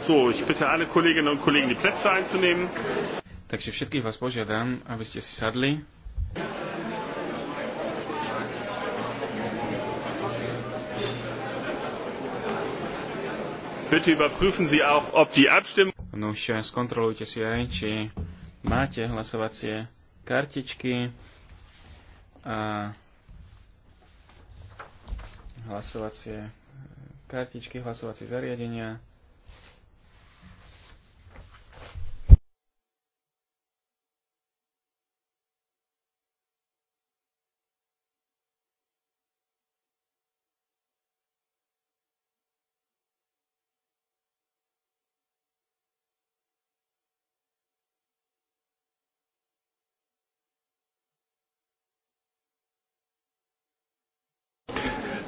So, ich bitte alle Kolleginnen und Kollegen, die Plätze einzunehmen. Takže všetkých vás požiadam, aby ste si sadli. Bitte überprüfen Sie auch, ob die Abstimmung... No už eh, skontrolujte si aj, či máte hlasovacie kartičky a hlasovacie eh, kartičky, hlasovacie zariadenia.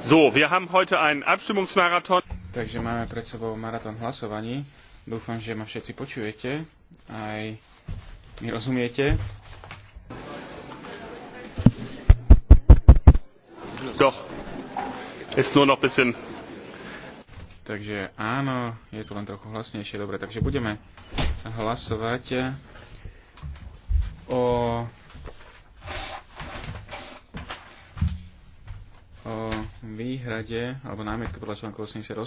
So, wir haben heute einen Abstimmungsmarathon. Takže máme pred sebou maratón hlasovaní. Dúfam, že ma všetci počujete, aj mi rozumiete. Doch, ist nur noch bisschen. Takže áno, je tu len trochu hlasnejšie. Dobre, takže budeme hlasovať o o výhrade alebo námietke podľa článku 88.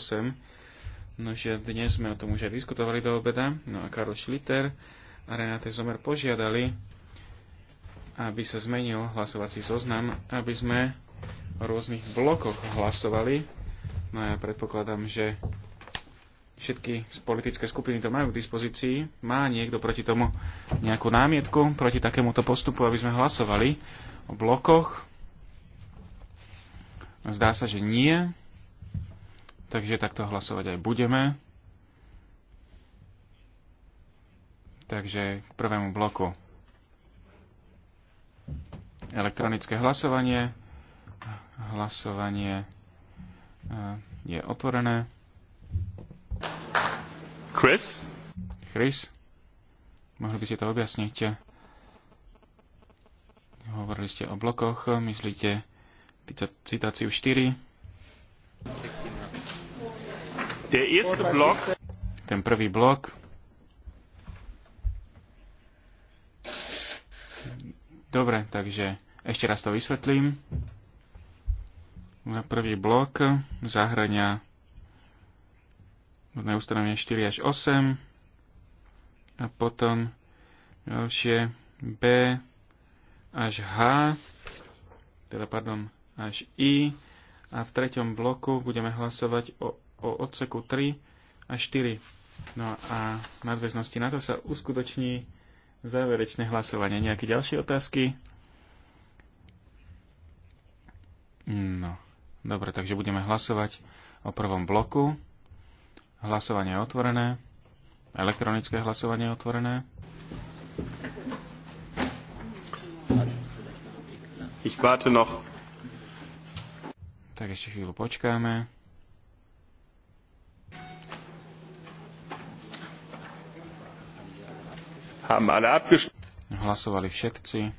No, že dnes sme o tom už aj diskutovali do obeda. No a Karol Schlitter a Renate Zomer požiadali, aby sa zmenil hlasovací zoznam, aby sme o rôznych blokoch hlasovali. No ja predpokladám, že všetky politické skupiny to majú k dispozícii. Má niekto proti tomu nejakú námietku, proti takémuto postupu, aby sme hlasovali o blokoch? Zdá sa, že nie. Takže takto hlasovať aj budeme. Takže k prvému bloku. Elektronické hlasovanie. Hlasovanie eh, je otvorené. Chris? Chris? Mohli by ste to objasniť? Hovorili ste o blokoch, myslíte citáciu 4. Ten prvý blok. Dobre, takže ešte raz to vysvetlím. Na Prvý blok zahrania na ustanovenie 4 až 8 a potom ďalšie B až H, teda pardon, až I a v treťom bloku budeme hlasovať o, o odseku 3 a 4. No a nadväznosti na to sa uskutoční záverečné hlasovanie. Nejaké ďalšie otázky? No, dobre, takže budeme hlasovať o prvom bloku. Hlasovanie je otvorené. Elektronické hlasovanie je otvorené. Ich warte noch. Tak ešte chvíľu počkáme. Hlasovali všetci.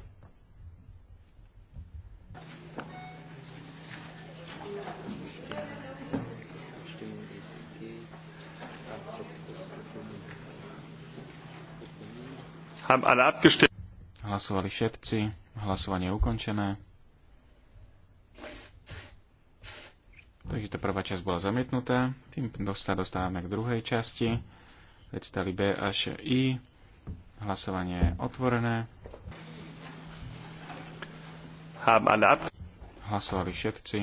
Hlasovali všetci. Hlasovanie je ukončené. Takže tá prvá časť bola zamietnutá. Tým sa dostávame k druhej časti. Predstavy B až I. Hlasovanie je otvorené. Hlasovali všetci.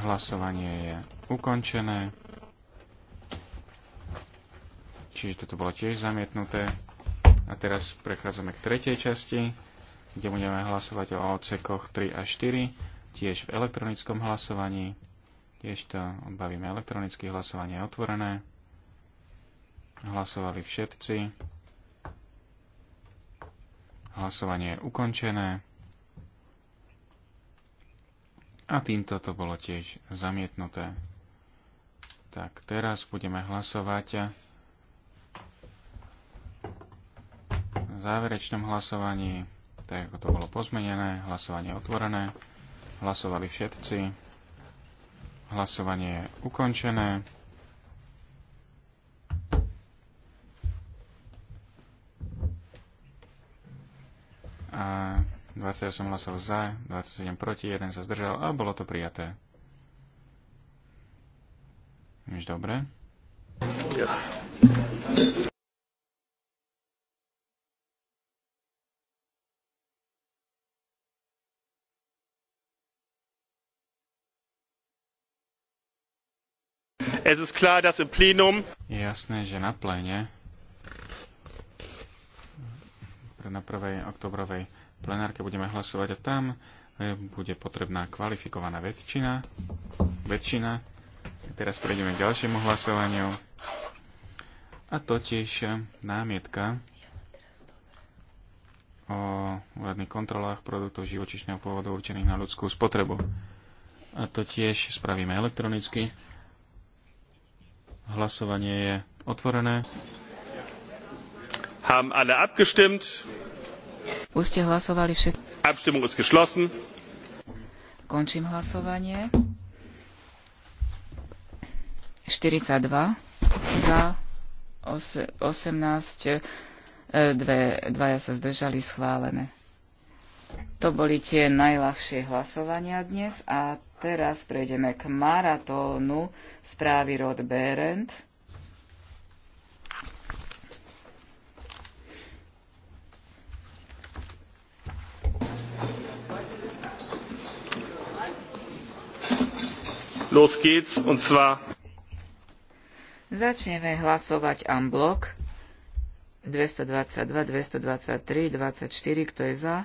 Hlasovanie je ukončené. Čiže toto bolo tiež zamietnuté. A teraz prechádzame k tretej časti, kde budeme hlasovať o odsekoch 3 a 4 tiež v elektronickom hlasovaní. Tiež to odbavíme elektronicky, hlasovanie je otvorené. Hlasovali všetci. Hlasovanie je ukončené. A týmto to bolo tiež zamietnuté. Tak teraz budeme hlasovať v záverečnom hlasovaní, tak ako to bolo pozmenené, hlasovanie otvorené. Hlasovali všetci. Hlasovanie je ukončené. A 28 hlasov za, 27 proti, 1 sa zdržal a bolo to prijaté. Už dobre. Yes. Es ist klar, dass im Plenum je jasné, že na pléne na prvej oktobrovej plenárke budeme hlasovať a tam e, bude potrebná kvalifikovaná väčšina. väčšina. Teraz prejdeme k ďalšiemu hlasovaniu. A totiž námietka o úradných kontrolách produktov živočišného pôvodu určených na ľudskú spotrebu. A to tiež spravíme elektronicky. Hlasovanie je otvorené. Haben alle abgestimmt? Už ste hlasovali všetci. Abstimmung ist geschlossen. Končím hlasovanie. 42 za 18, 2, e, dvaja sa zdržali schválené. To boli tie najľahšie hlasovania dnes a Teraz prejdeme k maratónu správy Rod Berend. Los geht's und zwar Začneme hlasovať unblock 222, 223, 24, kto je za,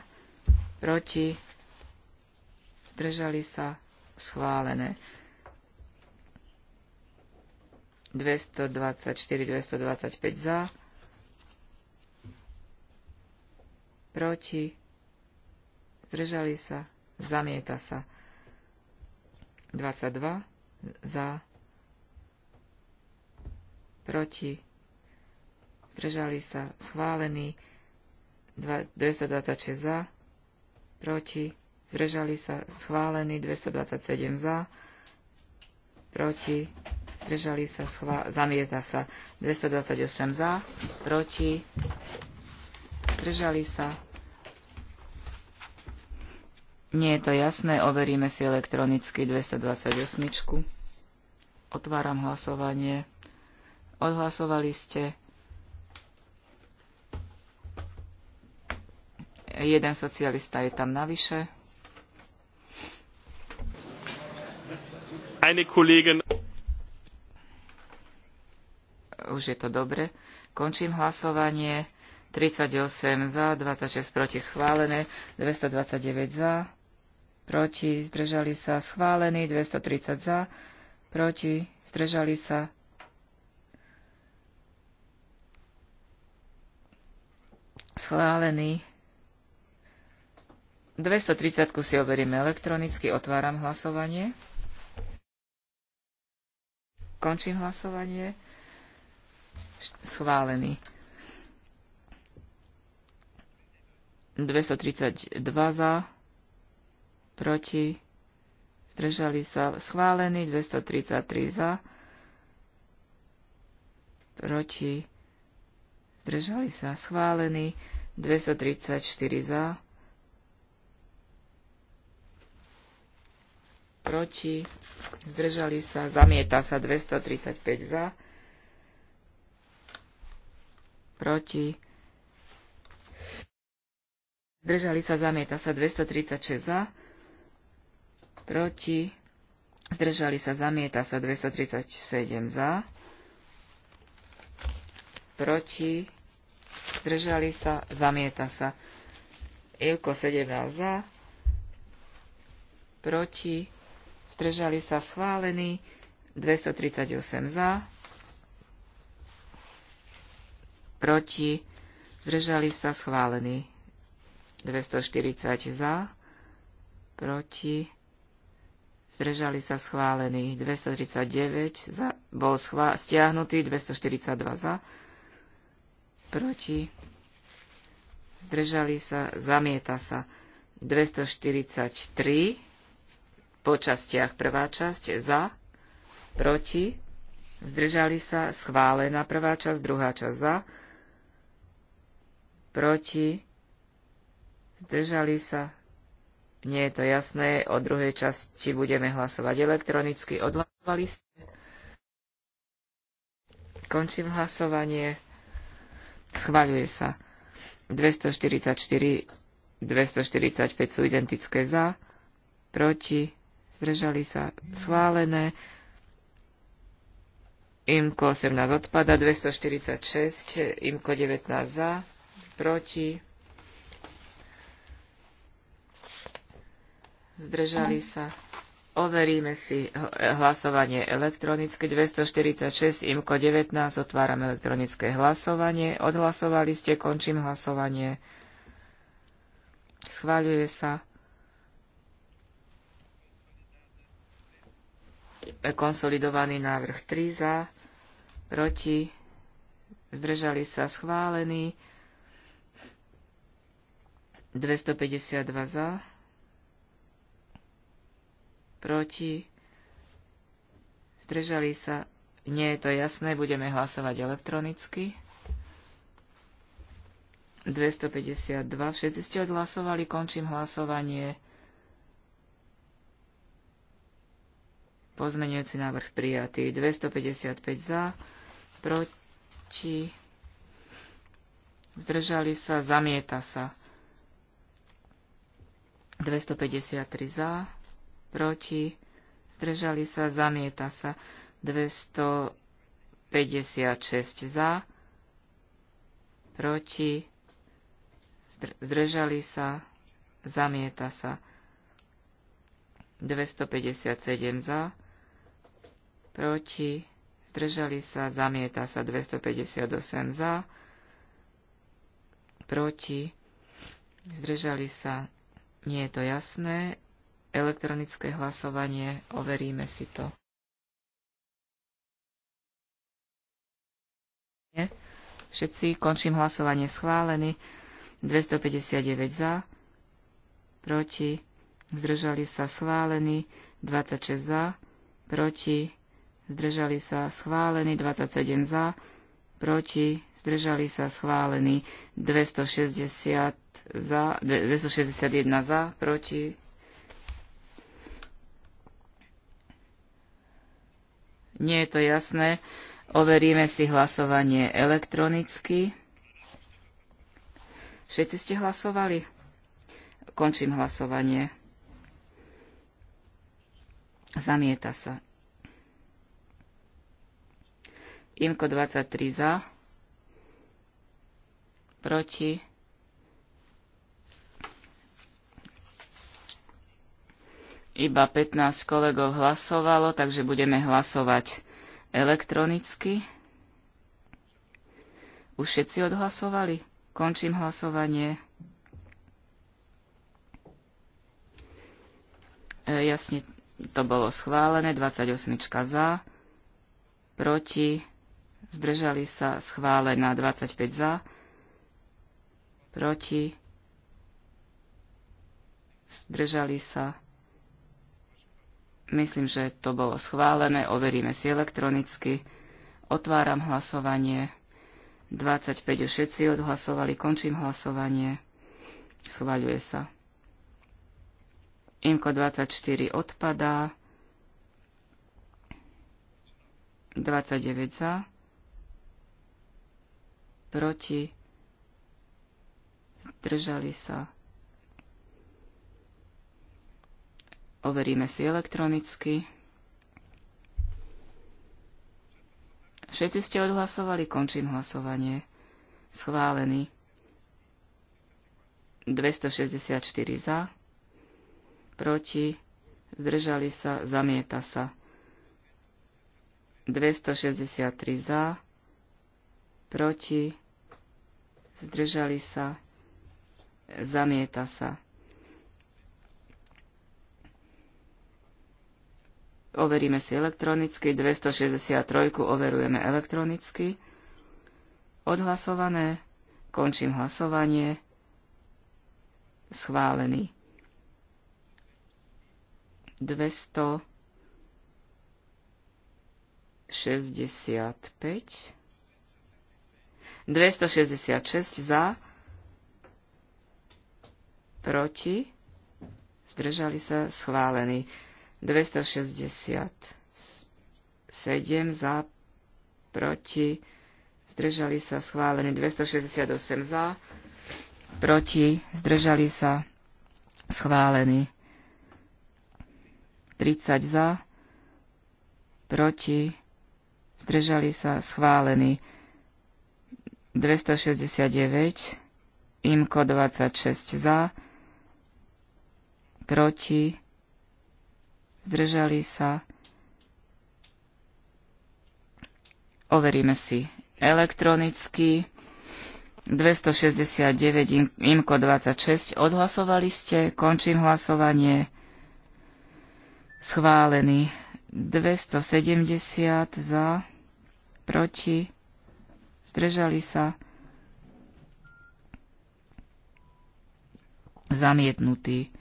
proti, zdržali sa, schválené. 224, 225 za, proti, zdržali sa, zamieta sa. 22 za, proti, zdržali sa, schválený. 226 za, proti, zdržali sa schválení 227 za, proti, zdržali sa schvá, zamieta sa 228 za, proti, zdržali sa. Nie je to jasné, overíme si elektronicky 228. Otváram hlasovanie. Odhlasovali ste. Jeden socialista je tam navyše. eine Kollegin. Už je to dobre. Končím hlasovanie. 38 za, 26 proti schválené, 229 za, proti, zdržali sa, schválený, 230 za, proti, zdržali sa. Schválený. 230 si overíme elektronicky, otváram hlasovanie. Končím hlasovanie. Schválený. 232 za, proti, zdržali sa, schválený, 233 za, proti, zdržali sa, schválený, 234 za, proti, zdržali sa, zamieta sa 235 za, proti, zdržali sa, zamieta sa 236 za, proti, zdržali sa, zamieta sa 237 za, proti, zdržali sa, zamieta sa. Ilko 17 za, proti, zdržali sa schválení, 238 za, proti, zdržali sa schválení. 240 za, proti, zdržali sa schválený, 239 za, bol schvá, stiahnutý, 242 za, proti, zdržali sa, zamieta sa, 243 po častiach. Prvá časť za, proti, zdržali sa, schválená prvá časť, druhá časť za, proti, zdržali sa, nie je to jasné, o druhej časti budeme hlasovať elektronicky, odhlasovali ste. Končím hlasovanie, schváľuje sa. 244, 245 sú identické za, proti, zdržali sa schválené. IMKO 18 odpada, 246, IMKO 19 za, proti, zdržali sa. Overíme si hlasovanie elektronicky 246, IMKO 19, otváram elektronické hlasovanie, odhlasovali ste, končím hlasovanie, schváľuje sa. konsolidovaný návrh 3 za, proti, zdržali sa schválený, 252 za, proti, zdržali sa, nie je to jasné, budeme hlasovať elektronicky. 252, všetci ste odhlasovali, končím hlasovanie. Pozmenujúci návrh prijatý. 255 za, proti, zdržali sa, zamieta sa. 253 za, proti, zdržali sa, zamieta sa. 256 za, proti, zdržali sa, zamieta sa. 257 za, proti, zdržali sa, zamieta sa 258 za, proti, zdržali sa, nie je to jasné, elektronické hlasovanie, overíme si to. Nie. Všetci, končím hlasovanie schválený, 259 za, proti, zdržali sa schválení, 26 za, proti, zdržali sa schválení 27 za, proti, zdržali sa schválení. 260 za, 261 za, proti. Nie je to jasné. Overíme si hlasovanie elektronicky. Všetci ste hlasovali? Končím hlasovanie. Zamieta sa. Imko 23 za, proti, iba 15 kolegov hlasovalo, takže budeme hlasovať elektronicky. Už všetci odhlasovali? Končím hlasovanie. E, jasne, to bolo schválené. 28 za, proti zdržali sa schválená 25 za, proti, zdržali sa. Myslím, že to bolo schválené, overíme si elektronicky. Otváram hlasovanie. 25 už všetci odhlasovali, končím hlasovanie. Schváľuje sa. Imko 24 odpadá. 29 za proti, zdržali sa. Overíme si elektronicky. Všetci ste odhlasovali, končím hlasovanie. Schválený. 264 za, proti, zdržali sa, zamieta sa. 263 za, proti, zdržali sa, zamieta sa. Overíme si elektronicky, 263 overujeme elektronicky. Odhlasované, končím hlasovanie, schválený. 265 266 za, proti, zdržali sa, schválený. 267 za, proti, zdržali sa, schválený. 268 za, proti, zdržali sa, schválený. 30 za, proti, zdržali sa, schválený. 269, IMKO 26 za, proti, zdržali sa. Overíme si elektronicky. 269, IMKO 26, odhlasovali ste, končím hlasovanie, schválený 270 za, proti, zdržali sa, zamietnutý.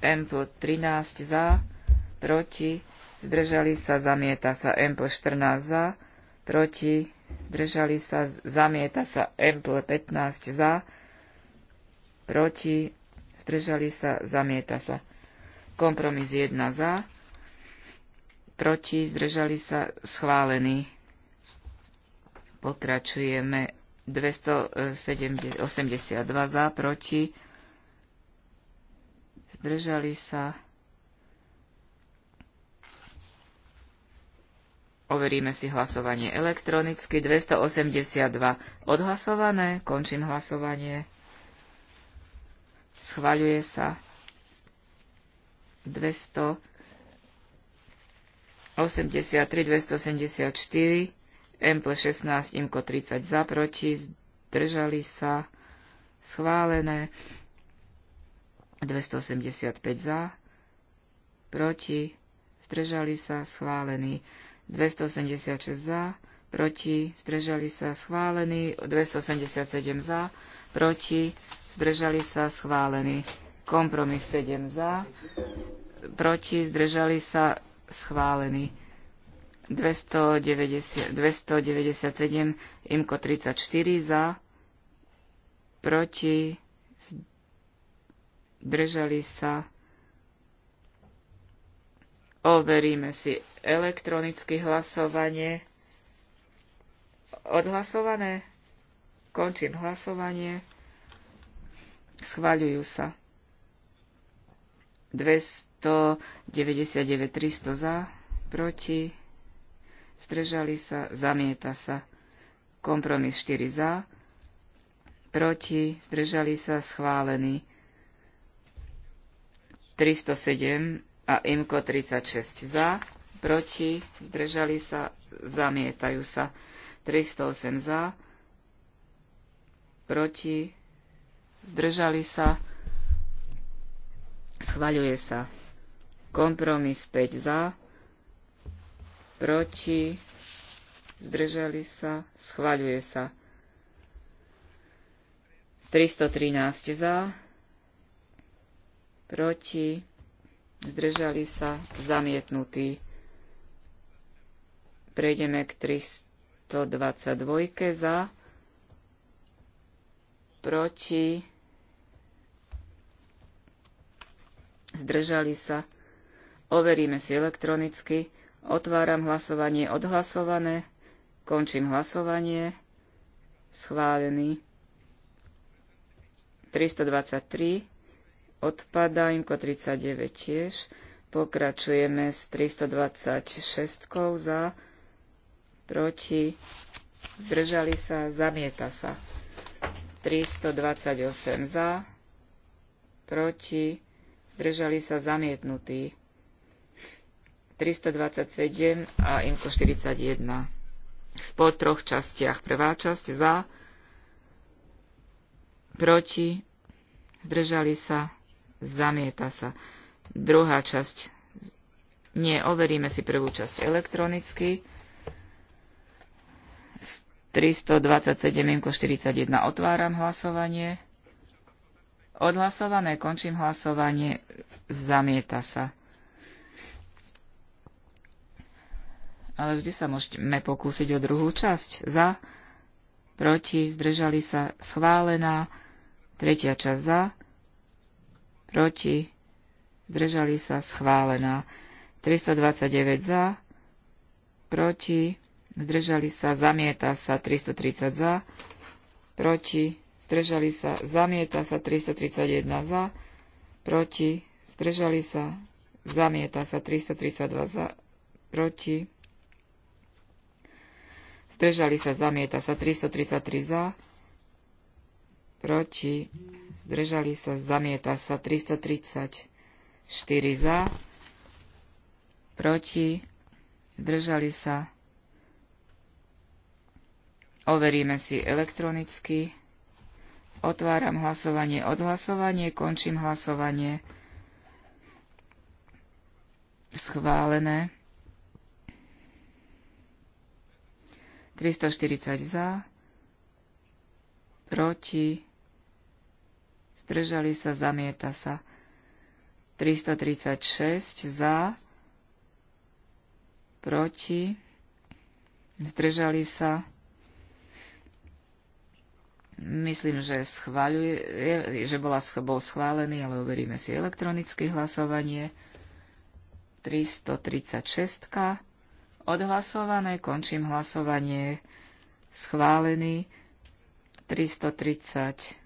Empl 13 za, proti, zdržali sa, zamieta sa. Empl 14 za, proti, zdržali sa, zamieta sa. Empl 15 za, proti, zdržali sa, zamieta sa. Kompromis 1 za, proti, zdržali sa, schválený. Pokračujeme 282 za, proti, zdržali sa. Overíme si hlasovanie elektronicky. 282 odhlasované. Končím hlasovanie. Schvaľuje sa. 200. 83, 284, Emple 16, Imko 30 za, proti, zdržali sa, schválené, 285 za, proti, zdržali sa, schválený, 286 za, proti, zdržali sa, schválený, 287 za, proti, zdržali sa, schválený, kompromis 7 za, proti, zdržali sa, schválený. 297, IMKO 34 za, proti, držali sa. Overíme si elektronicky hlasovanie. Odhlasované? Končím hlasovanie. Schváľujú sa. 299, 300 za, proti, zdržali sa, zamieta sa. Kompromis 4 za, proti, zdržali sa, schválený. 307 a IMKO 36 za, proti, zdržali sa, zamietajú sa. 308 za, proti, zdržali sa, Schvaľuje sa. Kompromis 5 za, proti, zdržali sa, schvaľuje sa. 313 za, proti, zdržali sa, zamietnutý. Prejdeme k 322 za, proti, zdržali sa. Overíme si elektronicky. Otváram hlasovanie odhlasované. Končím hlasovanie. Schválený. 323. Odpadá imko 39 tiež. Pokračujeme s 326 za, proti, zdržali sa, zamieta sa. 328 za, proti, zdržali sa zamietnutí. 327 a Inko 41. Po troch častiach. Prvá časť za, proti, zdržali sa, zamieta sa. Druhá časť. Nie, overíme si prvú časť elektronicky. 327 41. Otváram hlasovanie. Odhlasované. Končím hlasovanie. Zamieta sa. Ale vždy sa môžeme pokúsiť o druhú časť. Za, proti, zdržali sa, schválená. Tretia časť za, proti, zdržali sa, schválená. 329 za, proti, zdržali sa, zamieta sa, 330 za, proti, zdržali sa, zamieta sa 331 za, proti, zdržali sa, zamieta sa 332 za, proti, zdržali sa, zamieta sa 333 za, proti, zdržali sa, zamieta sa 334 za, proti, zdržali sa, overíme si elektronicky, Otváram hlasovanie, odhlasovanie, končím hlasovanie. Schválené. 340 za, proti, zdržali sa, zamieta sa. 336 za, proti, zdržali sa, Myslím, že, schváľuje, že bola, bol schválený, ale overíme si elektronické hlasovanie. 336. Odhlasované, končím hlasovanie. Schválený. 330.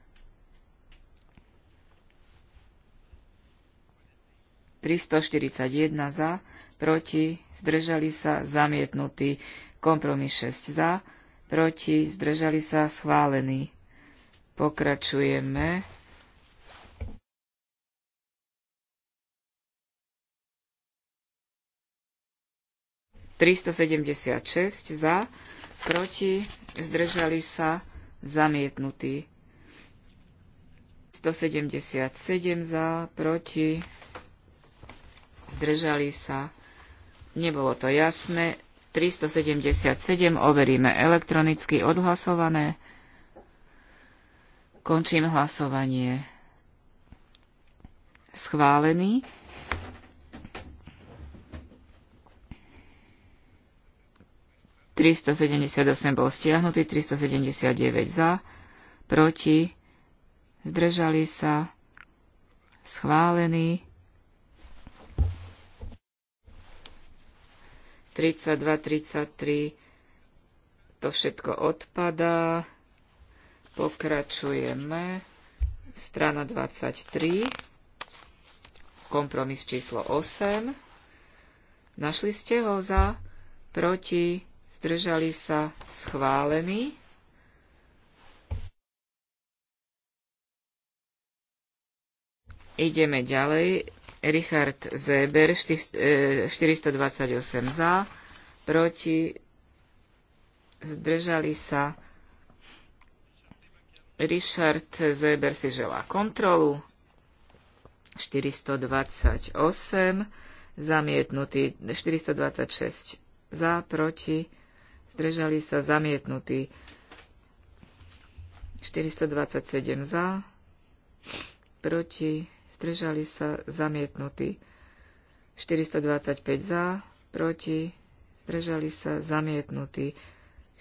341 za, proti, zdržali sa, zamietnutý. Kompromis 6 za, proti, zdržali sa, schválený. Pokračujeme. Tristo šesť za, proti, zdržali sa, zamietnutí. 177 za, proti, zdržali sa, nebolo to jasné, 377 overíme elektronicky odhlasované. Končím hlasovanie. Schválený. Tristo sedemdesiat osem bol stiahnutý, tristo sedemdesiat deväť za, proti, zdržali sa, schválený. 32, 33, to všetko odpadá. Pokračujeme. Strana 23. Kompromis číslo 8. Našli ste ho za, proti, zdržali sa, schválený. Ideme ďalej. Richard Zéber, 428 e, za, proti, zdržali sa, Richard Zeber si želá kontrolu. 428 zamietnutý, 426 za, proti, zdržali sa zamietnutý, 427 za, proti, zdržali sa zamietnutý, 425 za, proti, zdržali sa zamietnutý,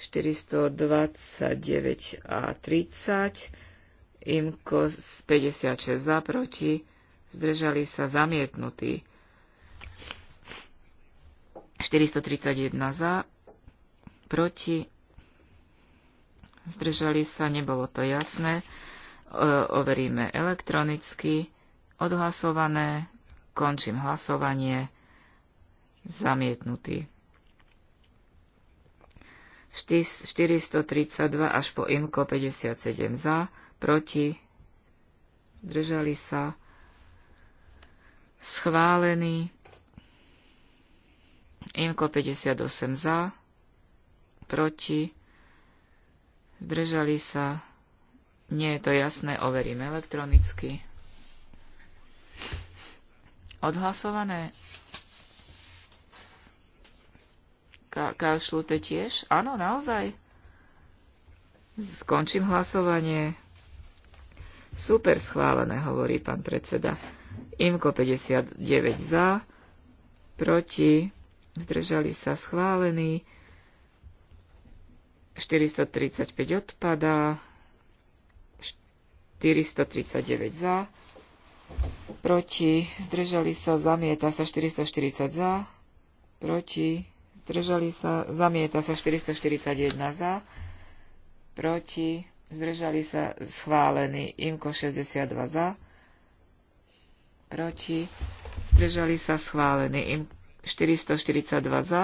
429 a 30, IMKO 56 za proti, zdržali sa zamietnutí. 431 za, proti, zdržali sa, nebolo to jasné. overíme elektronicky, odhlasované, končím hlasovanie, zamietnutý. 432 až po IMKO 57 za, proti, držali sa, schválený, IMKO 58 za, proti, zdržali sa, nie je to jasné, overím elektronicky. Odhlasované Ka- Kašľute tiež? Áno, naozaj. Skončím hlasovanie. Super schválené, hovorí pán predseda. Imko 59 za, proti, zdržali sa schválení. 435 odpadá, 439 za, proti, zdržali sa, zamieta sa 440 za, proti, zdržali sa, zamieta sa 441 za, proti, zdržali sa, schválený, imko 62 za, proti, zdržali sa, schválený, im 442 za,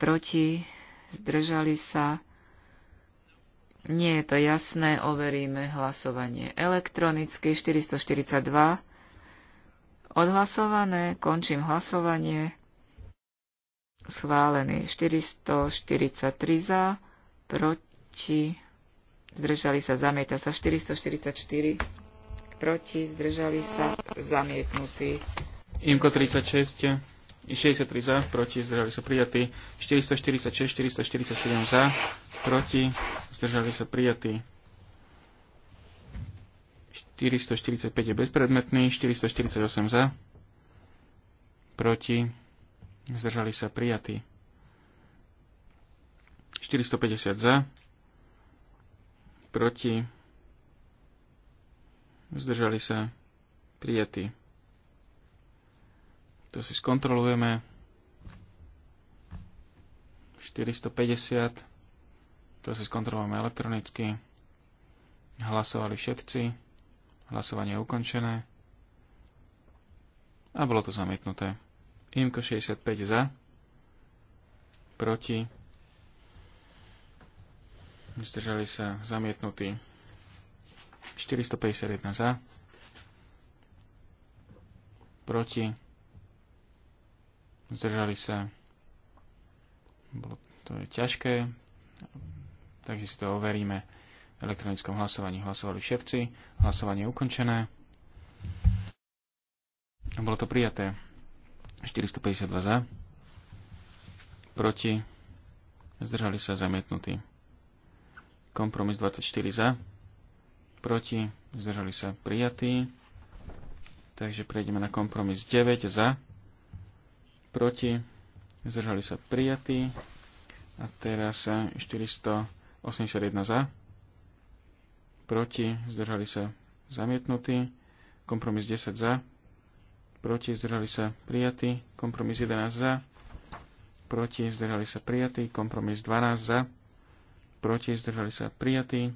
proti, zdržali sa, nie je to jasné, overíme hlasovanie elektronicky 442, odhlasované, končím hlasovanie, schválený. 443 za, proti, zdržali sa, zamieta sa. 444 proti, zdržali sa, zamietnutý. Imko 36, 63 za, proti, zdržali sa prijatí. 446, 447 za, proti, zdržali sa prijatí. 445 je bezpredmetný, 448 za, proti, zdržali sa prijatí. 450 za, proti, zdržali sa prijatí. To si skontrolujeme. 450, to si skontrolujeme elektronicky. Hlasovali všetci, hlasovanie je ukončené a bolo to zamietnuté. Imko 65 za, proti, zdržali sa zamietnutí 451 za, proti, zdržali sa, bolo, to je ťažké, takže si to overíme v elektronickom hlasovaní. Hlasovali všetci, hlasovanie je ukončené. Bolo to prijaté. 452 za, proti, zdržali sa zamietnutí. Kompromis 24 za, proti, zdržali sa prijatí. Takže prejdeme na kompromis 9 za, proti, zdržali sa prijatí. A teraz 481 za, proti, zdržali sa zamietnutí. Kompromis 10 za, proti, zdržali sa prijatí, kompromis 11 za, proti, zdržali sa prijatí, kompromis 12 za, proti, zdržali sa prijatí.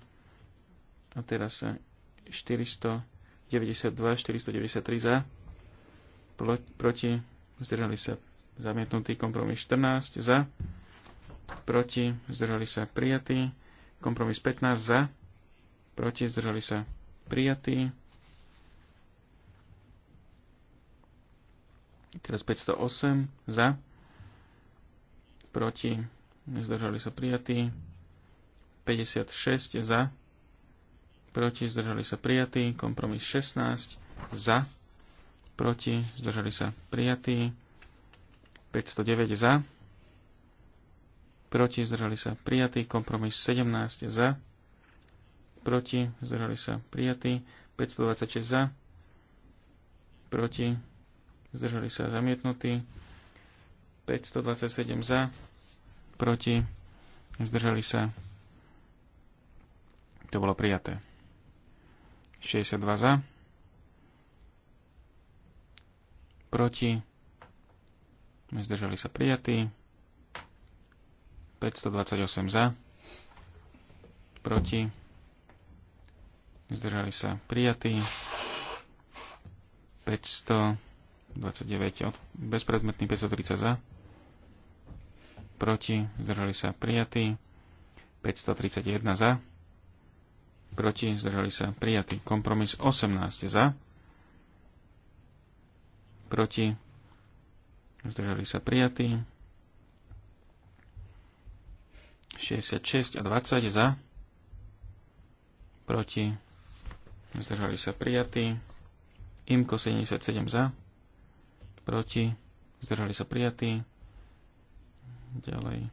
A teraz 492, 493 za, proti, zdržali sa zamietnutý kompromis 14 za, proti, zdržali sa prijatí, kompromis 15 za, proti, zdržali sa prijatí, Teraz 508 za, proti, zdržali sa prijatí. 56 za, proti, zdržali sa prijatí. Kompromis 16 za, proti, zdržali sa prijatí. 509 za, proti, zdržali sa prijatí. Kompromis 17 za, proti, zdržali sa prijatí. 526 za, proti, zdržali sa zamietnutí, 527 za, proti, zdržali sa, to bolo prijaté, 62 za, proti, zdržali sa prijatí, 528 za, proti, zdržali sa prijatí, 500 29 bezpredmetný 530 za. Proti zdržali sa prijatí 531 za. Proti zdržali sa prijatí kompromis 18 za. Proti zdržali sa prijatí 66 a 20 za. Proti zdržali sa prijatí. Imko 77 za proti, zdržali sa prijatí. Ďalej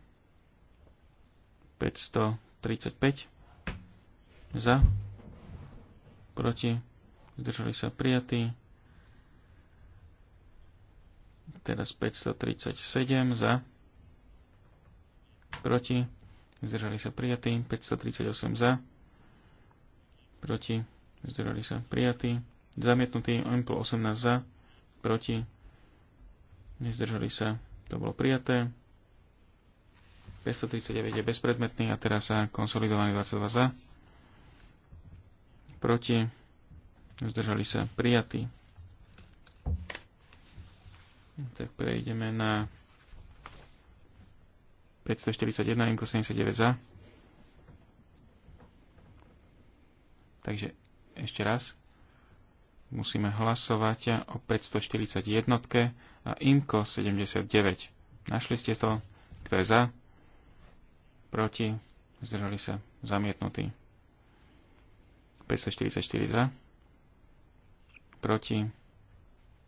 535 za, proti, zdržali sa prijatí. Teraz 537 za, proti, zdržali sa prijatí. 538 za, proti, zdržali sa prijatí. Zamietnutý Ompl 18 za, proti, Nezdržali sa. To bolo prijaté. 539 je bezpredmetný a teraz sa konsolidovaný 22 za. Proti. Zdržali sa. Prijatý. Tak prejdeme na 541, 79 za. Takže ešte raz musíme hlasovať o 541 a IMKO 79. Našli ste to? Kto je za? Proti? Zdržali sa? Zamietnutí. 544 za. Proti?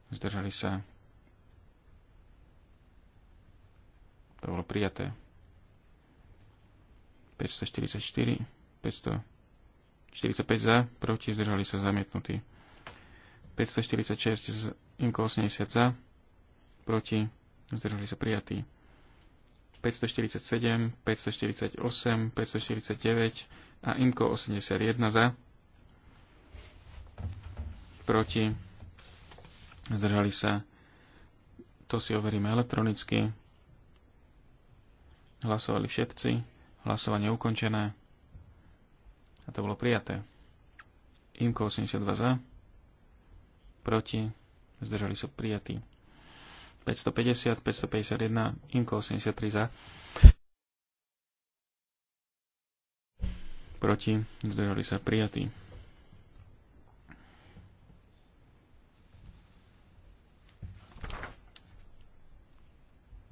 Zdržali sa? To bolo prijaté. 544, 545 za, proti, zdržali sa zamietnutí. 546 z Imko 80 za, proti, zdržali sa prijatí. 547, 548, 549 a Imko 81 za, proti, zdržali sa. To si overíme elektronicky. Hlasovali všetci. Hlasovanie ukončené. A to bolo prijaté. Imko 82 za proti, zdržali sa prijatí. 550, 551, Inko 83 za, proti, zdržali sa prijatí.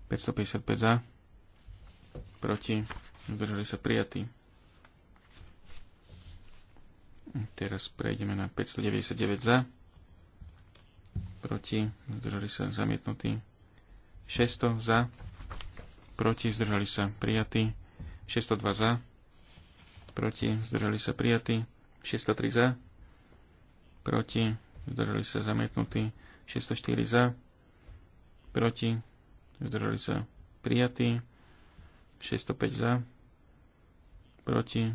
...555 za, proti, zdržali sa prijatí. Teraz prejdeme na 599 za proti, zdržali sa zamietnutí. 600 za, proti, zdržali sa prijatí. 602 za, proti, zdržali sa prijatí. 603 za, proti, zdržali sa zamietnutí. 604 za, proti, zdržali sa prijatí. 605 za, proti,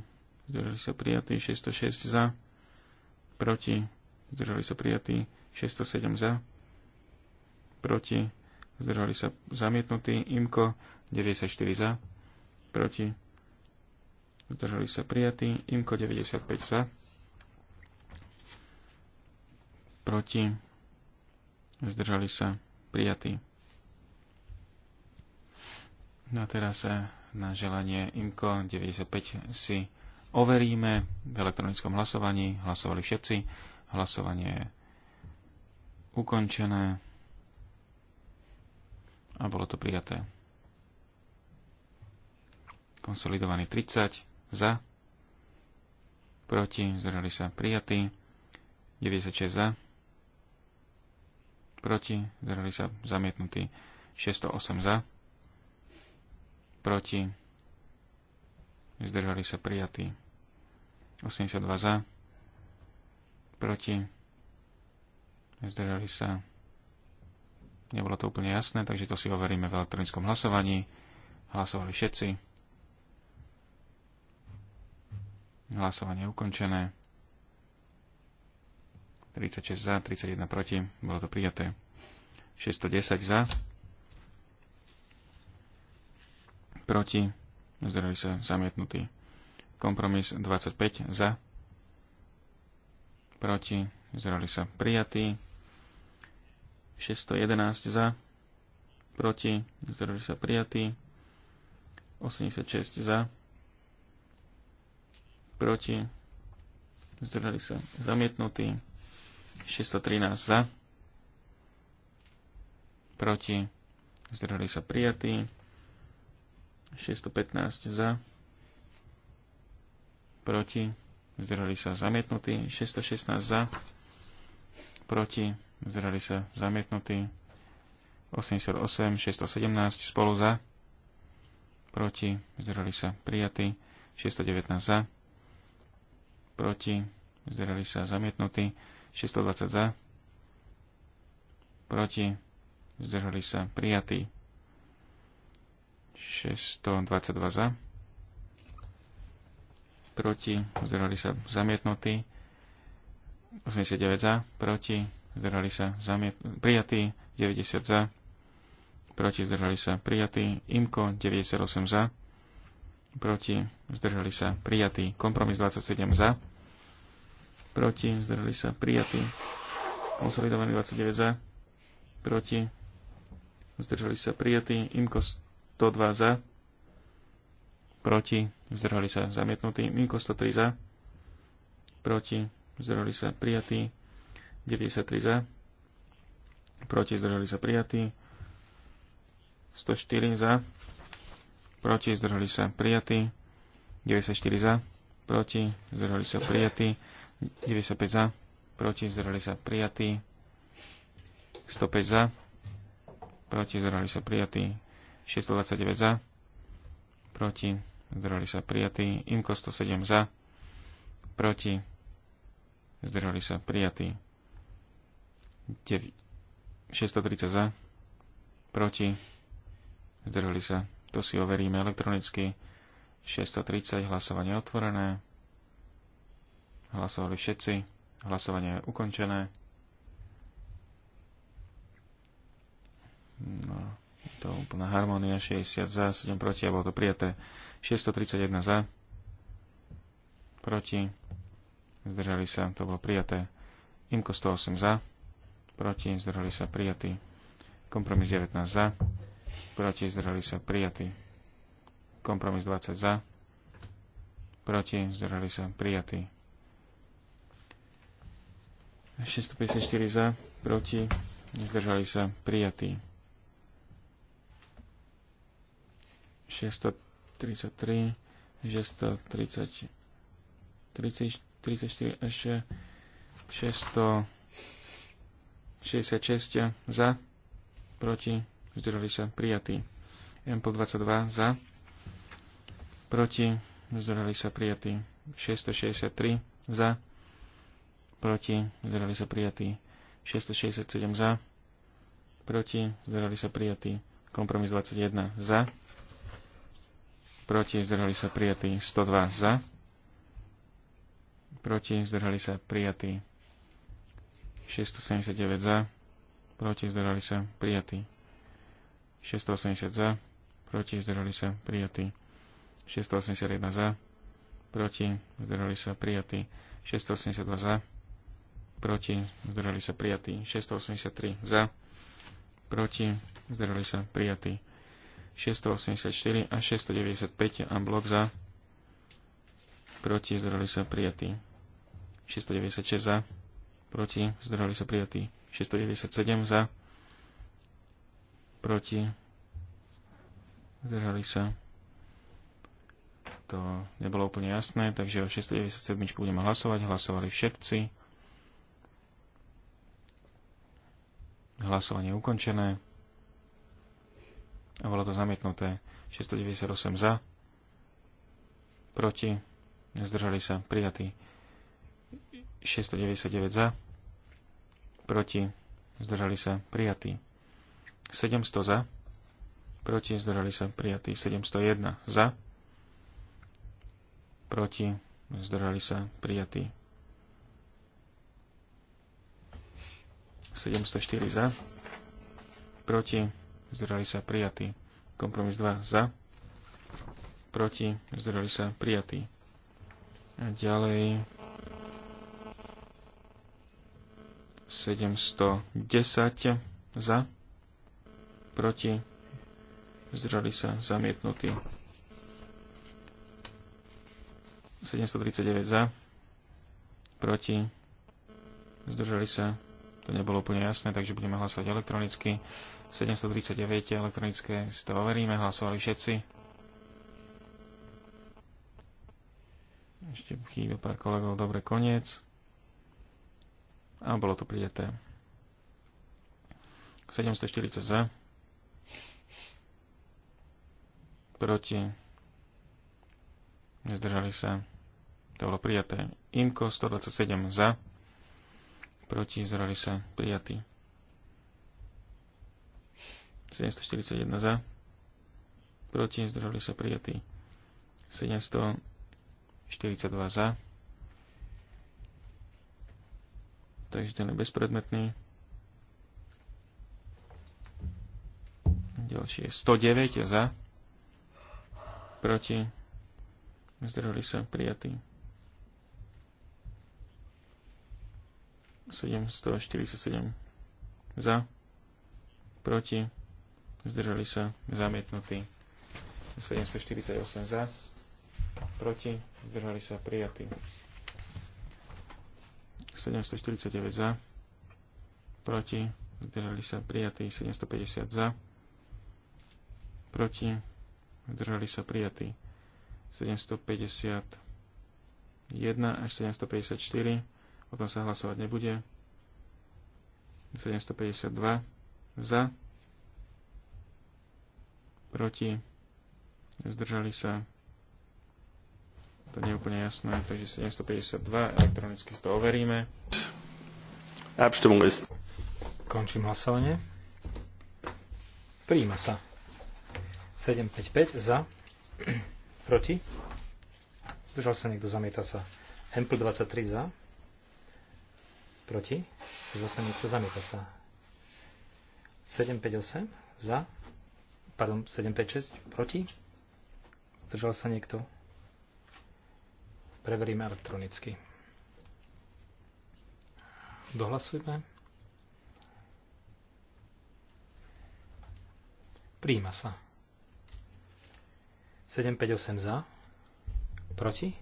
zdržali sa prijatí. 606 za, proti, zdržali sa prijatí. 607 za, proti, zdržali sa zamietnutí, IMKO 94 za, proti, zdržali sa prijatí, IMKO 95 za, proti, zdržali sa prijatí. No a teraz eh, na želanie IMKO 95 si overíme v elektronickom hlasovaní. Hlasovali všetci. Hlasovanie je ukončené a bolo to prijaté. Konsolidovaný 30 za, proti, zdržali sa prijatí, 96 za, proti, zdržali sa zamietnutí, 608 za, proti, zdržali sa prijatí, 82 za, proti, Nezdržali sa. Nebolo to úplne jasné, takže to si overíme v elektronickom hlasovaní. Hlasovali všetci. Hlasovanie ukončené. 36 za, 31 proti. Bolo to prijaté. 610 za. Proti. Zdravili sa zamietnutí. Kompromis 25 za. Proti. Zdravili sa prijatí. 611 za, proti, zdržali sa prijatí, 86 za, proti, zdržali sa zamietnutí, 613 za, proti, zdržali sa prijatí, 615 za, proti, zdržali sa zamietnutí, 616 za, proti, Zdržali sa zamietnutí. 88, 617 spolu za. Proti. Zdržali sa prijatí. 619 za. Proti. Zdržali sa zamietnutí. 620 za. Proti. Zdržali sa prijatí. 622 za. Proti. Zdržali sa zamietnutí. 89 za. Proti zdržali sa zamiet, prijatí, 90 za, proti zdržali sa prijatí, IMKO 98 za, proti zdržali sa prijatí, kompromis 27 za, proti zdržali sa prijatí, konsolidovaný 29 za, proti zdržali sa prijatí, IMKO 102 za, proti zdržali sa zamietnutí, IMKO 103 za, proti zdržali sa prijatí, 93 za, proti zdržali sa prijatí, 104 za, proti zdržali sa prijatí, 94 za, proti zdržali sa prijatí, 95 za, proti zdržali sa prijatí, 105 za, proti zdržali sa prijatí, 629 za, proti zdržali sa prijatí, IMKO 107 za, proti zdržali sa prijatí. 630 za, proti, zdržali sa. To si overíme elektronicky. 630, hlasovanie otvorené. Hlasovali všetci. Hlasovanie je ukončené. No, to úplná harmonia, 60 za, 7 proti, a bolo to prijaté. 631 za, proti, zdržali sa, to bolo prijaté. Imko 108 za, proti, zdržali sa prijatí. Kompromis 19 za, proti, zdržali sa prijatí. Kompromis 20 za, proti, zdržali sa prijatí. 654 za, proti, zdržali sa prijatí. 633, 634, 30, 34 až 600 66 za, proti, zdržali sa prijatí. mp 22 za, proti, zdržali sa prijatí. 663 za, proti, zdržali sa prijatí. 667 za, proti, zdržali sa prijatí. Kompromis 21 za, proti, zdržali sa prijatí. 102 za, proti, zdržali sa prijatí. 679 za, proti zdržali sa prijatí. 680 za, proti zdržali sa prijatí. 681 za, proti zdržali sa prijatí. 682 za, proti zdržali sa prijatí. 683 za, proti zdržali sa prijatí. 684 a 695 a blok za, proti zdržali sa prijatí. 696 za, proti, zdržali sa prijatí 697 za, proti, zdržali sa. To nebolo úplne jasné, takže o 697 budeme hlasovať, hlasovali všetci. Hlasovanie ukončené. A bolo to zamietnuté 698 za, proti, zdržali sa, prijatí 699 za, proti, zdržali sa prijatí. 700 za, proti, zdržali sa prijatí. 701 za, proti, zdržali sa prijatí. 704 za, proti, zdržali sa prijatí. Kompromis 2 za, proti, zdržali sa prijatí. A ďalej 710 za, proti, zdržali sa zamietnutí. 739 za, proti, zdržali sa, to nebolo úplne jasné, takže budeme hlasovať elektronicky. 739 elektronické si to overíme, hlasovali všetci. Ešte chýba pár kolegov, dobre, koniec a bolo to prijaté. 740 za, proti, nezdržali sa, to bolo prijaté. Imko 127 za, proti, zdržali sa, prijatý. 741 za, proti, zdržali sa, prijatý. 742 za, takže ten je bezpredmetný. Ďalšie 109 za, proti, zdržali sa prijatí. 747 za, proti, zdržali sa zamietnutí. 748 za, proti, zdržali sa prijatí. 749 za, proti, zdržali sa prijatí 750 za, proti, zdržali sa prijatí 751 až 754, o tom sa hlasovať nebude, 752 za, proti, zdržali sa to nie je úplne jasné, takže 752 elektronicky si to overíme. Abstimmung ist. Končím hlasovanie. Príjima sa. 755 za. Proti. Zdržal sa niekto, zamieta sa. Hempel 23 za. Proti. Zdržal sa niekto, zamieta sa. 758 za. Pardon, 756 proti. Zdržal sa niekto. Preveríme elektronicky. Dohlasujme. Príjima sa. 758 za. Proti?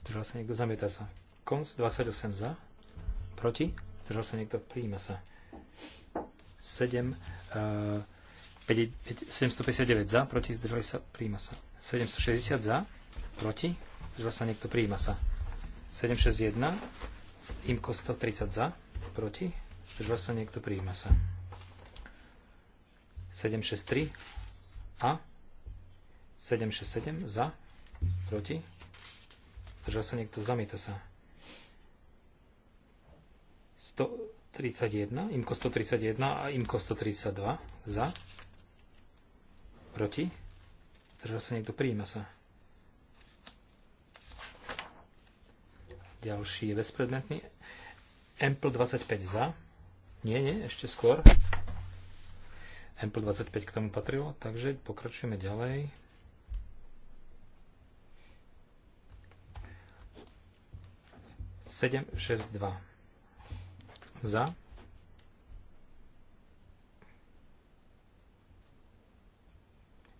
Zdržal sa niekto, zamieta sa. Konc 28 za. Proti? Zdržal sa niekto, príjima sa. 7, uh, 5, 759 za, proti, zdržali sa, príjima sa. 760 za, proti, Zdržal sa niekto? Prijíma sa. 761. Imko 130 za. Proti. Zdržal sa niekto? Prijíma sa. 763. A. 767 za. Proti. Zdržal sa niekto? Zamieta sa. 131, IMKO 131 a IMKO 132 za. Proti. Zdržal sa niekto? Prijíma sa. Ďalší je bezpredmetný. Ample 25 za. Nie, nie, ešte skôr. Ample 25 k tomu patrilo, takže pokračujeme ďalej. Sedem, šesť, dva. Za.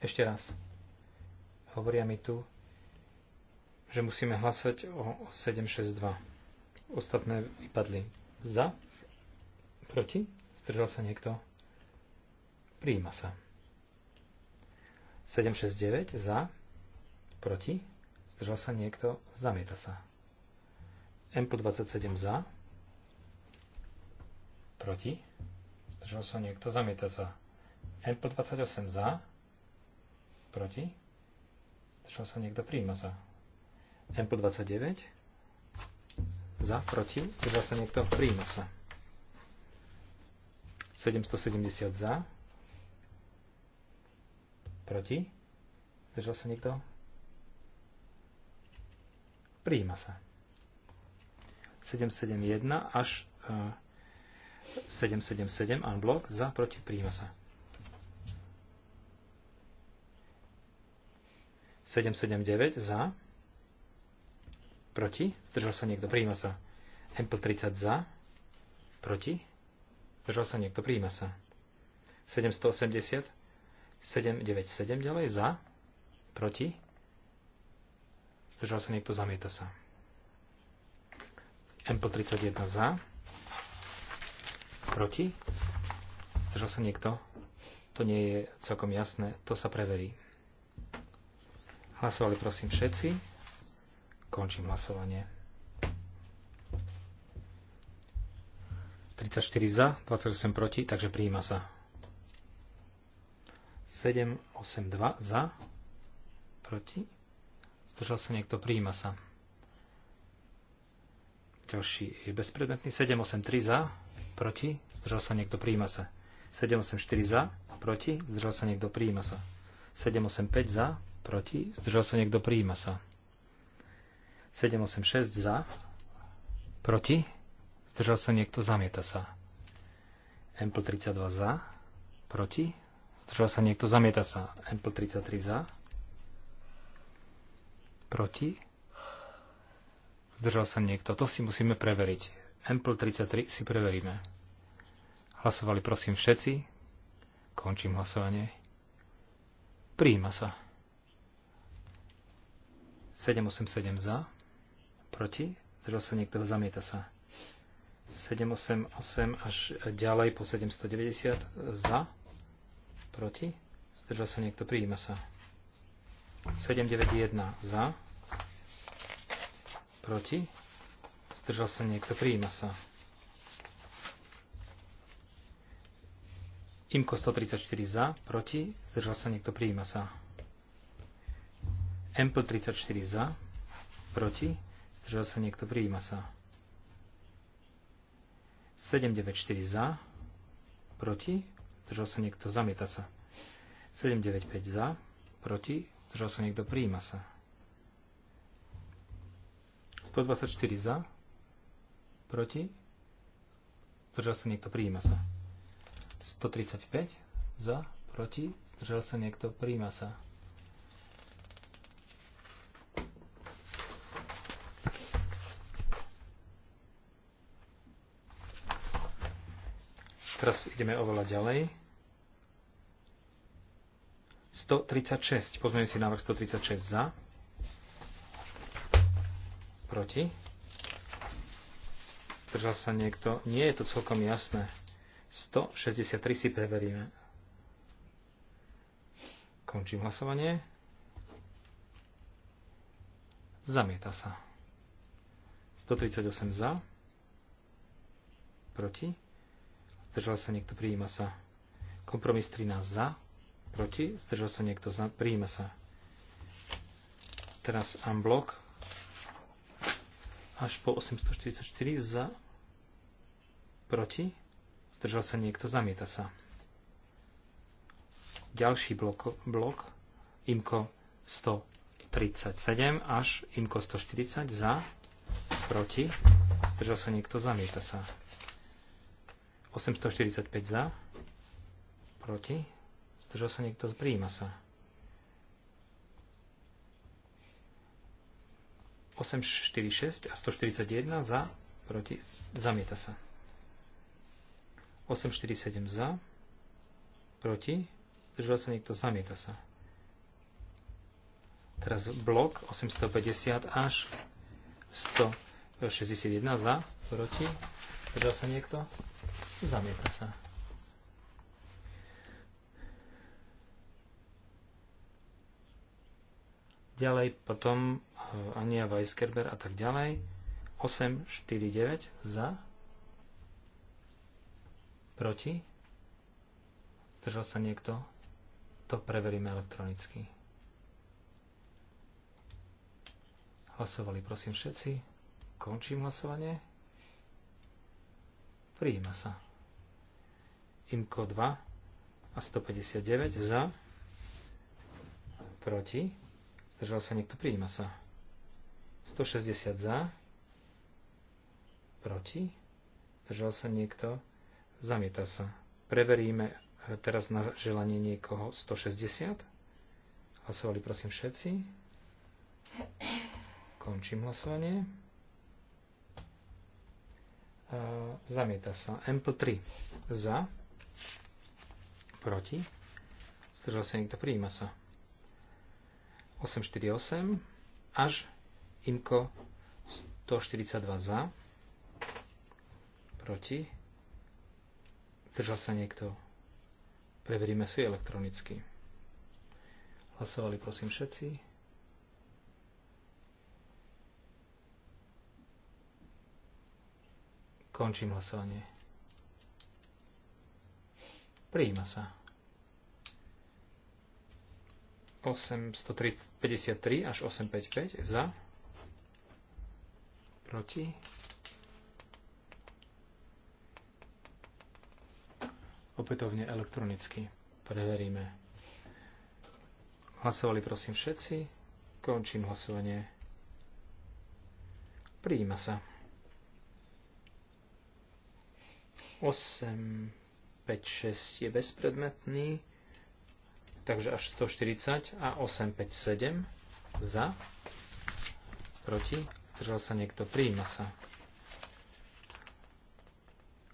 Ešte raz. Hovoria mi tu že musíme hlasať o 762. Ostatné vypadli za, proti, zdržal sa niekto, prijíma sa. 769 za, proti, zdržal sa niekto, zamieta sa. po 27 za, proti, zdržal sa niekto, zamieta sa. po 28 za, proti, zdržal sa niekto, prijíma sa. Ample 29. Za, proti, zdržal sa niekto, príjma sa. 770 za, proti, zdržal sa niekto, príjma sa. 771 až 777 e, unblock za, proti, príjma sa. 779 za, Proti? Zdržal sa niekto? Prijíma sa. Hempel 30 za. Proti? Zdržal sa niekto? Prijíma sa. 780. 797 ďalej za. Proti? Zdržal sa niekto? Zamieta sa. Hempel 31 za. Proti? Zdržal sa niekto? To nie je celkom jasné. To sa preverí. Hlasovali prosím všetci. Končím hlasovanie. 34 za, 28 proti, takže prijíma sa. 7, 8, 2 za, proti. Zdržal sa niekto, prijíma sa. Ďalší je bezpredmetný. 7, 8, 3 za, proti. Zdržal sa niekto, prijíma sa. 7, 8, 4 za, proti. Zdržal sa niekto, prijíma sa. 7, 8, 5 za, proti. Zdržal sa niekto, prijíma sa. 786 za, proti, zdržal sa niekto, zamieta sa. mp 32 za, proti, zdržal sa niekto, zamieta sa. mp 33 za, proti, zdržal sa niekto, to si musíme preveriť. mp 33 si preveríme. Hlasovali prosím všetci, končím hlasovanie. Prijíma sa. 787 za, Proti? Zdržal sa niekto? Zamieta sa. 788 až ďalej po 790 za. Proti? Zdržal sa niekto? Prijíma sa. 791 za. Proti? Zdržal sa niekto? Prijíma sa. Imko 134 za, proti, zdržal sa niekto, prijíma sa. Empl 34 za, proti, Zdržal sa niekto? Prijíma sa. 794 za. Proti. Zdržal sa niekto? Zamieta sa. 795 za. Proti. Zdržal sa niekto? Prijíma sa. 124 za. Proti. Zdržal sa niekto? Prijíma sa. 135 za. Proti. Zdržal sa niekto? Prijíma sa. Teraz ideme oveľa ďalej. 136. Pozmeňujem si návrh 136 za. Proti. Zdržal sa niekto. Nie je to celkom jasné. 163 si preveríme. Končím hlasovanie. Zamieta sa. 138 za. Proti zdržal sa niekto, prijíma sa. Kompromis 13 za, proti, zdržal sa niekto, za, prijíma sa. Teraz unblock až po 844 za, proti, zdržal sa niekto, zamieta sa. Ďalší blok, blok IMCO 137 až Imko 140 za, proti, zdržal sa niekto, zamieta sa. 845 za, proti, zdržal sa niekto, prijíma sa. 846 a 141 za, proti, zamieta sa. 847 za, proti, zdržal sa niekto, zamieta sa. Teraz blok 850 až 161 za, proti, zdržal sa niekto, Zamieta sa. Ďalej potom eh, Ania Weiskerber a tak ďalej. 8, 4, 9 za. Proti. Zdržal sa niekto? To preveríme elektronicky. Hlasovali prosím všetci. Končím hlasovanie. Prijíma sa. Imko 2 a 159 za. Proti. Zdržal sa niekto. Prijíma sa. 160 za. Proti. Zdržal sa niekto. Zamieta sa. Preveríme eh, teraz na želanie niekoho 160. Hlasovali prosím všetci. Končím hlasovanie. Eh, zamieta sa. MP3 za, proti, zdržal sa niekto, prijíma sa. 848 až Inko 142 za, proti, zdržal sa niekto, preveríme si elektronicky. Hlasovali prosím všetci. Končím hlasovanie. Prijíma sa. 853 až 855 za. Proti. Opätovne elektronicky. Preveríme. Hlasovali prosím všetci. Končím hlasovanie. Prijíma sa. 8, 5, 6 je bezpredmetný, takže až 140 a 8, 5, 7 za, proti, držal sa niekto, prijíma sa.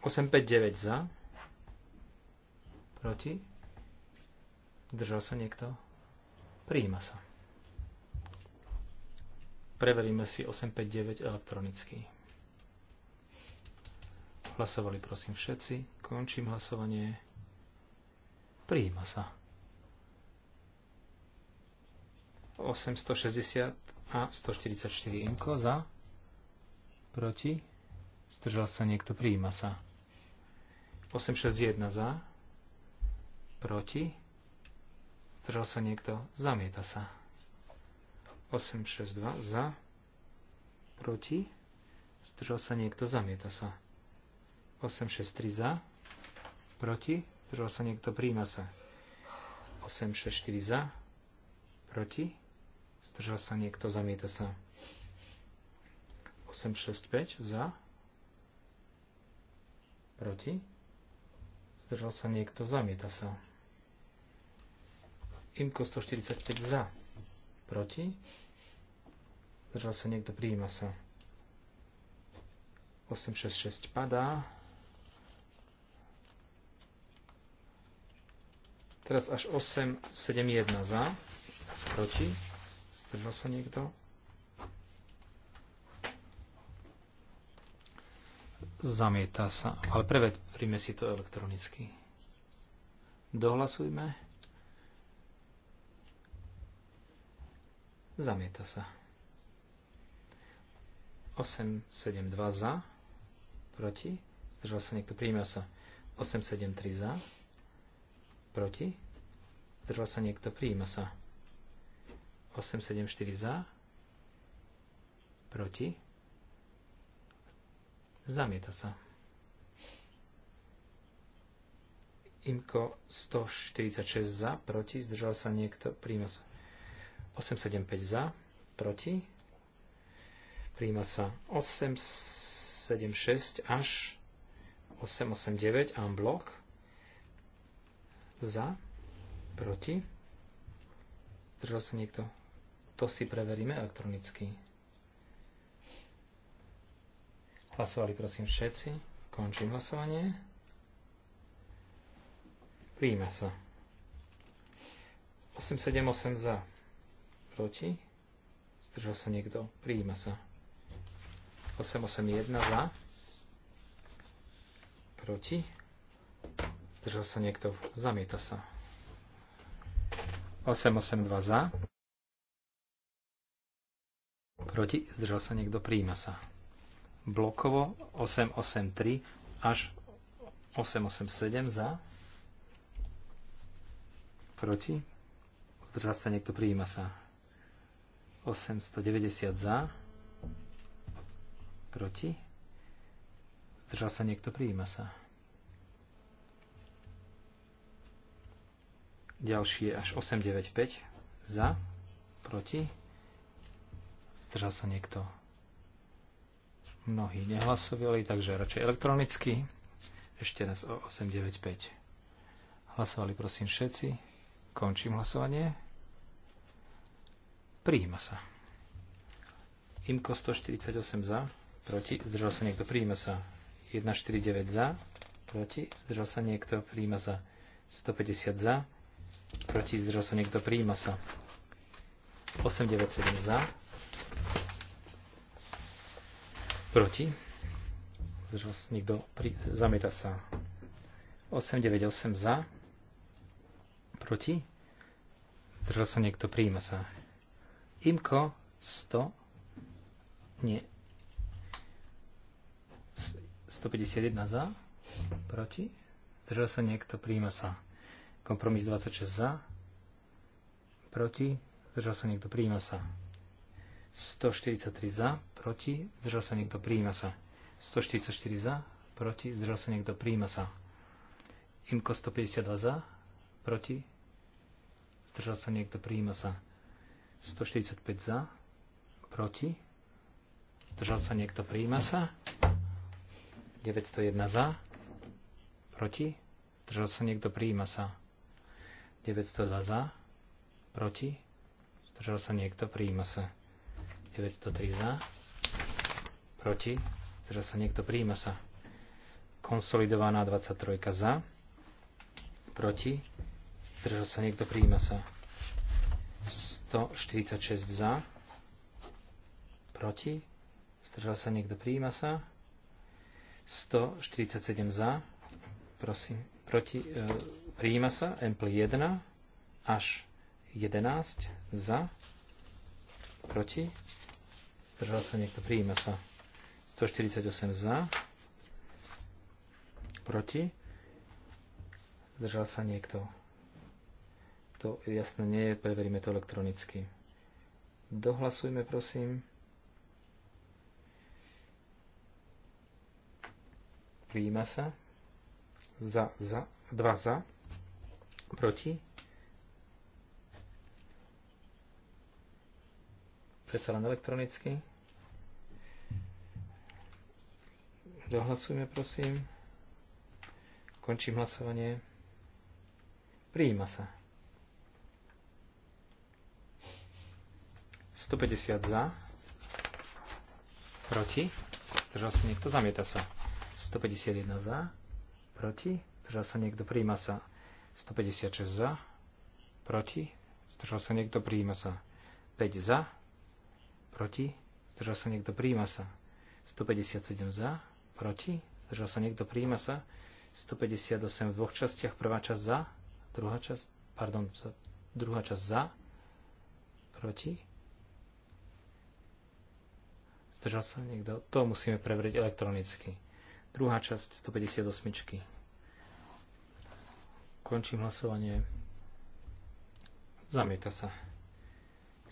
8, 5, 9 za, proti, držal sa niekto, prijíma sa. Preveríme si 859 elektronicky. Hlasovali prosím všetci. Končím hlasovanie. Prijíma sa. 860 a 144 inko za. Proti. Zdržal sa niekto. Prijíma sa. 861 za. Proti. Zdržal sa niekto. Zamieta sa. 862 za. Proti. Zdržal sa niekto. Zamieta sa. 863 za, proti, zdržal sa niekto, príjma sa. 864 za, proti, zdržal sa niekto, zamieta sa. 865 za, proti, zdržal sa niekto, zamieta sa. Imko 145 za, proti, zdržal sa niekto, príjma sa. 866 padá, Teraz až 871 za. Proti. Zdržal sa niekto? Zamieta sa. Ale preveríme si to elektronicky. Dohlasujme. Zamieta sa. 872 za. Proti. Zdržal sa niekto? Príjme sa. 873 za proti, zdržal sa niekto, prijíma sa. 874 za, proti, zamieta sa. Imko 146 za, proti, zdržal sa niekto, príjma sa. 875 za, proti, príjma sa. 876 až 889 en blok, za? Proti? Zdržal sa niekto? To si preveríme elektronicky. Hlasovali prosím všetci. Končím hlasovanie. Príjima sa. 878 za. Proti? Zdržal sa niekto? Príjima sa. 881 za. Proti? Zdržal sa niekto? Zamieta sa. 882 za. Proti? Zdržal sa niekto? Príjma sa. Blokovo 883 až 887 za. Proti? Zdržal sa niekto? Príjma sa. 890 za. Proti? Zdržal sa niekto? Príjma sa. Ďalší je až 895 za, proti. Zdržal sa niekto. Mnohí nehlasovali, takže radšej elektronicky. Ešte raz o 895. Hlasovali prosím všetci. Končím hlasovanie. Prijíma sa. Imko 148 za, proti, zdržal sa niekto, prijíma sa. 149 za, proti, zdržal sa niekto, prijíma sa. 150 za, proti, zdržal sa niekto, prijíma sa. 897 za, proti, zdržal sa niekto, pri, zamieta sa. 898 za, proti, zdržal sa niekto, prijíma sa. Imko 100, nie, 151 za, proti, zdržal sa niekto, prijíma sa. Kompromis 26 za. Proti. Zdržal sa niekto. Prijíma sa. 143 za. Proti. Zdržal sa niekto. Prijíma sa. 144 za. Proti. Zdržal sa niekto. Prijíma sa. Imko 152 za. Proti. Zdržal sa niekto. Prijíma sa. 145 za. Proti. Zdržal sa niekto. Prijíma sa. 901 za. Proti? Zdržal sa niekto? Prijíma sa. 902 za, proti, zdržal sa niekto, prijíma sa. 903 za, proti, zdržal sa niekto, prijíma sa. Konsolidovaná 23 za, proti, zdržal sa niekto, prijíma sa. 146 za, proti, zdržal sa niekto, prijíma sa. 147 za, prosím, proti, e Prijíma sa MP 1 až 11 za, proti, zdržal sa niekto, prijíma sa 148 za, proti, zdržal sa niekto. To jasne nie je, preveríme to elektronicky. Dohlasujme, prosím. Prijíma sa. Za, za, dva za. Proti? Predsa len elektronicky. Dohlasujme, prosím. Končím hlasovanie. Prijíma sa. 150 za. Proti. Zdržal sa niekto. Zamieta sa. 151 za. Proti. Zdržal sa niekto. Prijíma sa. 156 za, proti, zdržal sa niekto, prijíma sa. 5 za, proti, zdržal sa niekto, prijíma sa. 157 za, proti, zdržal sa niekto, prijíma sa. 158 v dvoch častiach, prvá časť za, druhá časť, pardon, druhá časť za, proti, zdržal sa niekto, to musíme prevrieť elektronicky. Druhá časť 158. Končím hlasovanie. Zamieta sa.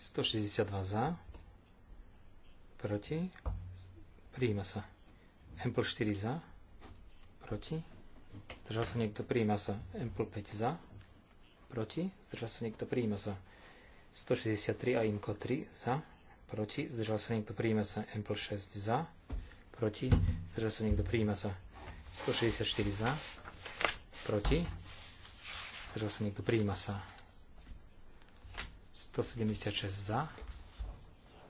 162 za. Proti. Príjima sa. Ample 4 za. Proti. Zdržal sa niekto, príjima sa. Ample 5 za. Proti. Zdržal sa niekto, príjima sa. 163 a Imko 3 za. Proti. Zdržal sa niekto, príjima sa. Ample 6 za. Proti. Zdržal sa niekto, príjima sa. 164 za. Proti. Zdržal sa niekto? Prijíma sa. 176 za.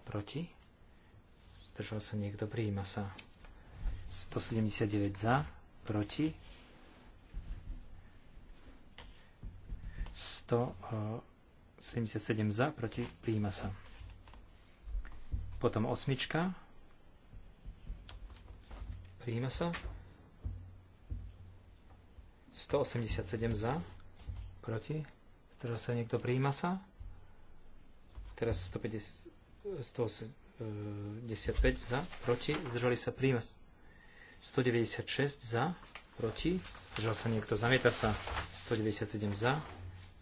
Proti. Zdržal sa niekto? Prijíma sa. 179 za. Proti. 177 za. Proti. Prijíma sa. Potom osmička. Prijíma sa. 187 za proti, zdržal sa niekto, prijíma sa. Teraz 155 za, proti, zdržali sa, prijíma sa. 196 za, proti, zdržal sa niekto, zamieta sa, 197 za,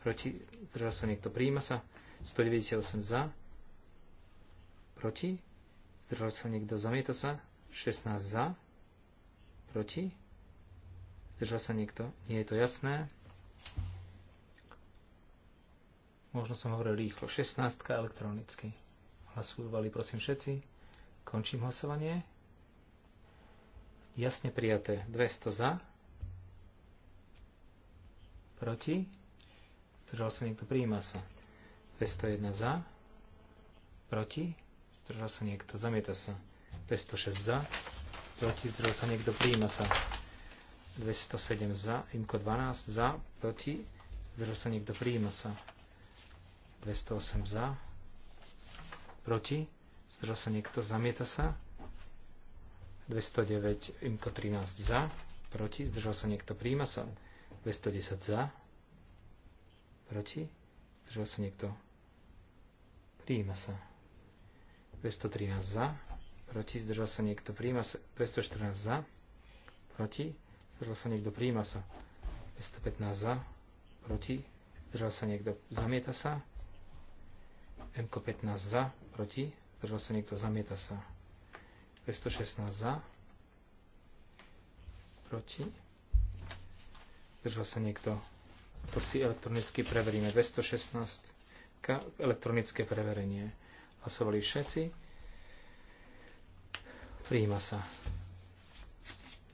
proti, zdržal sa niekto, prijíma sa, 198 za, proti, zdržal sa niekto, zamieta sa, 16 za, proti, zdržal sa niekto, nie je to jasné, Možno som hovoril rýchlo. 16 elektronicky. Hlasovali prosím všetci. Končím hlasovanie. Jasne prijaté. 200 za. Proti. Zdržal sa niekto. Prijíma sa. 201 za. Proti. Zdržal sa niekto. Zamieta sa. 206 za. Proti. Zdržal sa niekto. Prijíma sa. 207 za. Imko 12 za. Proti. Zdržal sa niekto. Prijíma sa. 208 za, proti, zdržal sa niekto, zamieta sa, 209, imko 13 za, proti, zdržal sa niekto, príjma sa, 210 za, proti, zdržal sa niekto, príjma sa, 213 za, proti, zdržal sa niekto, príjma sa, 214 za, proti, zdržal sa niekto, príjma sa, 215 za, proti, zdržal sa niekto, zamieta sa, MK 15 za, proti, zdržal sa niekto, zamieta sa. 216 za, proti, zdržal sa niekto. To si elektronicky preveríme. 216 elektronické preverenie. Hlasovali všetci. Prijíma sa.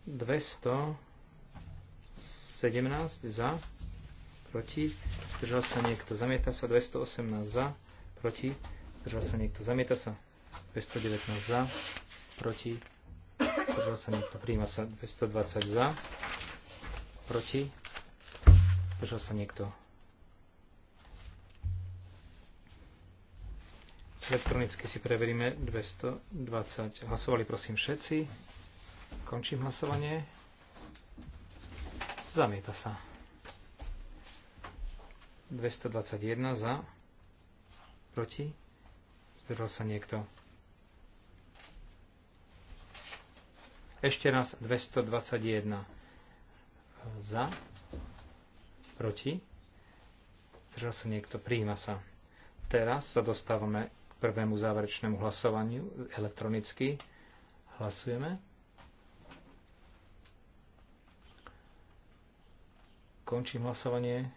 217 za, proti, zdržal sa niekto, zamieta sa 218 za, proti, zdržal sa niekto, zamieta sa. 219 za, proti, zdržal sa niekto, príjma sa. 220 za, proti, zdržal sa niekto. Elektronicky si preveríme 220. Hlasovali prosím všetci. Končím hlasovanie. Zamieta sa. 221 za Proti? Zdržal sa niekto? Ešte raz 221. Za? Proti? Zdržal sa niekto? Príjima sa. Teraz sa dostávame k prvému záverečnému hlasovaniu elektronicky. Hlasujeme. Končím hlasovanie.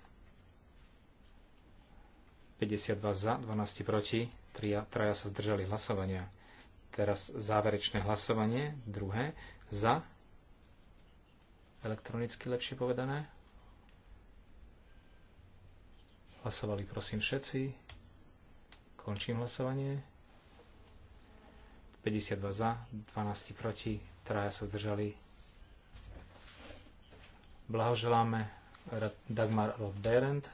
52 za, 12 proti, 3, 3 sa zdržali hlasovania. Teraz záverečné hlasovanie, druhé, za, elektronicky lepšie povedané. Hlasovali prosím všetci. Končím hlasovanie. 52 za, 12 proti, 3 sa zdržali. Blahoželáme Dagmar Berend.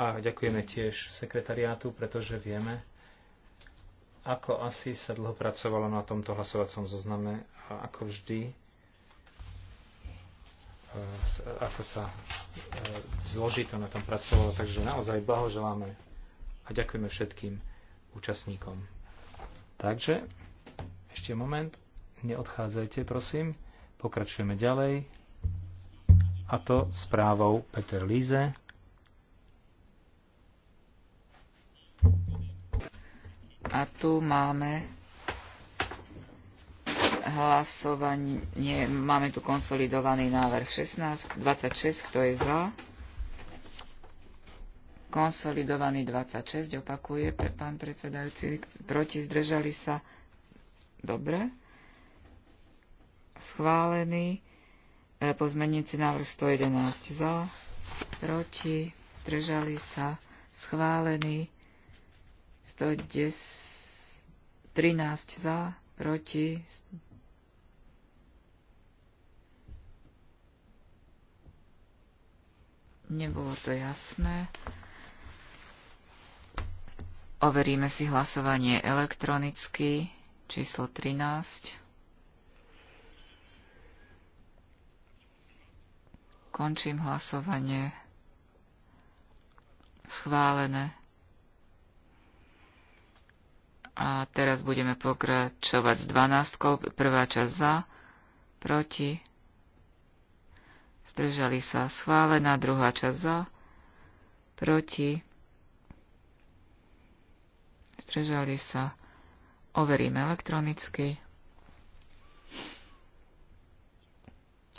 A ďakujeme tiež sekretariátu, pretože vieme, ako asi sa dlho pracovalo na tomto hlasovacom zozname a ako vždy, e, e, ako sa e, zložito na tom pracovalo. Takže naozaj blahoželáme a ďakujeme všetkým účastníkom. Takže, ešte moment, neodchádzajte, prosím. Pokračujeme ďalej. A to správou Peter Líze. A tu máme hlasovanie, máme tu konsolidovaný návrh 16, 26, kto je za? Konsolidovaný 26, opakuje pán predsedajúci, proti zdržali sa. Dobre. Schválený e, Pozmeníci návrh 111 za, proti, zdržali sa, schválený 113 za, proti. Nebolo to jasné. Overíme si hlasovanie elektronicky, číslo 13. Končím hlasovanie. Schválené. A teraz budeme pokračovať s 12. Prvá časť za, proti, zdržali sa schválená, druhá časť za, proti, zdržali sa, overíme elektronicky.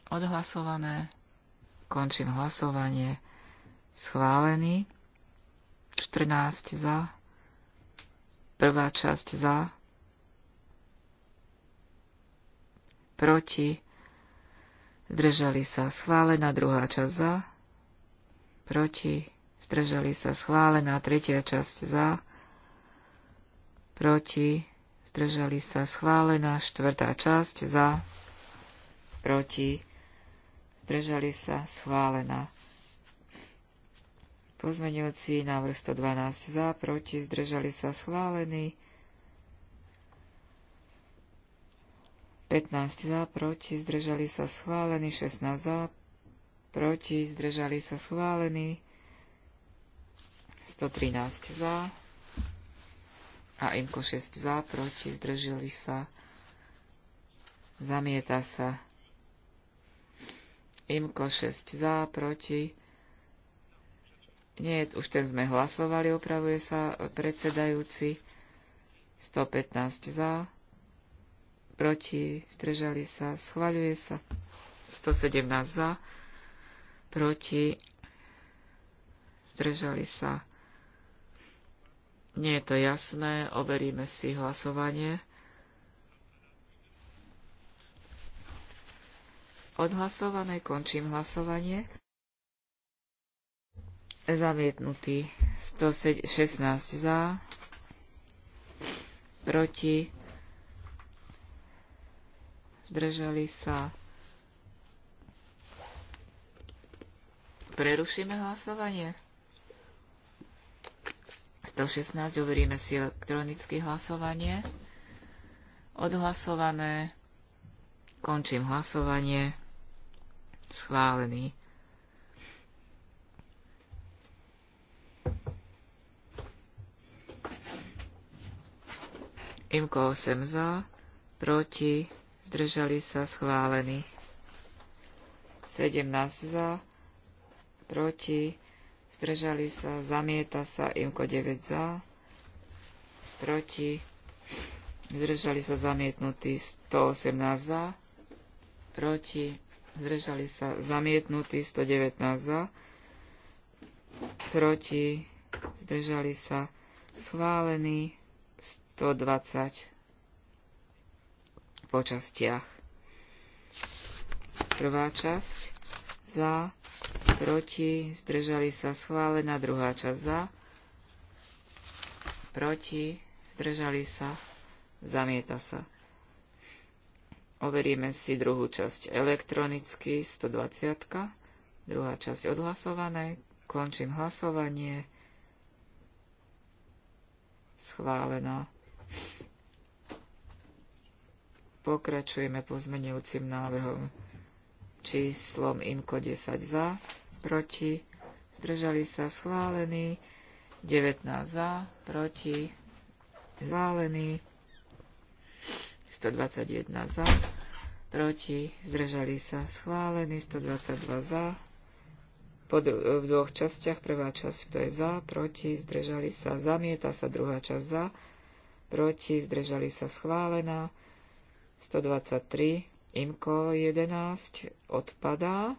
Odhlasované, končím hlasovanie, schválený, 14 za, Prvá časť za, proti, zdržali sa schválená, druhá časť za, proti, zdržali sa schválená, tretia časť za, proti, zdržali sa schválená, štvrtá časť za, proti, zdržali sa schválená. Pozmeňujúci návrh 112 za, proti, zdržali sa schválení. 15 za, proti, zdržali sa schválení, 16 za, proti, zdržali sa schválení. 113 za a Imko 6 za, proti, zdržali sa, zamieta sa. Imko 6 za, proti, nie, už ten sme hlasovali, opravuje sa predsedajúci. 115 za, proti, strežali sa, schvaľuje sa. 117 za, proti, zdržali sa. Nie je to jasné, overíme si hlasovanie. Odhlasované končím hlasovanie zamietnutý 116 za, proti, zdržali sa. Prerušíme hlasovanie. 116, overíme si elektronické hlasovanie. Odhlasované. Končím hlasovanie. Schválený. Imko 8 za, proti, zdržali sa schválení. 17 za, proti, zdržali sa, zamieta sa, Imko 9 za, proti, zdržali sa zamietnutí 118 za, proti, zdržali sa zamietnutí 119 za, proti, zdržali sa schválení 120 po častiach. Prvá časť za, proti, zdržali sa schválená, druhá časť za, proti, zdržali sa, zamieta sa. Overíme si druhú časť elektronicky, 120, druhá časť odhlasované, končím hlasovanie schválená. Pokračujeme pozmenujúcim návrhom číslom Inko 10 za, proti, zdržali sa schválený, 19 za, proti, schválený, 121 za, proti, zdržali sa schválený, 122 za, v dvoch častiach. Prvá časť, kto je za, proti, zdržali sa, zamieta sa. Druhá časť za, proti, zdržali sa schválená. 123, imko 11, odpadá.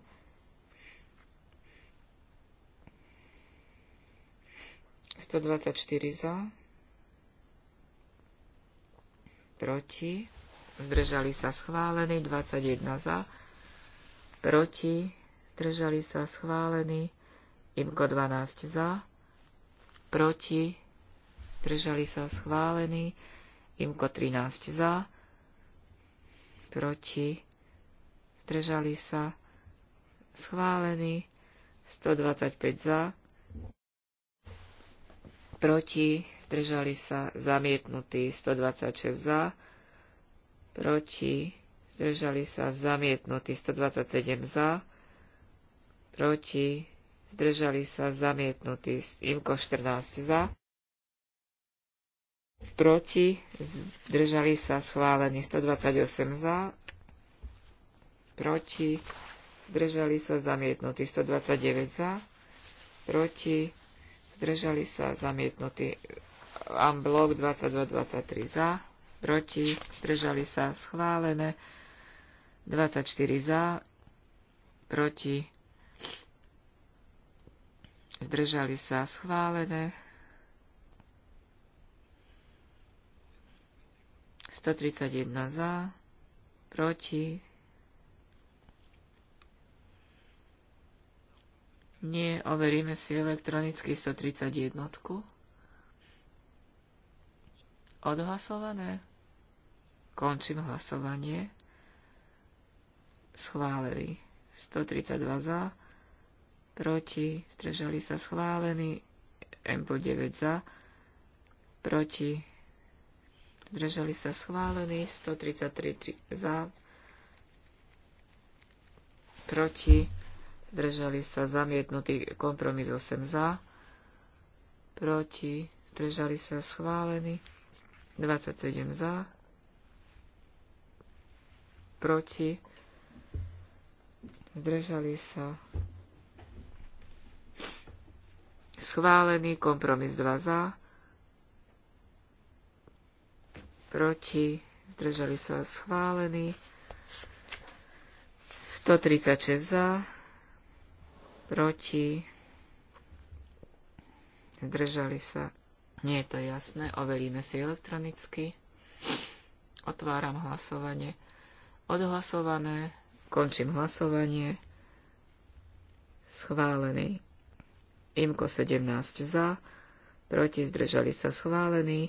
Sto dvadsať štyri za, proti, zdržali sa schválení, 21 za, proti, zdržali sa schválení, imko 12 za, proti, zdržali sa schválený, imko 13 za, proti, zdržali sa schválení, 125 za, proti, zdržali sa zamietnutí, 126 za, proti, zdržali sa zamietnutí, 127 za, proti, zdržali sa zamietnutí, imko 14 za, proti, zdržali sa schválení 128 za, proti, zdržali sa zamietnutí 129 za, proti, zdržali sa zamietnutí amblok 22-23 za, proti, zdržali sa schválené 24 za, proti, zdržali sa schválené 131 za, proti, nie, overíme si elektronicky 131. Odhlasované. Končím hlasovanie. Schválili. 132 za, proti, stržali sa schválení, MP9 za, proti, zdržali sa schválení, 133 za, proti, zdržali sa zamietnutý kompromis 8 za, proti, zdržali sa schválení, 27 za, proti, zdržali sa schválený kompromis 2 za, proti, zdržali sa schválení, 136 za, proti, zdržali sa, nie je to jasné, overíme si elektronicky, otváram hlasovanie, odhlasované, končím hlasovanie, schválený, imko 17 za, proti, zdržali sa schválený,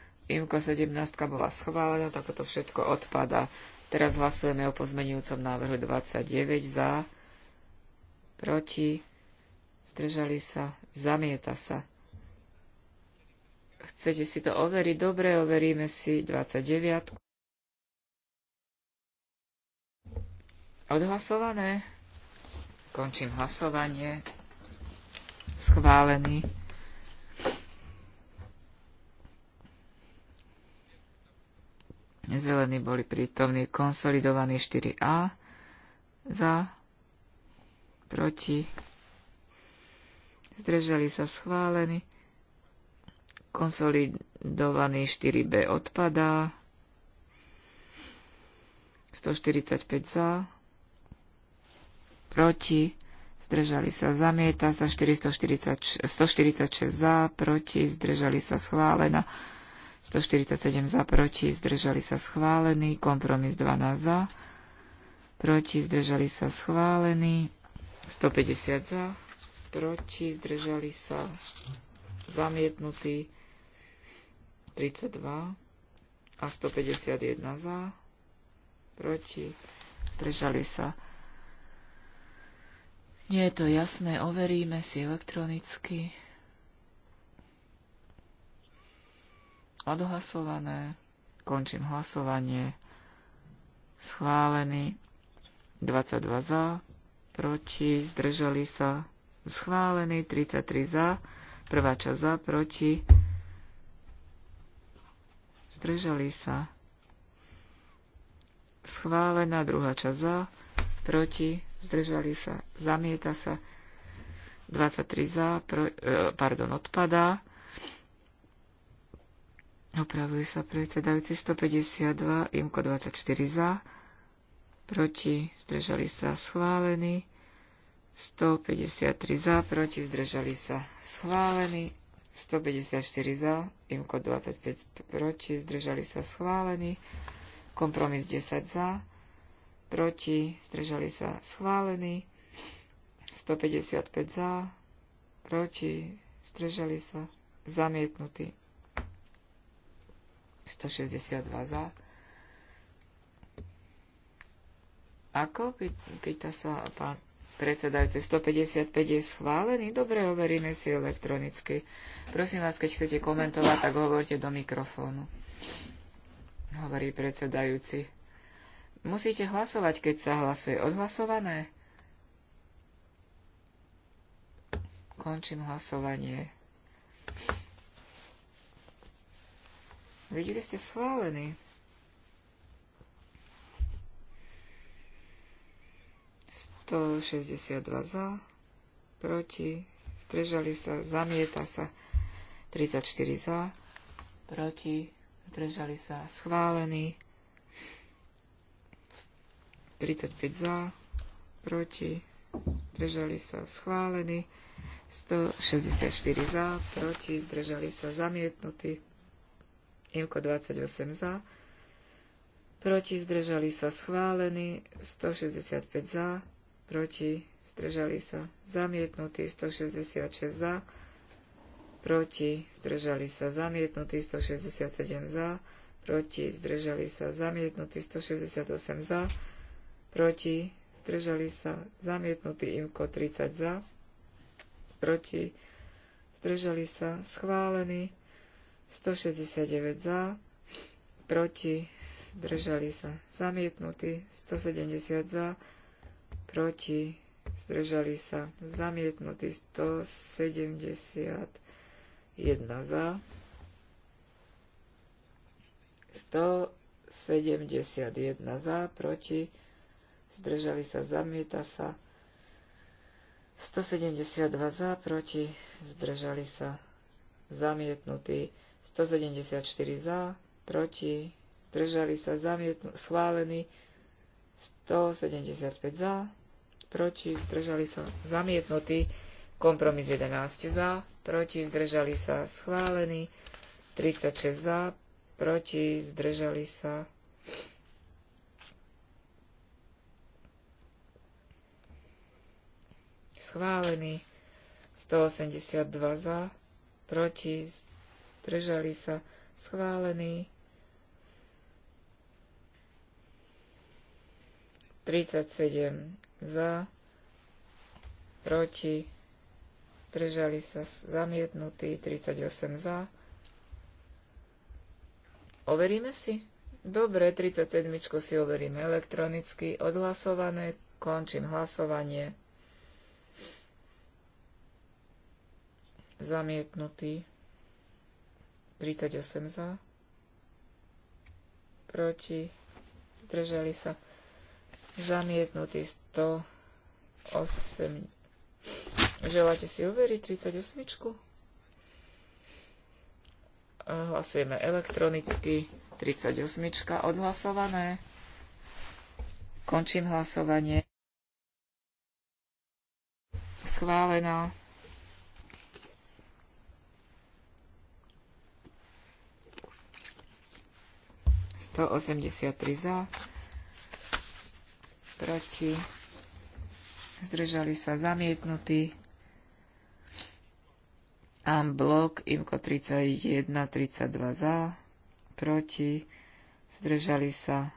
IMKO 17 bola schválená, tak to všetko odpada. Teraz hlasujeme o pozmenujúcom návrhu 29 za, proti, zdržali sa, zamieta sa. Chcete si to overiť? Dobre, overíme si 29. Odhlasované. Končím hlasovanie. Schválený. Zelení boli prítomní konsolidovaní 4A za, proti, zdržali sa schválení, konsolidovaný 4B odpadá, 145 za, proti, zdržali sa, zamieta sa, 446 146 za, proti, zdržali sa, schválená, 147 za, proti, zdržali sa schválený, kompromis 12 za, proti, zdržali sa schválený, 150 za, proti, zdržali sa zamietnutý, 32 a 151 za, proti, zdržali sa. Nie je to jasné, overíme si elektronicky. Odhlasované. Končím hlasovanie. Schválený. 22 za. Proti. Zdržali sa. Schválený. 33 za. Prvá časť za. Proti. Zdržali sa. Schválená. Druhá časť za. Proti. Zdržali sa. Zamieta sa. 23 za. Pro, e, pardon. Odpadá. Opravuje sa predsedajúci 152, imko 24 za, proti, zdržali sa schválení, 153 za, proti, zdržali sa schválení, 154 za, imko 25 proti, zdržali sa schválení, kompromis 10 za, proti, zdržali sa schválení, 155 za, proti, zdržali sa zamietnutí. 162 za. Ako? Pýta sa pán predsedajúci. 155 je schválený? Dobre, overíme si elektronicky. Prosím vás, keď chcete komentovať, tak hovorte do mikrofónu. Hovorí predsedajúci. Musíte hlasovať, keď sa hlasuje. Odhlasované? Končím hlasovanie. Videli ste schválený. To 62 za, proti, zdržali sa, zamieta sa, 34 za, proti, zdržali sa, schválený, 35 za, proti, zdržali sa, schválený, 164 za, proti, zdržali sa, zamietnutý, Imko 28 za, proti zdržali sa schválení 165 za, proti zdržali sa zamietnutí, 166 za, proti zdržali sa zamietnutí 167 za, proti zdržali sa zamietnutí 168 za, proti zdržali sa zamietnutí, Imko 30 za, proti zdržali sa schválení 169 za, proti, zdržali sa zamietnutí, 170 za, proti, zdržali sa zamietnutí, 171 za, 171 za, proti, zdržali sa, zamieta sa, 172 za, proti, zdržali sa, zamietnutí, 174 za, proti, zdržali sa zamietnú, schválený, 175 za, proti, zdržali sa zamietnutý, kompromis 11 za, proti, zdržali sa schválený, 36 za, proti, zdržali sa schválený, 182 za, proti, Držali sa, schválený. 37 za, proti, zdržali sa, zamietnutí, 38 za. Overíme si? Dobre, 37 si overíme elektronicky, odhlasované, končím hlasovanie. Zamietnutý. 38 za, proti, zdržali sa, zamietnutý 108. Želáte si uveriť 38? Eh, hlasujeme elektronicky. 38. Odhlasované. Končím hlasovanie. Schválená. 183 za, proti, zdržali sa zamietnutí. Amblok, Imko 31, 32 za, proti, zdržali sa.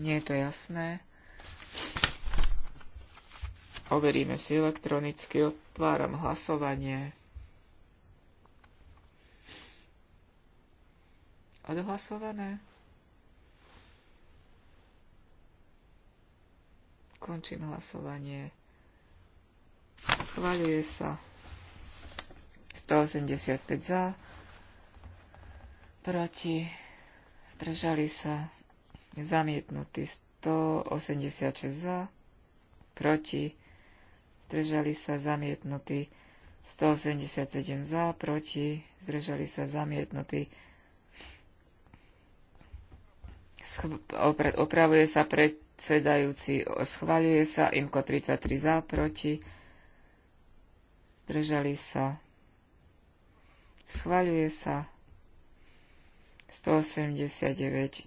Nie je to jasné. Overíme si elektronicky, otváram hlasovanie. Odhlasované. Končím hlasovanie. Schváľuje sa 185 za, proti, zdržali sa, zamietnutí 186 za, proti, zdržali sa, zamietnutí 187 za, proti, zdržali sa, zamietnutí opravuje sa predsedajúci, schváľuje sa, imko 33 za, proti, zdržali sa, schváľuje sa, 189.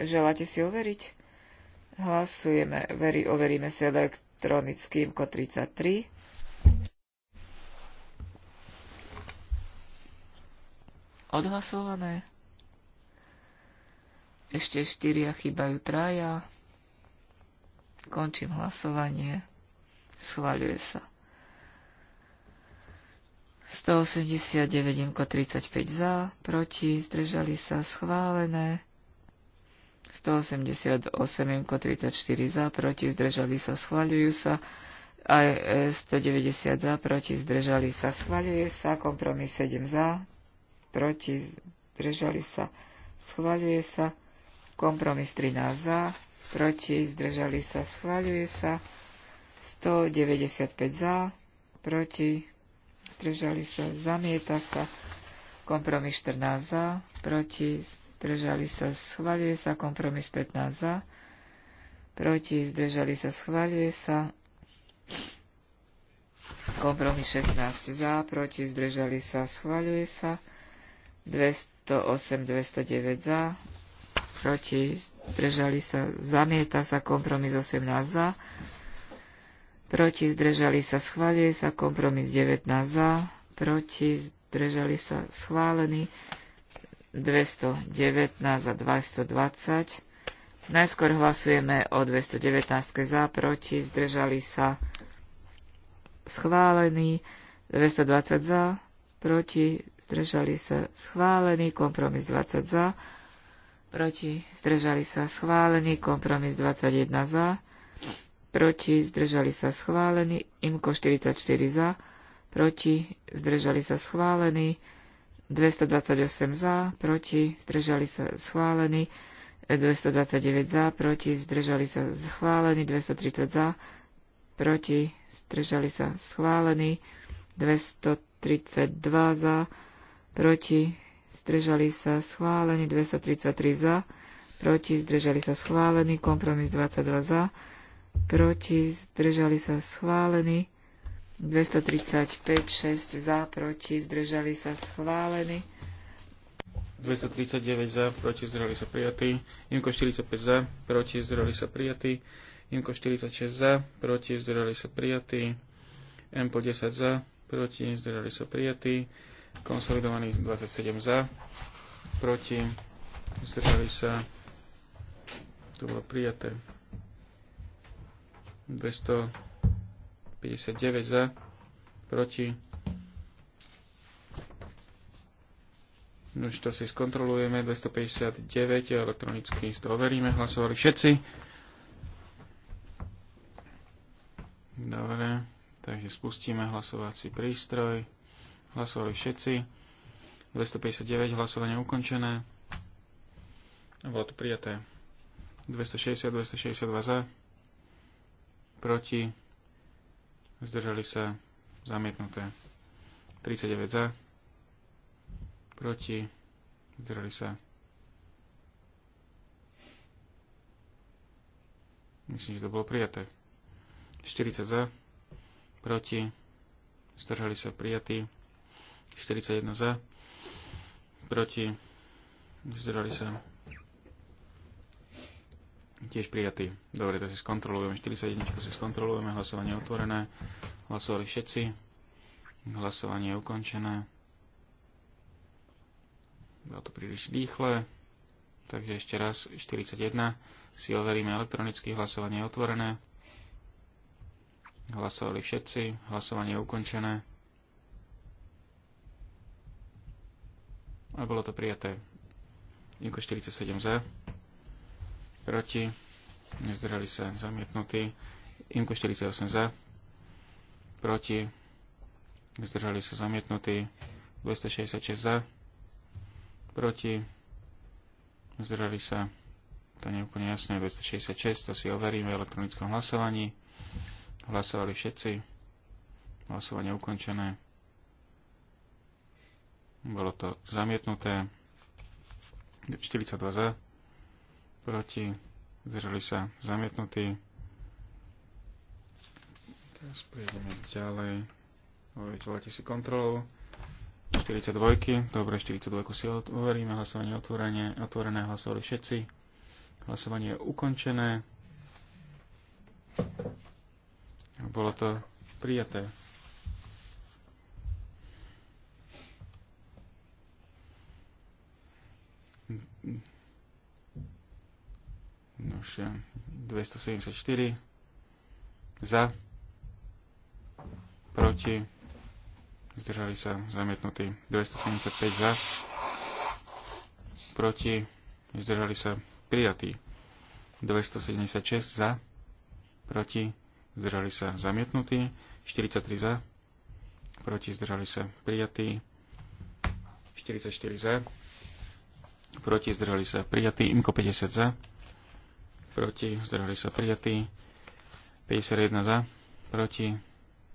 Želáte si overiť? Hlasujeme, veri, overíme si elektronicky, Imko 33. Odhlasované. Ešte štyria chýbajú traja. Končím hlasovanie. Schváľuje sa. 189, 35 za, proti, zdržali sa, schválené. 188, 34 za, proti, zdržali sa, schváľujú sa. A 190 e, za, proti, zdržali sa, schváľuje sa. Kompromis 7 za, proti, zdržali sa, schváľuje sa. Kompromis 13 za, proti, zdržali sa, schváľuje sa. 195 za, proti, zdržali sa, zamieta sa. Kompromis 14 za, proti, zdržali sa, schváľuje sa. Kompromis 15 za, proti, zdržali sa, schváľuje sa. Kompromis 16 za, proti, zdržali sa, schváľuje sa. 208, 209 za, proti, zdržali sa, zamieta sa kompromis 18 za, proti, zdržali sa, schváľuje sa kompromis 19 za, proti, zdržali sa, schválený 219 za 220. Najskôr hlasujeme o 219 za, proti, zdržali sa, schválený 220 za, proti, zdržali sa, schválený kompromis 20 za, proti, zdržali sa schválený, kompromis 21 za, proti, zdržali sa schválený, imko 44 za, proti, zdržali sa schválený, 228 za, proti, zdržali sa schválený, 229 za, proti, zdržali sa schválený, 230 za, proti, zdržali sa schválený, 232 za, proti, zdržali sa schválení 233 za, proti zdržali sa schválení, kompromis 22 za, proti zdržali sa schválení, 235, 6 za, proti zdržali sa schválení. 239 za, proti zdržali sa prijatí. Imko 45 za, proti zdržali sa prijatí. Imko 46 za, proti zdržali sa prijatí. M po 10 za, proti zdržali sa prijatí konsolidovaný 27 za, proti, zdržali sa, to bolo prijaté, 259 za, proti, už to si skontrolujeme, 259, elektronicky to overíme, hlasovali všetci. Dobre, takže spustíme hlasovací prístroj. Hlasovali všetci. 259. Hlasovanie ukončené. Bolo to prijaté. 260, 262 za. Proti. Zdržali sa. Zamietnuté. 39 za. Proti. Zdržali sa. Myslím, že to bolo prijaté. 40 za. Proti. Zdržali sa prijatí. 41 za, proti, zdrali sa, tiež prijatý. Dobre, to si skontrolujeme. 41 si skontrolujeme, hlasovanie je otvorené. Hlasovali všetci. Hlasovanie je ukončené. Bolo to príliš rýchle. Takže ešte raz 41 si overíme elektronicky, hlasovanie je otvorené. Hlasovali všetci, hlasovanie je ukončené. A bolo to prijaté. Inko 47 za. Proti. nezdržali sa zamietnutí. inko 48 za. Proti. Zdržali sa zamietnutí. 266 za. Proti. Zdržali sa. To nie je úplne jasné. 266. To si overíme v elektronickom hlasovaní. Hlasovali všetci. Hlasovanie ukončené. Bolo to zamietnuté. 42 za. Proti. Zdržali sa zamietnutí. Teraz prejdeme ďalej. Vytvorite si kontrolu. 42. Dobre, 42 si overíme. Hlasovanie otvorené. Otvorené hlasovali všetci. Hlasovanie je ukončené. Bolo to prijaté. 274 za, proti, zdržali sa zamietnutí 275 za, proti, zdržali sa prijatí 276 za, proti, zdržali sa zamietnutí 43 za, proti, zdržali sa prijatí 44 za, proti zdržali sa prijatí, IMKO 50 za, proti zdržali sa prijatí, 51 za, proti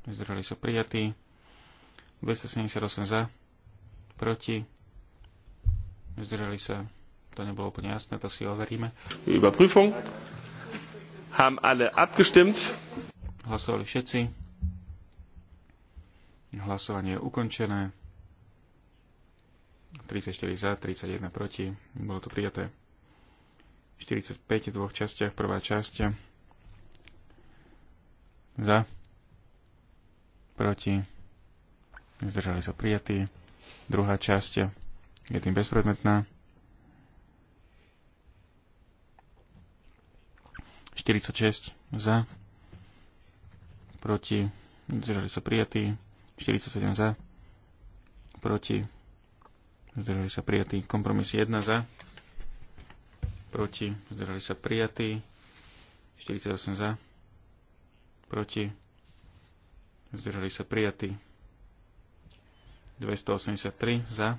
zdrhali sa prijatí, 278 za, proti zdrhali sa, to nebolo úplne jasné, to si overíme. Überprüfung. Haben alle abgestimmt. Hlasovali všetci. Hlasovanie je ukončené. 34 za, 31 proti. Bolo to prijaté. 45 v dvoch častiach. Prvá časť za, proti, zdržali sa prijatí. Druhá časť je tým bezpredmetná. 46 za, proti, zdržali sa prijatí. 47 za, proti, Zdržali sa prijatí. Kompromis 1 za. Proti. Zdržali sa prijatí. 48 za. Proti. Zdržali sa prijatí. 283 za.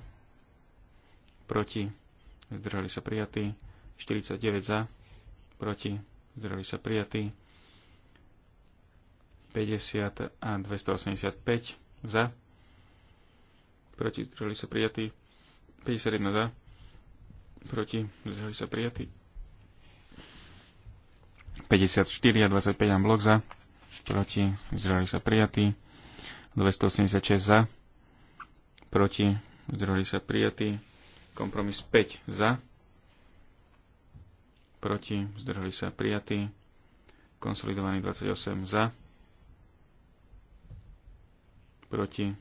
Proti. Zdržali sa prijatí. 49 za. Proti. Zdržali sa prijatí. 50 a 285 za. Proti. Zdržali sa prijatí. 51 za, proti, zdržali sa prijatí. 54 a 25 a blok za, proti, zdržali sa prijatí. 286 za, proti, zdržali sa prijatí. Kompromis 5 za, proti, zdržali sa prijatí. Konsolidovaný 28 za, proti,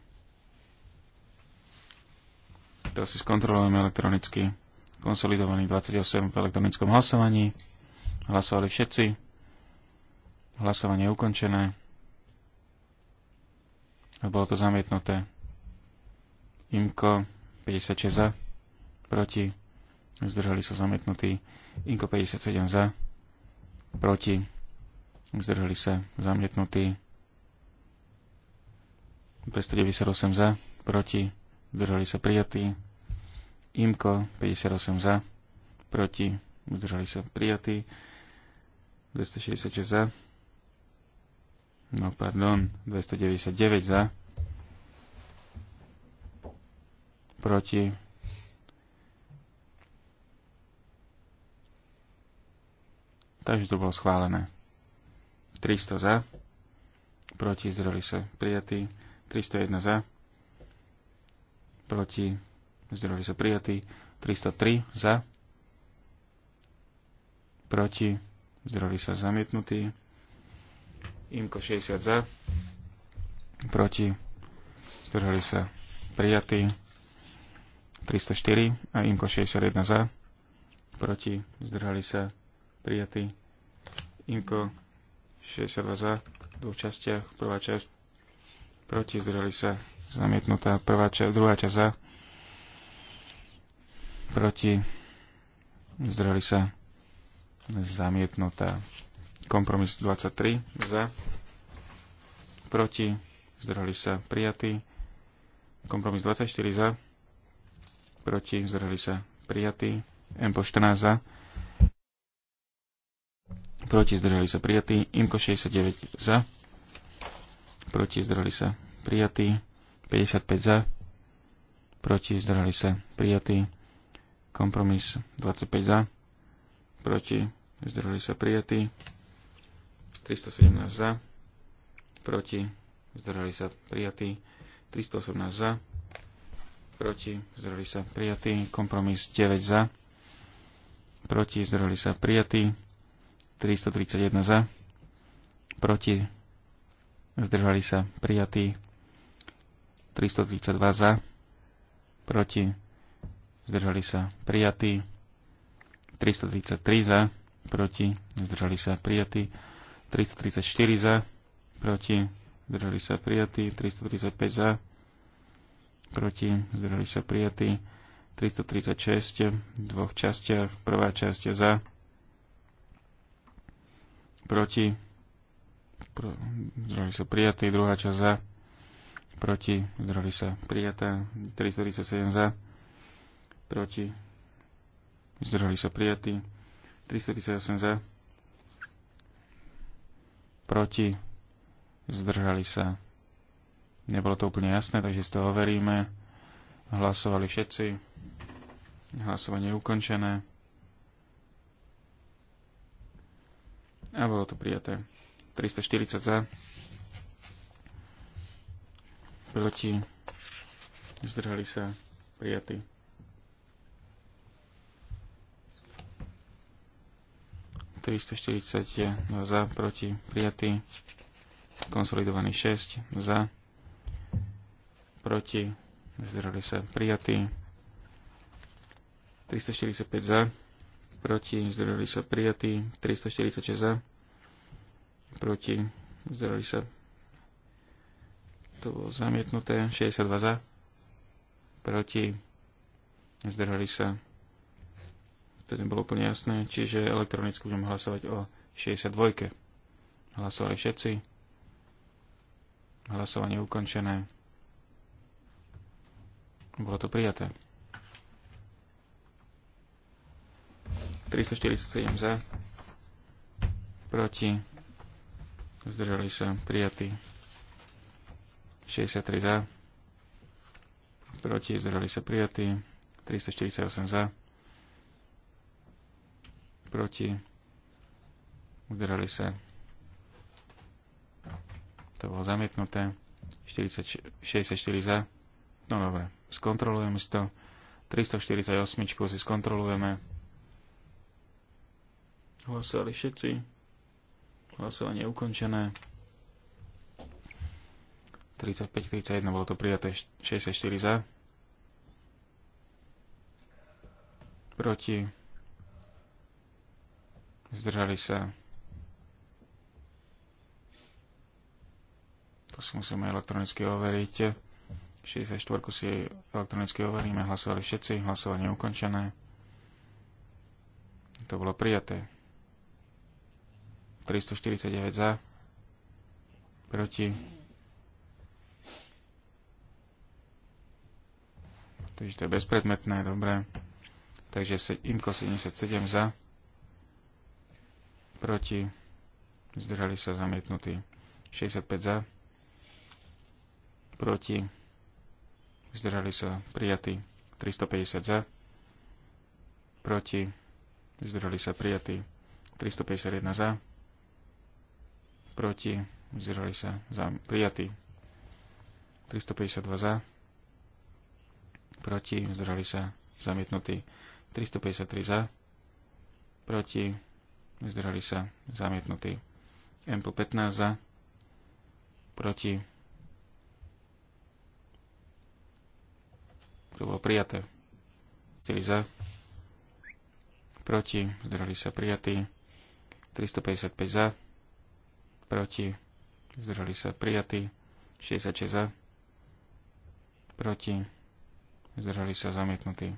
to si skontrolujeme elektronicky. Konsolidovaný 28 v elektronickom hlasovaní. Hlasovali všetci. Hlasovanie je ukončené. A bolo to zamietnuté. Imko 56 za, proti, zdržali sa zamietnutí. Inko 57 za, proti, zdržali sa zamietnutí. 298 za, proti, zdržali sa prijatí. Imko 58 za, proti, zdržali sa prijatí. 266 za, no pardon, 299 za, proti, Takže to bolo schválené. 300 za, proti zdržali sa prijatí, 301 za, proti, zdržali sa prijatí, 303 za, proti, zdržali sa zamietnutí, IMKO 60 za, proti, zdržali sa prijatí, 304 a IMKO 61 za, proti, zdržali sa prijatí, IMKO 62 za, v dvoch častiach, prvá časť, proti, zdržali sa zamietnutá prvá ča- druhá časť za, proti, zdržali sa, zamietnutá. Kompromis 23 za, proti, zdrali sa, prijatý. Kompromis 24 za, proti, zdržali sa, prijatý. MPO 14 za, proti, zdržali sa, prijatý. Inko 69 za, proti, zdrali sa, prijatý. 55 za, proti zdržali sa prijatí. Kompromis 25 za, proti zdržali sa prijatí. 317 za, proti zdržali sa prijatí. 318 za, proti zdržali sa prijatí. Kompromis 9 za, proti zdržali sa prijatí. 331 za, proti zdržali sa prijatí. 332 za, proti, zdržali sa prijatí, 333 za, proti, zdržali sa prijatí, 334 za, proti, zdržali sa prijatí, 335 za, proti, zdržali sa prijatí, 336 v dvoch častiach, prvá časť je za, proti, zdržali sa prijatí, druhá časť za, proti, zdrali sa prijaté, 337 za, proti, zdrali sa prijatí, 338 za, proti, zdržali sa. Nebolo to úplne jasné, takže si to overíme. Hlasovali všetci. Hlasovanie je ukončené. A bolo to prijaté. 340 za proti, zdrhali sa, prijatí. ...340 za, proti, prijatý, konsolidovaný 6 za, proti, zdrhali sa, prijatý, 345 za, proti, zdrhali sa, prijatý, 346 za, proti, zdrhali sa, to bolo zamietnuté, 62 za, proti, zdržali sa, to nebolo úplne jasné, čiže elektronicky budeme hlasovať o 62. Hlasovali všetci, hlasovanie ukončené, bolo to prijaté. 347 za, proti, zdržali sa, prijatí. 63 za, proti, zdržali sa prijatí, 348 za, proti, zdržali sa, to bolo zamietnuté, 64 za, no dobre, skontrolujeme si to, 348 si skontrolujeme, hlasovali všetci, hlasovanie je ukončené, 35-31 bolo to prijaté 64 za. Proti. Zdržali sa. To si musíme elektronicky overiť. 64 si elektronicky overíme. Hlasovali všetci. Hlasovanie ukončené. To bolo prijaté. 349 za. Proti Takže to je bezpredmetné, dobre. Takže IMKO 77 za, proti, zdržali sa zamietnutí. 65 za, proti, zdržali sa prijatí. 350 za, proti, zdržali sa prijatí. 351 za, proti, zdržali sa za, prijatí. 352 za, proti, zdržali sa zamietnutí 353 za, proti, zdržali sa zamietnutí MP 15 za, proti, to bolo prijaté, 4 za, proti, zdržali sa prijatí, 355 za, proti, zdržali sa prijatí, 66 za, proti, zdržali sa zamietnutí.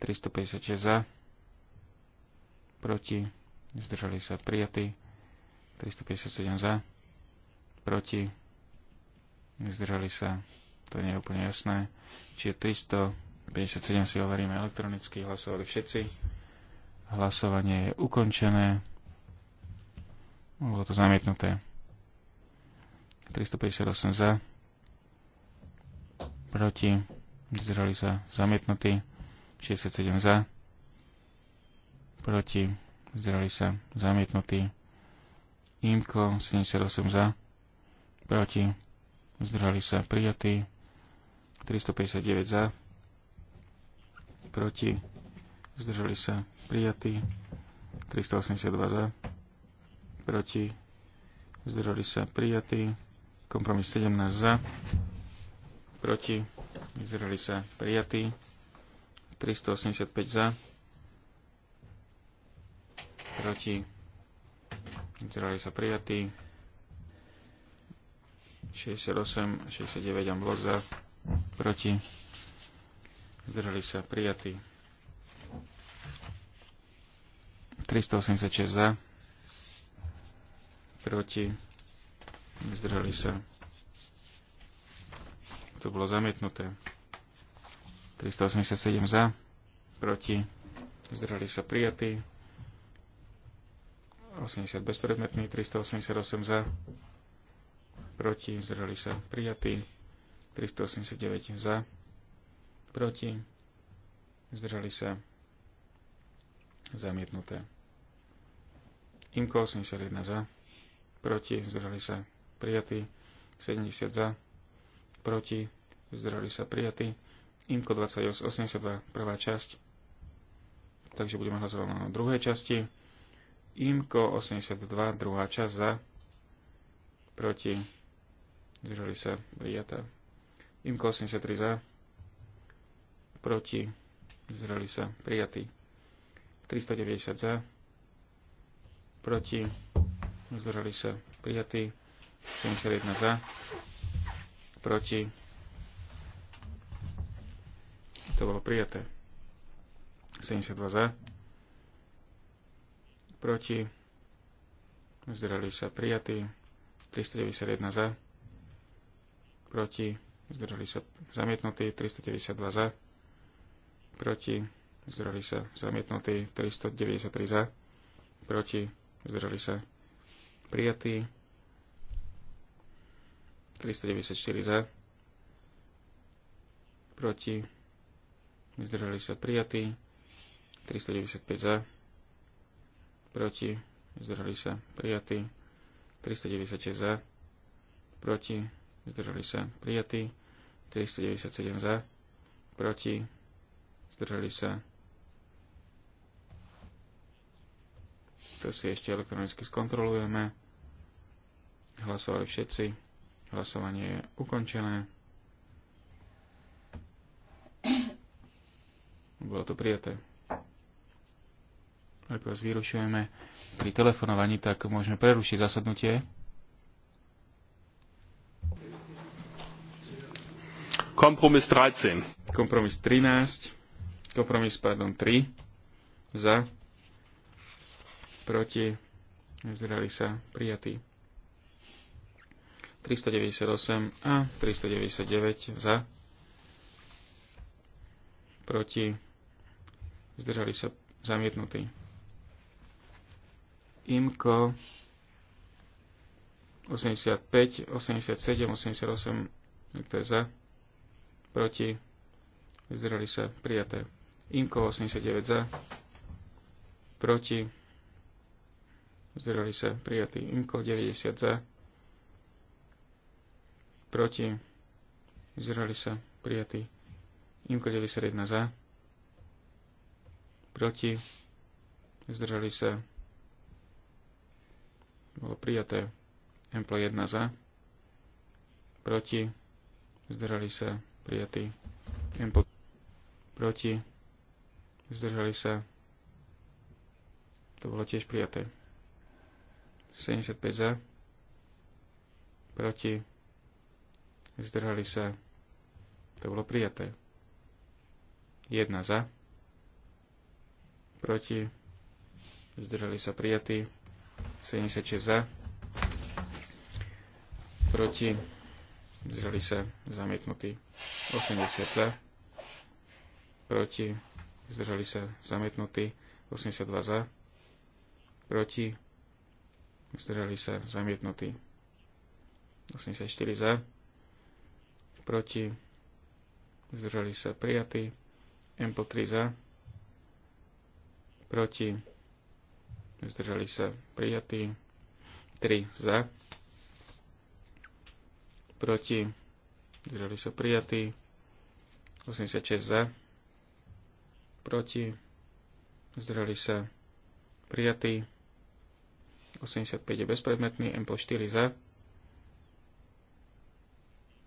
356 za, proti, zdržali sa prijatí. 357 za, proti, zdržali sa, to nie je úplne jasné. Čiže 357 si overíme elektronicky, hlasovali všetci. Hlasovanie je ukončené. Bolo to zamietnuté. 358 za, proti, zdržali sa zamietnutí, 67 za, proti, zdržali sa zamietnutí, Imko 78 za, proti, zdržali sa prijatí, 359 za, proti, zdržali sa prijatí, 382 za, proti, zdržali sa prijatí, kompromis 17 za, proti, vyzerali sa prijatí, 385 za, proti, vyzerali sa prijatí, 68, 69 amblok blok za, proti, vyzerali sa prijatí, 386 za, proti, zdržali sa to bolo zamietnuté. 387 za, proti, zdržali sa prijatí. 80 bezpredmetný, 388 za, proti, zdržali sa prijatí. 389 za, proti, zdržali sa zamietnuté. Imko 81 za, proti, zdržali sa prijatí. 70 za, proti, zdržali sa prijatí. Imko 28, 82, prvá časť. Takže budeme hlasovať na druhej časti. Imko 82, druhá časť za, proti, zdržali sa prijatá. Imko 83 za, proti, zdržali sa prijatí. 390 za, proti, zdržali sa prijatí. 71 za, proti, to bolo prijaté. 72 za, proti, zdržali sa prijatí, 391 za, proti, zdržali sa zamietnutí, 392 za, proti, zdržali sa zamietnutí, 393 za, proti, zdržali sa prijatí, 394 za, proti, zdržali sa prijatí, 395 za, proti, zdržali sa prijatí, 396 za, proti, zdržali sa prijatí, 397 za, proti, zdržali sa. To si ešte elektronicky skontrolujeme. Hlasovali všetci. Hlasovanie je ukončené. Bolo to prijaté. Ak vás vyrušujeme pri telefonovaní, tak môžeme prerušiť zasadnutie. Kompromis 13. Kompromis 13. Kompromis, pardon, 3. Za. Proti. Zdreli sa. Prijatý. 398 a 399 za, proti, zdržali sa zamietnutí. IMKO 85, 87, 88, to je za, proti, zdržali sa prijaté. IMKO 89 za, proti, zdržali sa prijatý, IMKO 90 za, proti, zdržali sa prijatí. Imko 91 za, proti, zdržali sa, bolo prijaté. Emplo 1 za, proti, zdržali sa, prijatí. Emplo proti, zdržali sa, to bolo tiež prijaté. 75 za, proti, zdrhali sa, to bolo prijaté. 1 za, proti, zdrhali sa prijatí, 76 za, proti, zdrhali sa zamietnutí, 80 za, proti, zdržali sa zamietnutí, 82 za, proti, zdržali sa zamietnutí, 84 za, proti, zdržali sa prijatí, MP 3 za, proti, zdržali sa prijatí, 3 za, proti, zdržali sa prijatí, 86 za, proti, zdržali sa prijatí, 85 je bezpredmetný, M 4 za,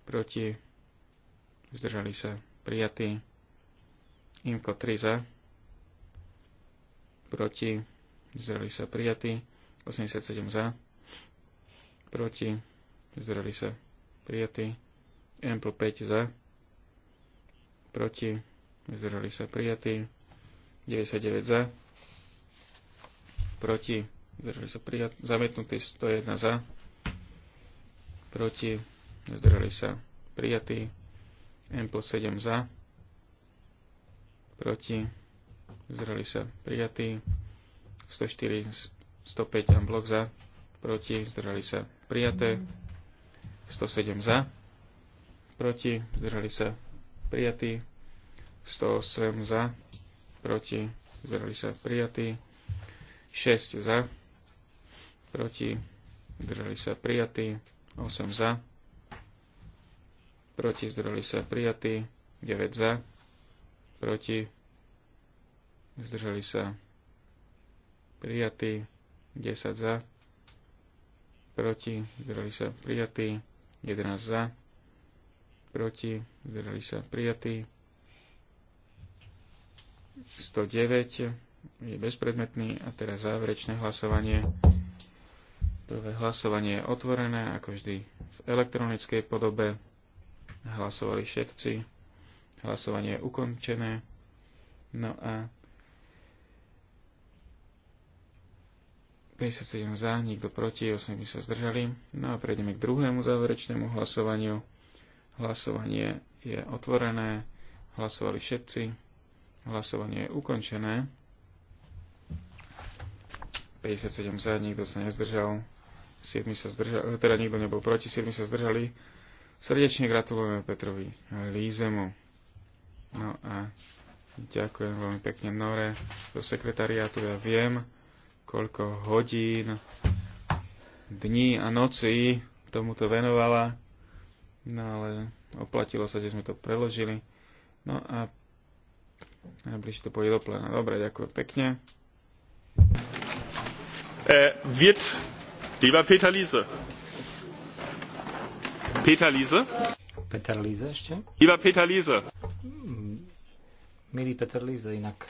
proti, zdržali sa prijatí. Imko 3 za, proti, zdržali sa prijatí. 87 za, proti, zdržali sa prijatí. Ample 5 za, proti, zdržali sa prijatí. 99 za, proti, zdržali sa prijatí. zamietnutí 101 za, proti, zdržali sa prijatí. N plus 7 za, proti, zreli sa prijatí, 104, 105 en blok za, proti, zdržali sa prijaté, 107 za, proti, zreli sa prijatí, 108 za, proti, zreli sa prijatí, 6 za, proti, zreli sa prijatí, 8 za, proti zdržali sa prijatí, 9 za, proti zdržali sa prijatí, 10 za, proti zdržali sa prijatí, 11 za, proti zdržali sa prijatí, 109 je bezpredmetný a teraz záverečné hlasovanie. Prvé hlasovanie je otvorené, ako vždy v elektronickej podobe. Hlasovali všetci. Hlasovanie je ukončené. No a 57 za, nikto proti, 8 sa zdržali. No a prejdeme k druhému záverečnému hlasovaniu. Hlasovanie je otvorené. Hlasovali všetci. Hlasovanie je ukončené. 57 za, nikto sa nezdržal. 7 sa zdržali, teda nikto nebol proti, 7 sa zdržali. Srdečne gratulujeme Petrovi Lízemu. No a ďakujem veľmi pekne Nore do sekretariátu. Ja viem, koľko hodín, dní a noci tomuto venovala. No ale oplatilo sa, že sme to preložili. No a najbližšie to pôjde do plena. Dobre, ďakujem pekne. E, wird Peter Liese. Peter Liese. Peter Liese ešte. Iba Peter Liese. Mm, milý Peter Liese, inak e,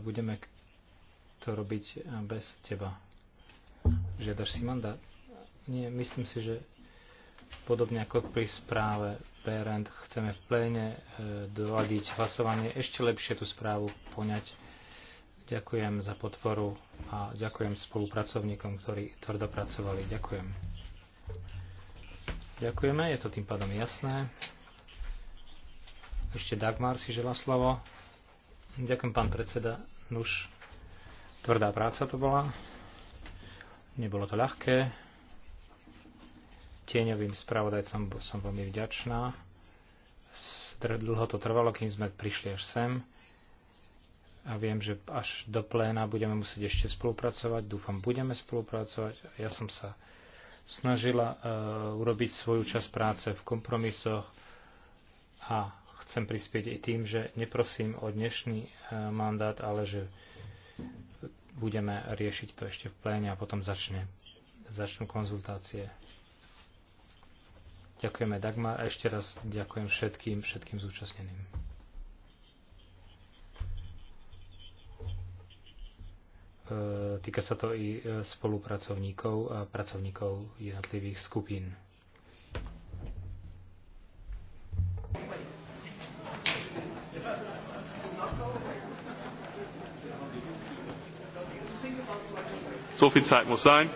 budeme to robiť e, bez teba. Žiadaš si mandát? Nie, myslím si, že podobne ako pri správe Berend chceme v pléne e, doľadiť hlasovanie, ešte lepšie tú správu poňať. Ďakujem za podporu a ďakujem spolupracovníkom, ktorí tvrdo pracovali. Ďakujem. Ďakujeme, je to tým pádom jasné. Ešte Dagmar si žela slovo. Ďakujem, pán predseda. Nuž, tvrdá práca to bola. Nebolo to ľahké. Tieňovým spravodajcom som veľmi vďačná. Dlho to trvalo, kým sme prišli až sem a viem, že až do pléna budeme musieť ešte spolupracovať. Dúfam, budeme spolupracovať. Ja som sa snažila e, urobiť svoju časť práce v kompromisoch a chcem prispieť i tým, že neprosím o dnešný e, mandát, ale že budeme riešiť to ešte v pléne a potom začne, začnú konzultácie. Ďakujeme Dagmar a ešte raz ďakujem všetkým, všetkým zúčastneným. E, týka sa to i e, spolupracovníkov a pracovníkov jednotlivých skupín. So viel Zeit muss sein.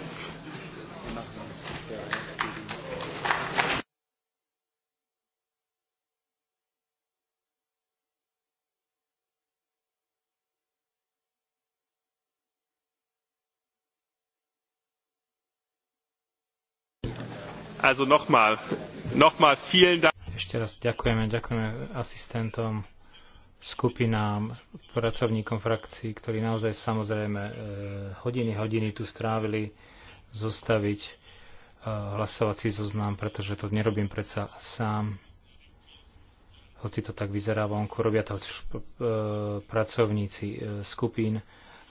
Also nochmal, nochmal vielen Dank. Ešte raz ďakujeme, ďakujeme asistentom, skupinám, pracovníkom frakcií, ktorí naozaj samozrejme e, hodiny, hodiny tu strávili zostaviť e, hlasovací zoznam, pretože to nerobím predsa sám. Hoci to tak vyzerá vonku, robia to e, pracovníci skupín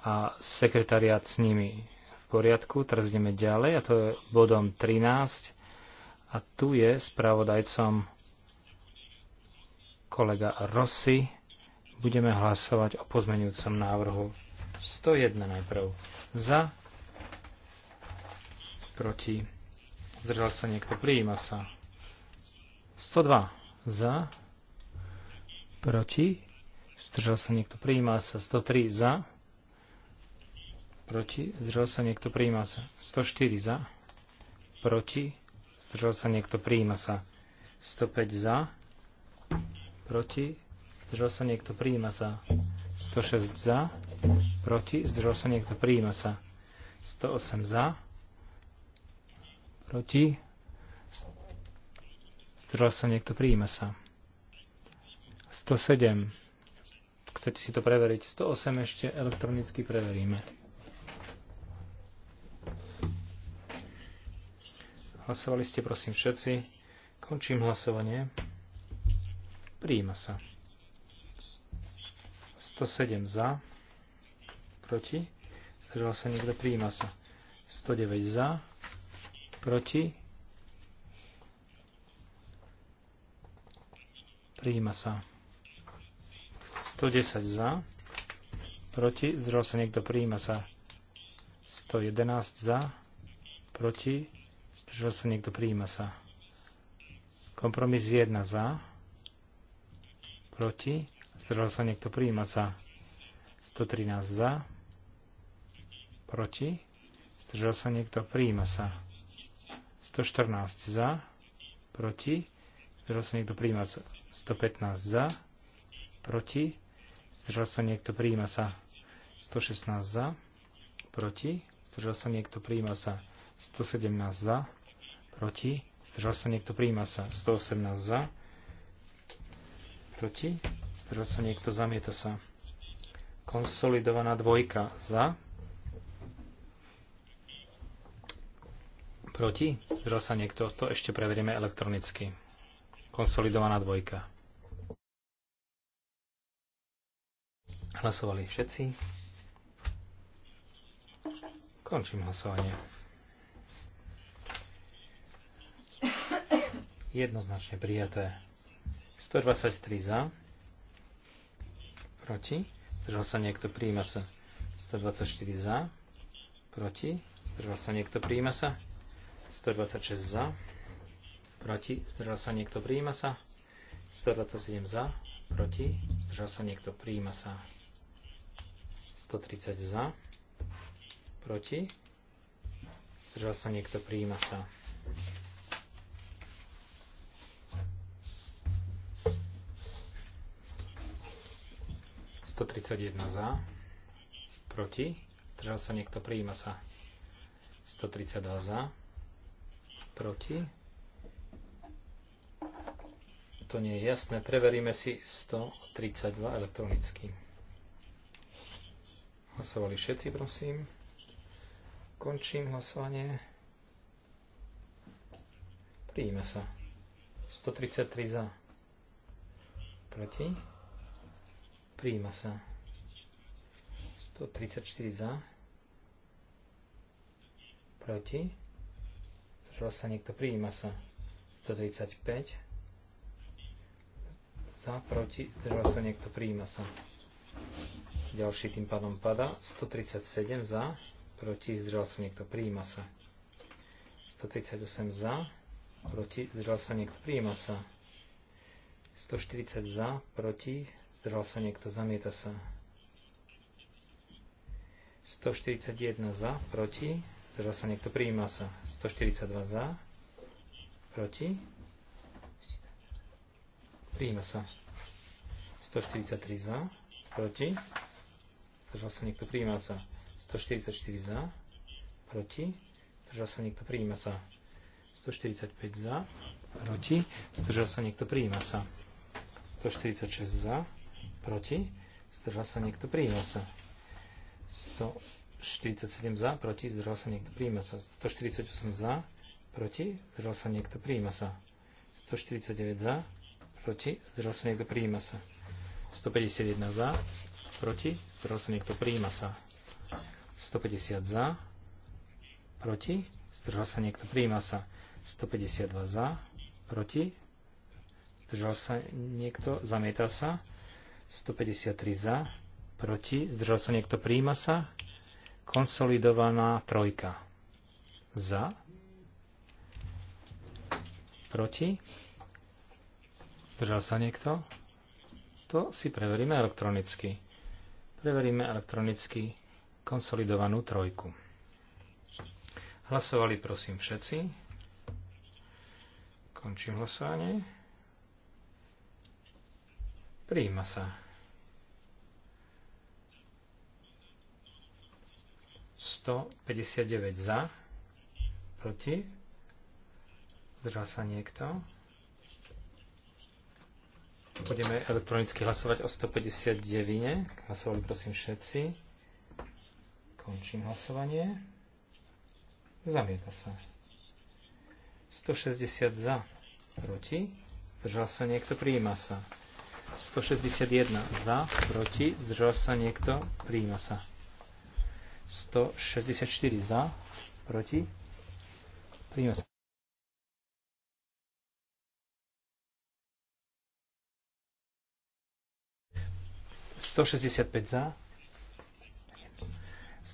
a sekretariát s nimi v poriadku. Teraz ideme ďalej a to je bodom 13 a tu je spravodajcom kolega Rossi. Budeme hlasovať o pozmenujúcom návrhu 101 najprv. Za, proti, zdržal sa niekto, prijíma sa. 102 za, proti, zdržal sa niekto, prijíma sa. 103 za, proti, zdržal sa niekto, prijíma sa. 104 za, proti, Zdržal sa niekto? Prijíma sa. 105 za. Proti. Zdržal sa niekto? Prijíma sa. 106 za. Proti. Zdržal sa niekto? Prijíma sa. 108 za. Proti. Zdržal sa niekto? Prijíma sa. 107. Chcete si to preveriť? 108 ešte elektronicky preveríme. Hlasovali ste prosím všetci. Končím hlasovanie. Príjima sa. 107 za. Proti. Zdržal sa niekto. Príjima sa. 109 za. Proti. Príjima sa. 110 za. Proti. Zdržal sa niekto. Príjima sa. 111 za. Proti Zdržal sa niekto, prijíma sa. Kompromis 1 za. Proti. Zdržal sa niekto, prijíma sa. 113 za. Proti. Zdržal sa niekto, prijíma sa. 114 za. Proti. Zdržal sa niekto, prijíma sa. 115 za. Proti. Zdržal sa niekto, prijíma sa. 116 za. Proti. Zdržal sa niekto, prijíma sa. 117 za, proti, zdržal sa niekto, príjma sa. 118 za, proti, zdržal sa niekto, zamieta sa. Konsolidovaná dvojka za, proti, zdržal sa niekto, to ešte preverieme elektronicky. Konsolidovaná dvojka. Hlasovali všetci. Končím hlasovanie. Jednoznačne prijaté. 123 za. Proti. Zdržal sa niekto, príjma sa. 124 za. Proti. Zdržal sa niekto, príjma sa. 126 za. Proti. Zdržal sa niekto, príjma sa. 127 za. Proti. Zdržal sa niekto, príjma sa. 130 za. Proti. Zdržal sa niekto, príjma sa. 131 za, proti, zdržal sa niekto, prijíma sa. 132 za, proti. To nie je jasné, preveríme si 132 elektronicky. Hlasovali všetci, prosím. Končím hlasovanie. Prijíme sa. 133 za. Proti. Prijíma sa. 134 za. Proti. Zdržal sa niekto. Prijíma sa. 135 za. Proti. Zdržal sa niekto. Prijíma sa. Ďalší tým pádom pada. 137 za. Proti. Zdržal sa niekto. Prijíma sa. 138 za. Proti. Zdržal sa niekto. Prijíma sa. 140 za. Proti zdržal sa niekto, zamieta sa. 141 za, proti, zdržal sa niekto, prijíma sa. 142 za, proti, prijíma sa. 143 za, proti, zdržal sa niekto, prijíma sa. 144 za, proti, zdržal sa niekto, prijíma sa. 145 za, proti, zdržal sa niekto, prijíma sa. 146 za, proti, zdržal sa niekto, príjma sa. 147 za, proti, zdržal sa niekto, príjma sa. 148 za, proti, zdržal sa niekto, príjma sa. 149 za, proti, zdržal sa niekto, príjma sa. 151 za, proti, zdržal sa niekto, príjma sa. 150 za, proti, zdržal sa niekto, príjma sa. 152 za, proti, zdržal sa niekto, zamieta sa. 153 za, proti, zdržal sa niekto, príjma sa. Konsolidovaná trojka za, proti, zdržal sa niekto. To si preveríme elektronicky. Preveríme elektronicky konsolidovanú trojku. Hlasovali prosím všetci. Končím hlasovanie. Prijíma sa. 159 za, proti, zdržal sa niekto. Budeme elektronicky hlasovať o 159. Hlasovali prosím všetci. Končím hlasovanie. Zamieta sa. 160 za, proti, zdržal sa niekto, prijíma sa. 161 za, proti, zdržal sa niekto, príjma sa. 164 za, proti, príjma sa. Sto šesťdesiatpäť za,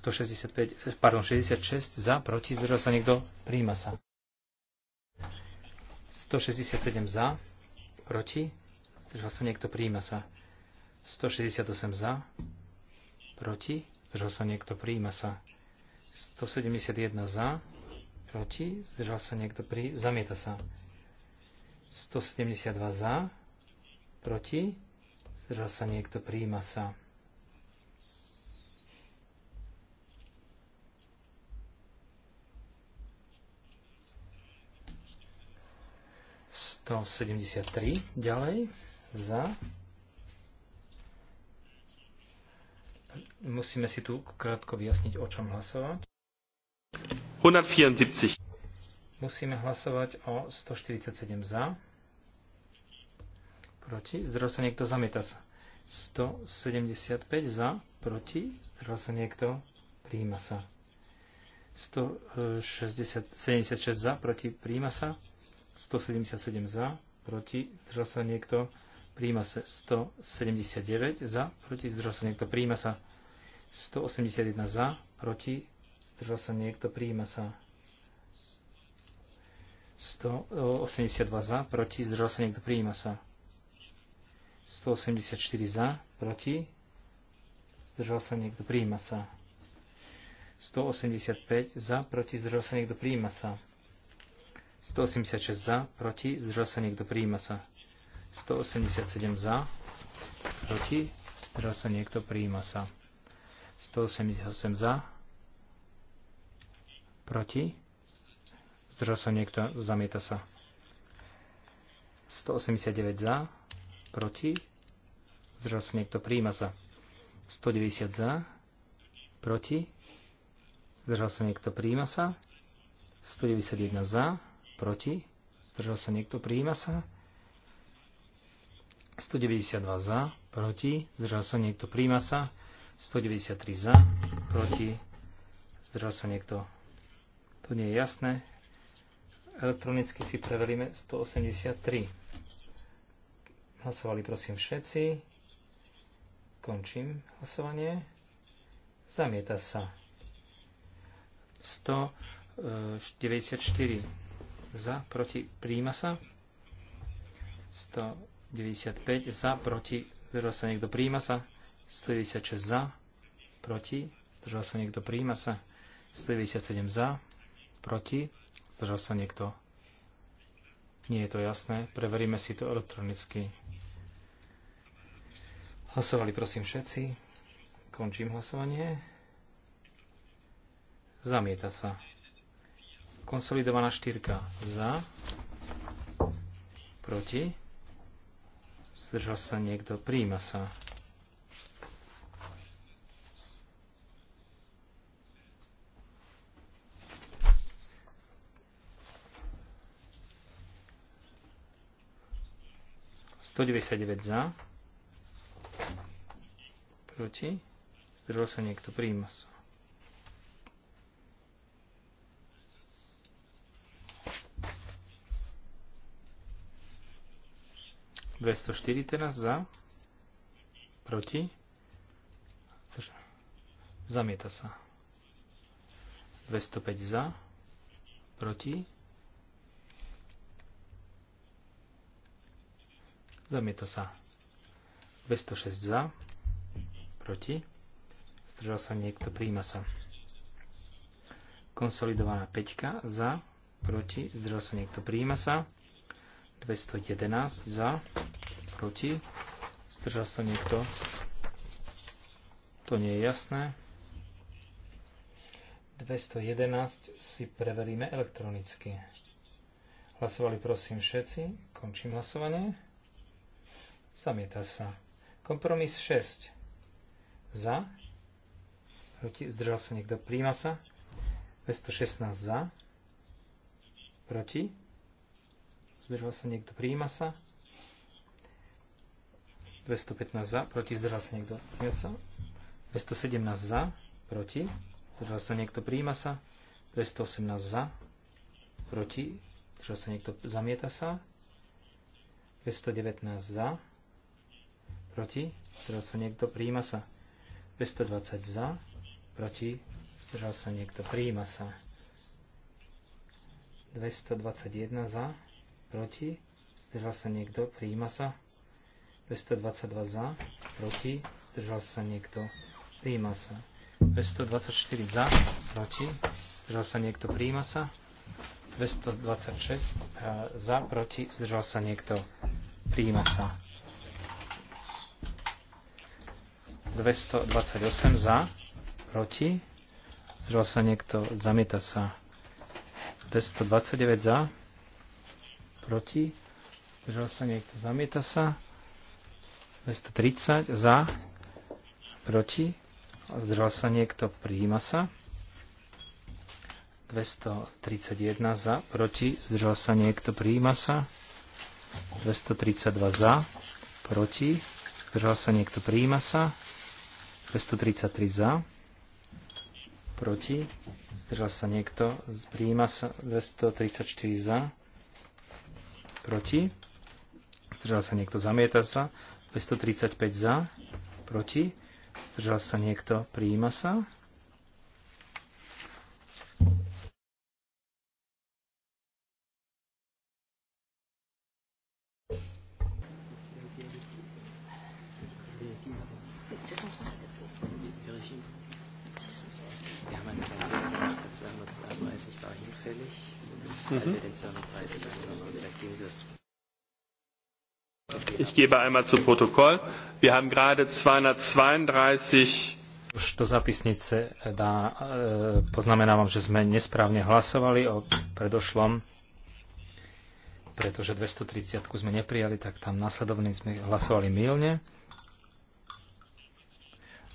165, pardon, 66 za, proti, zdržal sa niekto, príjma sa. 167 za, proti, Zdržal sa niekto, príjma sa. 168 za, proti, zdržal sa niekto, príjma sa. 171 za, proti, zdržal sa niekto, prí... zamieta sa. 172 za, proti, zdržal sa niekto, príjma sa. Sto sedemdesiat tri ďalej za. Musíme si tu krátko vyjasniť, o čom hlasovať. 174. Musíme hlasovať o 147 za. Proti. Zdrel sa niekto, zamieta sa. 175 za. Proti. Zdrel sa niekto, príjima sa. 176 za. Proti. Príjima sa. 177 za. Proti. Zdrel sa niekto, Príjma sa 179 za, proti zdržal sa niekto. Príjma sa 181 za, proti zdržal sa niekto. Príjma sa 182 za, proti zdržal sa niekto. Príjma sa 184 za, proti zdržal sa niekto. Príjma sa 185 za, proti zdržal sa niekto. Príjma sa 186 za, proti zdržal sa niekto. Príjma sa 187 za, proti, zdržal sa niekto, prijíma sa. 188 za, proti, zdržal sa niekto, zamieta sa. 189 za, proti, zdržal sa niekto, prijíma sa. 190 za, proti, zdržal sa niekto, prijíma sa. 191 za, proti, zdržal sa niekto, prijíma sa. 192 za, proti, zdržal sa niekto, príjma sa. 193 za, proti, zdržal sa niekto. To nie je jasné. Elektronicky si preveríme 183. Hlasovali prosím všetci. Končím hlasovanie. Zamieta sa. 194 za, proti, príjma sa. 95 za, proti, zdržal sa niekto, príjma sa. 196 za, proti, zdržal sa niekto, príjma sa. 197 za, proti, zdržal sa niekto. Nie je to jasné, preveríme si to elektronicky. Hlasovali prosím všetci. Končím hlasovanie. Zamieta sa. Konsolidovaná štyrka za, proti, zdržal sa niekto, Príjma sa. Sto za, proti, zdržal sa niekto, Príjma sa. 204 teraz za, proti, zamieta sa. 205 za, proti, zamieta sa. 206 za, proti, zdržal sa niekto, príjma sa. Konsolidovaná 5 za, proti, zdržal sa niekto, príjma sa. 211 za, Proti? Zdržal sa niekto? To nie je jasné. 211 si preveríme elektronicky. Hlasovali prosím všetci. Končím hlasovanie. Zamieta sa. Kompromis 6. Za. Zdržal sa niekto. Príjma sa. 216 za. Proti. Zdržal sa niekto. Príjma sa. 215 za, proti, zdržal sa niekto, sa. 217 za, proti, zdržal sa niekto, príjma sa. 218 za, proti, zdržal sa niekto, zamieta sa. 219 za, proti, zdržal sa niekto, príjma sa. 220 za, proti, zdržal sa niekto, príjma sa. 221 za, proti, zdržal sa niekto, príjma sa. 222 za, proti, zdržal sa niekto, prijíma sa. 224 za, proti, zdržal sa niekto, prijíma sa. 226 eh, za, proti, zdržal sa niekto, prijíma sa. 228 za, proti, zdržal sa niekto, zamieta sa. 229 za, proti, zdržal sa niekto, zamieta sa. 230 za, proti, zdržal sa niekto, prijíma sa. 231 za, proti, zdržal sa niekto, prijíma sa. 232 za, proti, zdržal sa niekto, prijíma sa. 233 za, proti, zdržal sa niekto, prijíma sa. 234 za, proti, zdržal sa niekto, zamieta sa. 235 za, proti, zdržal sa niekto, prijíma sa. gebe einmal zu Protokoll. Wir haben gerade 232 už do zapisnice dá, e, poznamenávam, že sme nesprávne hlasovali o predošlom, pretože 230 sme neprijali, tak tam následovne sme hlasovali mylne.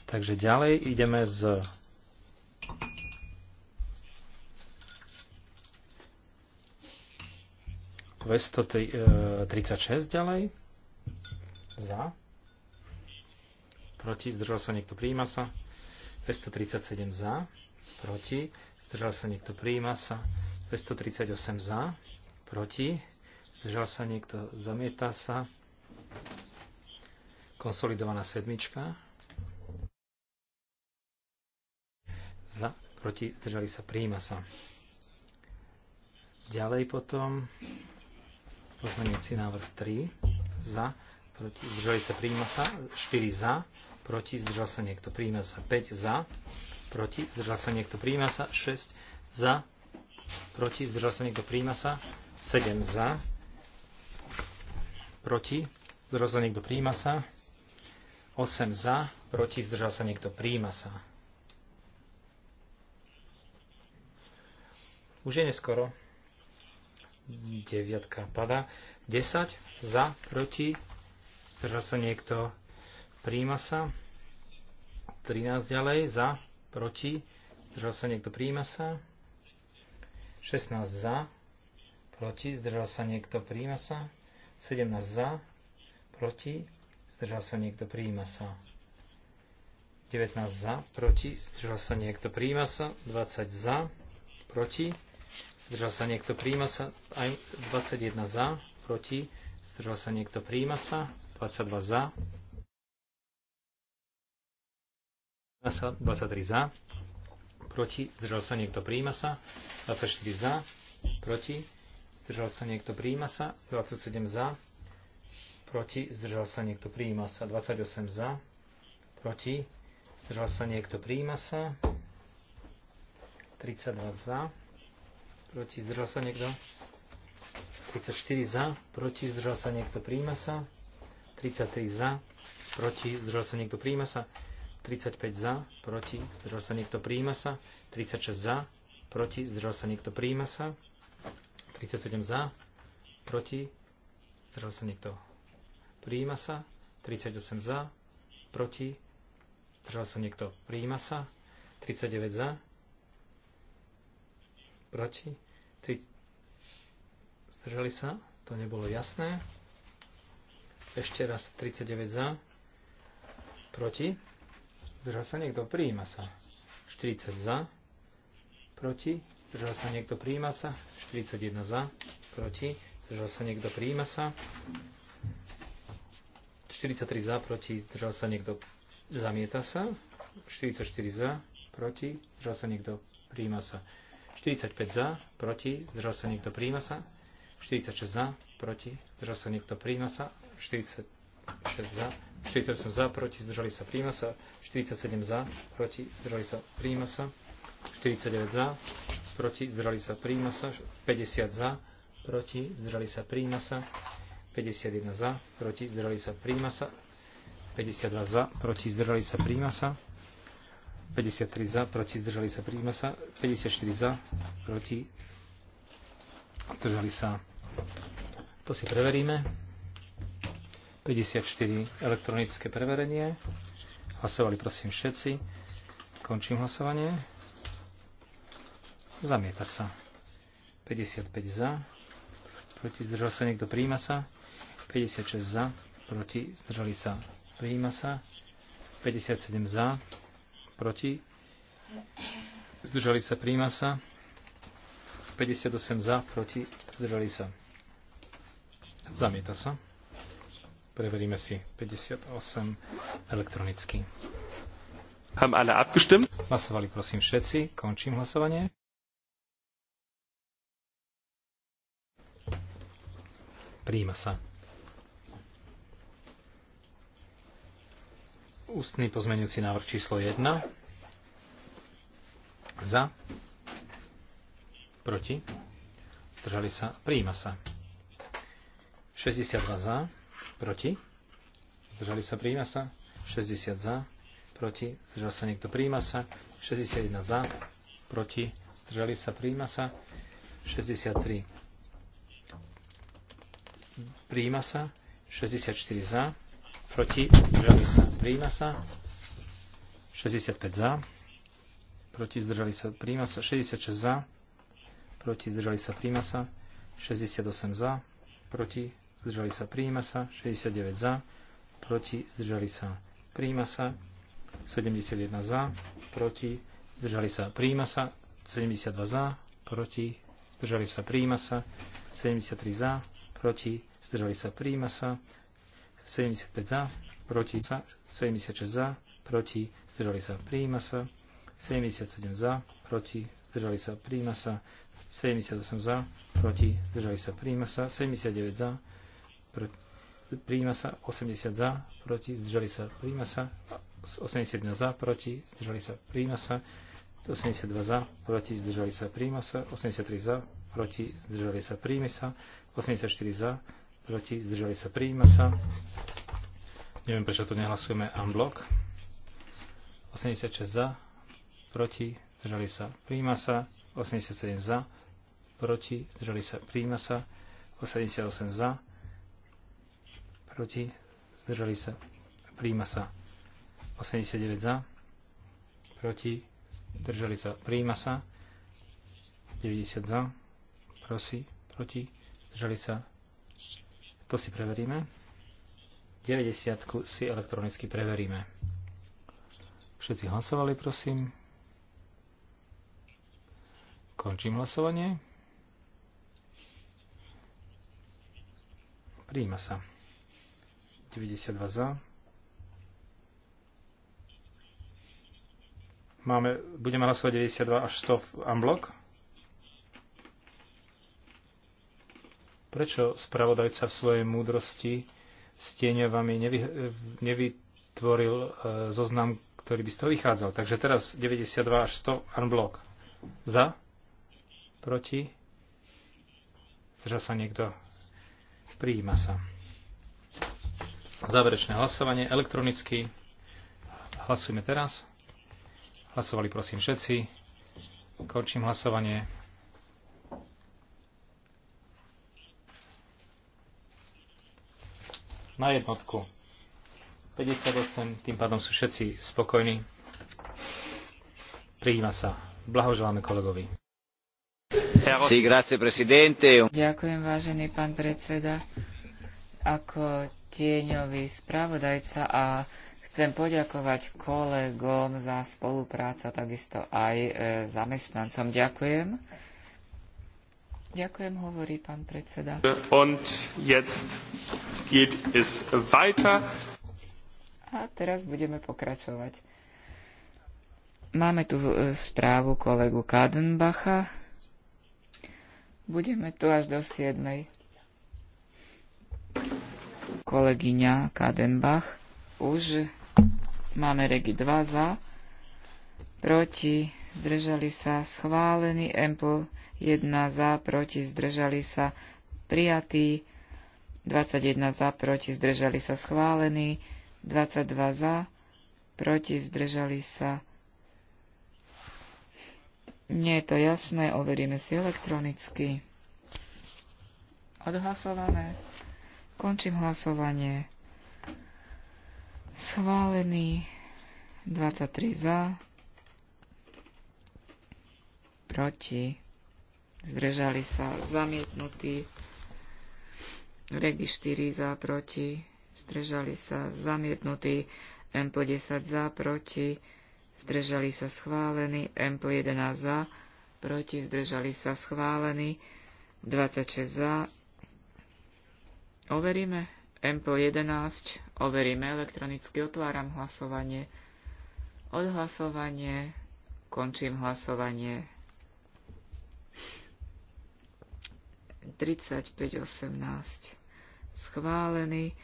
Takže ďalej ideme z ...236 e, ďalej za, proti, zdržal sa niekto, prijíma sa. 537 za, proti, zdržal sa niekto, prijíma sa. 538 za, proti, zdržal sa niekto, zamieta sa. Konsolidovaná sedmička. Za, proti, zdržali sa, prijíma sa. Ďalej potom pozmeniaci návrh 3. Za, proti, zdržali sa, príjma sa, 4 za, proti, zdržal sa niekto, príjma sa, 5 za, proti, zdržal sa niekto, príjma sa, 6 za, proti, zdržal sa niekto, príjma sa, 7 za, proti, zdržal sa niekto, príjma sa, 8 za, proti, zdržal sa niekto, príjma sa. Už je neskoro. 9 pada. 10 za, proti, Zdržal sa niekto? Príjima sa. 13 ďalej. Za. Proti. Zdržal sa niekto? Príjima sa. 16 za. Proti. Zdržal sa niekto? Príjima sa. 17 za. Proti. Zdržal sa niekto? Príjima sa. 19 za. Proti. Zdržal sa niekto? Príjima sa. 20 za. Proti. Zdržal sa niekto? Príjima sa. 21 za. Proti. Zdržal sa niekto? Príjima sa. 22 za. 23 za. Proti. Zdržal sa niekto. Prijíma sa. 24 za. Proti. Zdržal sa niekto. Prijíma sa. 27 za. Proti. Zdržal sa niekto. Prijíma sa. 28 za. Proti. Zdržal sa niekto. Prijíma sa. 32 za. Proti. Zdržal sa niekto. 34 za. Proti. Zdržal sa niekto. Prijíma sa. 33 za, proti, zdržal sa niekto, príjma sa. 35 za, proti, zdržal sa niekto, príjma sa. 36 za, proti, zdržal sa niekto, príjma sa. 37 za, proti, zdržal sa niekto, príjma sa. 38 za, proti, zdržal sa niekto, príjma sa. 39 za, proti, 30, zdržali sa, to nebolo jasné. Ešte raz 39 za. Proti. Zdržal sa niekto? Prijíma sa. 40 za. Proti. Zdržal sa niekto? Prijíma sa. 41 za. Proti. Zdržal sa niekto? Prijíma sa. 43 za. Proti. Zdržal sa niekto? Zamieta sa. 44 za. Proti. Zdržal sa niekto? Prijíma sa. 45 za. Proti. Zdržal sa niekto? Prijíma sa. 46 za, proti, zdržal sa niekto, príjma sa. 46 za, 48 za, proti, zdržali sa, príjma sa. 47 za, proti, zdržali sa, príjma sa. 49 za, proti, zdržali sa, príjma sa. 50 za, proti, zdržali sa, príjma sa. 51 za, proti, zdržali sa, príjma sa. 52 za, proti, zdržali sa, príjma sa. 53 za, proti, zdržali sa, príjma sa. 54 za, proti, Zdržali sa. To si preveríme. 54 elektronické preverenie. Hlasovali prosím všetci. Končím hlasovanie. Zamieta sa. 55 za. Proti zdržal sa niekto. Príjima sa. 56 za. Proti zdržali sa. Príjima sa. 57 za. Proti. Zdržali sa. Príjima sa. 58 za, proti, zdržali sa. Zamieta sa. Preveríme si 58 elektronicky. Haben alle abgestimmt? Hlasovali prosím všetci. Končím hlasovanie. Príjima sa. Ústny pozmeňujúci návrh číslo 1. Za proti, zdržali sa, prijíma sa. 62 za, proti, zdržali sa, prijíma sa. 60 za, proti, zdržal sa niekto, prijíma sa. 61 za, proti, zdržali sa, prijíma sa. 63 prijíma sa. 64 za, proti, zdržali sa, prijíma sa. 65 za, proti, zdržali sa, prijíma sa. 66 za, proti, zdržali sa, príjma sa. 68 za, proti, zdržali sa, príjma sa. 69 za, proti, zdržali sa, príjma sa. 71 za, proti, zdržali sa, príjma sa. 72 za, proti, zdržali sa, príjma sa. 73 za, proti, zdržali sa, príjma sa. 75 za, proti, 76 za, proti, zdržali sa, príjma sa. 77 za, proti, zdržali sa, príjma sa. 78 za, proti, zdržali sa, príjma sa, 79 za, príjma sa, 80 za, proti, zdržali sa, príjma sa, 81 za, proti, zdržali sa, príjma sa, 82 za, proti, zdržali sa, príjma sa, 83 za, proti, zdržali sa, príjma sa, 84 za, proti, zdržali sa, príjma sa. Neviem, prečo to nehlasujeme unblock. 86 za, proti, zdržali sa, príjma sa, 87 za, proti, zdržali sa, príjma sa, 88 za, proti, zdržali sa, príjma sa, 89 za, proti, zdržali sa, príjma sa, 90 za, prosi, proti, zdržali sa, to si preveríme, 90 si elektronicky preveríme. Všetci hlasovali, prosím. Končím hlasovanie. Prijíma sa. 92 za. Máme, budeme hlasovať 92 až 100 unblock. Prečo spravodajca v svojej múdrosti s tieňovami nevy, nevytvoril e, zoznam, ktorý by z toho vychádzal? Takže teraz 92 až 100 unblock. Za? Proti? Zdržal sa niekto? Prijíma sa. Záverečné hlasovanie elektronicky. Hlasujme teraz. Hlasovali prosím všetci. Končím hlasovanie. Na jednotku. 58, tým pádom sú všetci spokojní. Prijíma sa. Blahoželáme kolegovi. Ďakujem, vážený pán predseda. Ako tieňový spravodajca a chcem poďakovať kolegom za spoluprácu, takisto aj e, zamestnancom. Ďakujem. Ďakujem, hovorí pán predseda. Und jetzt geht es weiter. A teraz budeme pokračovať. Máme tu e, správu kolegu Kadenbacha. Budeme tu až do 7. Kolegyňa Kadenbach. Už máme regi 2 za. Proti. Zdržali sa. Schválený. Empl 1 za. Proti. Zdržali sa. Prijatý. 21 za. Proti. Zdržali sa. Schválený. 22 za. Proti. Zdržali sa. Schválený nie je to jasné, overíme si elektronicky. Odhlasované. Končím hlasovanie. Schválený 23 za, proti, zdržali sa, zamietnutí, regi 4 za, proti, zdržali sa, zamietnutí, MP10 za, proti, zdržali sa schválení, m 11 za, proti, zdržali sa schválení, 26 za. Overíme, m 11, overíme elektronicky, otváram hlasovanie, odhlasovanie, končím hlasovanie. 35, 18, schválený,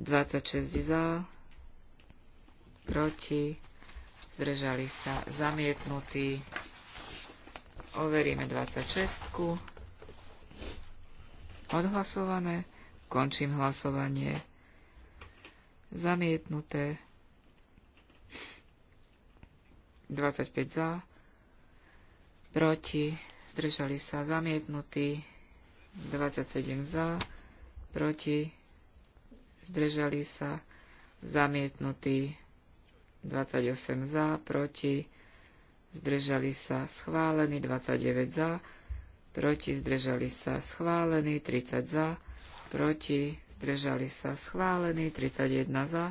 26 za, proti, zdržali sa zamietnutí. Overíme 26. Odhlasované. Končím hlasovanie. Zamietnuté. 25 za. Proti. Zdržali sa zamietnutí. 27 za. Proti. Zdržali sa zamietnutí. 28 za, proti, zdržali sa schválený, 29 za, proti, zdržali sa schválený, 30 za, proti, zdržali sa schválený, 31 za,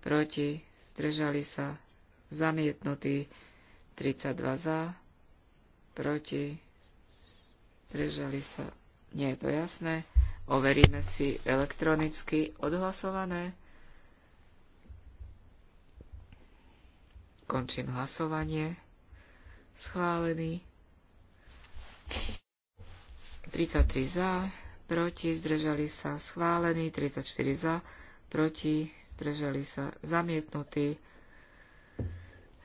proti, zdržali sa zamietnutí, 32 za, proti, zdržali sa, nie je to jasné, overíme si elektronicky odhlasované. Končím hlasovanie. Schválený. 33 za, proti, zdržali sa, schválený, 34 za, proti, zdržali sa, zamietnutý,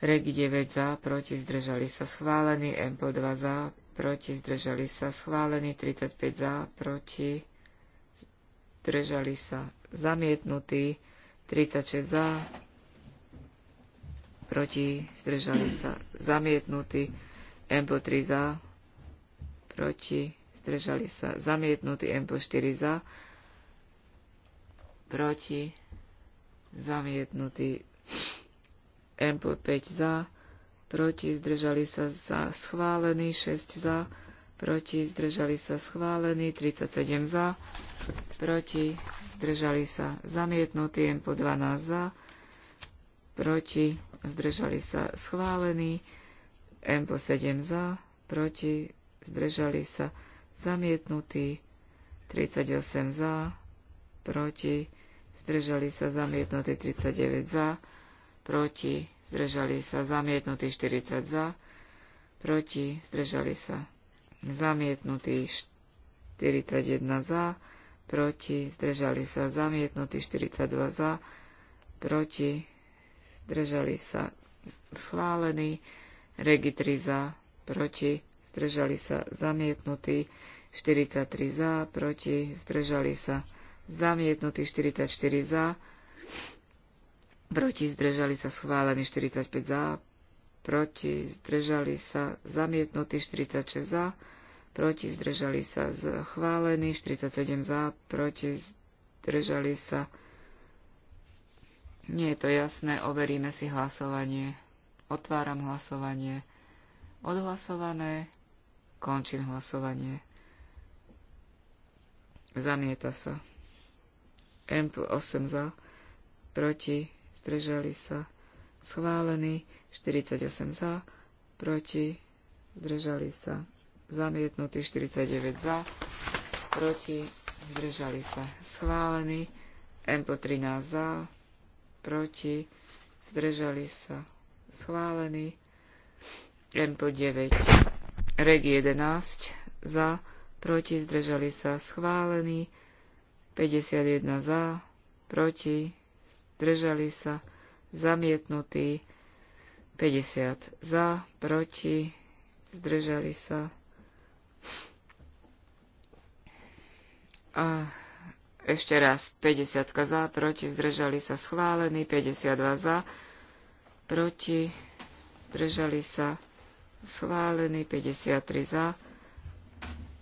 reg 9 za, proti, zdržali sa, schválený, MP 2 za, proti, zdržali sa, schválený, 35 za, proti, zdržali sa, zamietnutý, 36 za, proti, zdržali sa zamietnutí, MP3 za, proti, zdržali sa zamietnutí, MP4 za, proti, zamietnutí, MP5 za, proti, zdržali sa za, schválený, 6 za, proti, zdržali sa schválený, 37 za, proti, zdržali sa zamietnutý, MP12 za, proti, zdržali sa schválený, Ample 7 za, proti, zdržali sa zamietnutý, 38 za, proti, zdržali sa zamietnutý 39 za, proti, zdržali sa zamietnutý 40 za, proti, zdržali sa zamietnutý 41 za, proti, zdržali sa zamietnutý 42 za, proti, zdržali sa schválený, registri za, proti, zdržali sa zamietnutí, 43 za, proti, zdržali sa zamietnutí, 44 za, proti, zdržali sa schválení, 45 za, proti, zdržali sa zamietnutí, 46 za, proti, zdržali sa schválení, 47 za, proti, zdržali sa zamietnutí, nie je to jasné, overíme si hlasovanie. Otváram hlasovanie. Odhlasované. Končím hlasovanie. Zamieta sa. M 8 za. Proti. Zdržali sa. Schválený. 48 za. Proti. Zdržali sa. Zamietnutý 49 za. Proti. Zdržali sa. Schválený. Ample 13 za proti, zdržali sa schválený. MP, 9, reg 11, za, proti, zdržali sa schválený. 51 za, proti, zdržali sa, zamietnutý, 50 za, proti, zdržali sa. A ešte raz 50 za, proti, zdržali sa schválený, 52 za, proti, zdržali sa schválený, 53 za,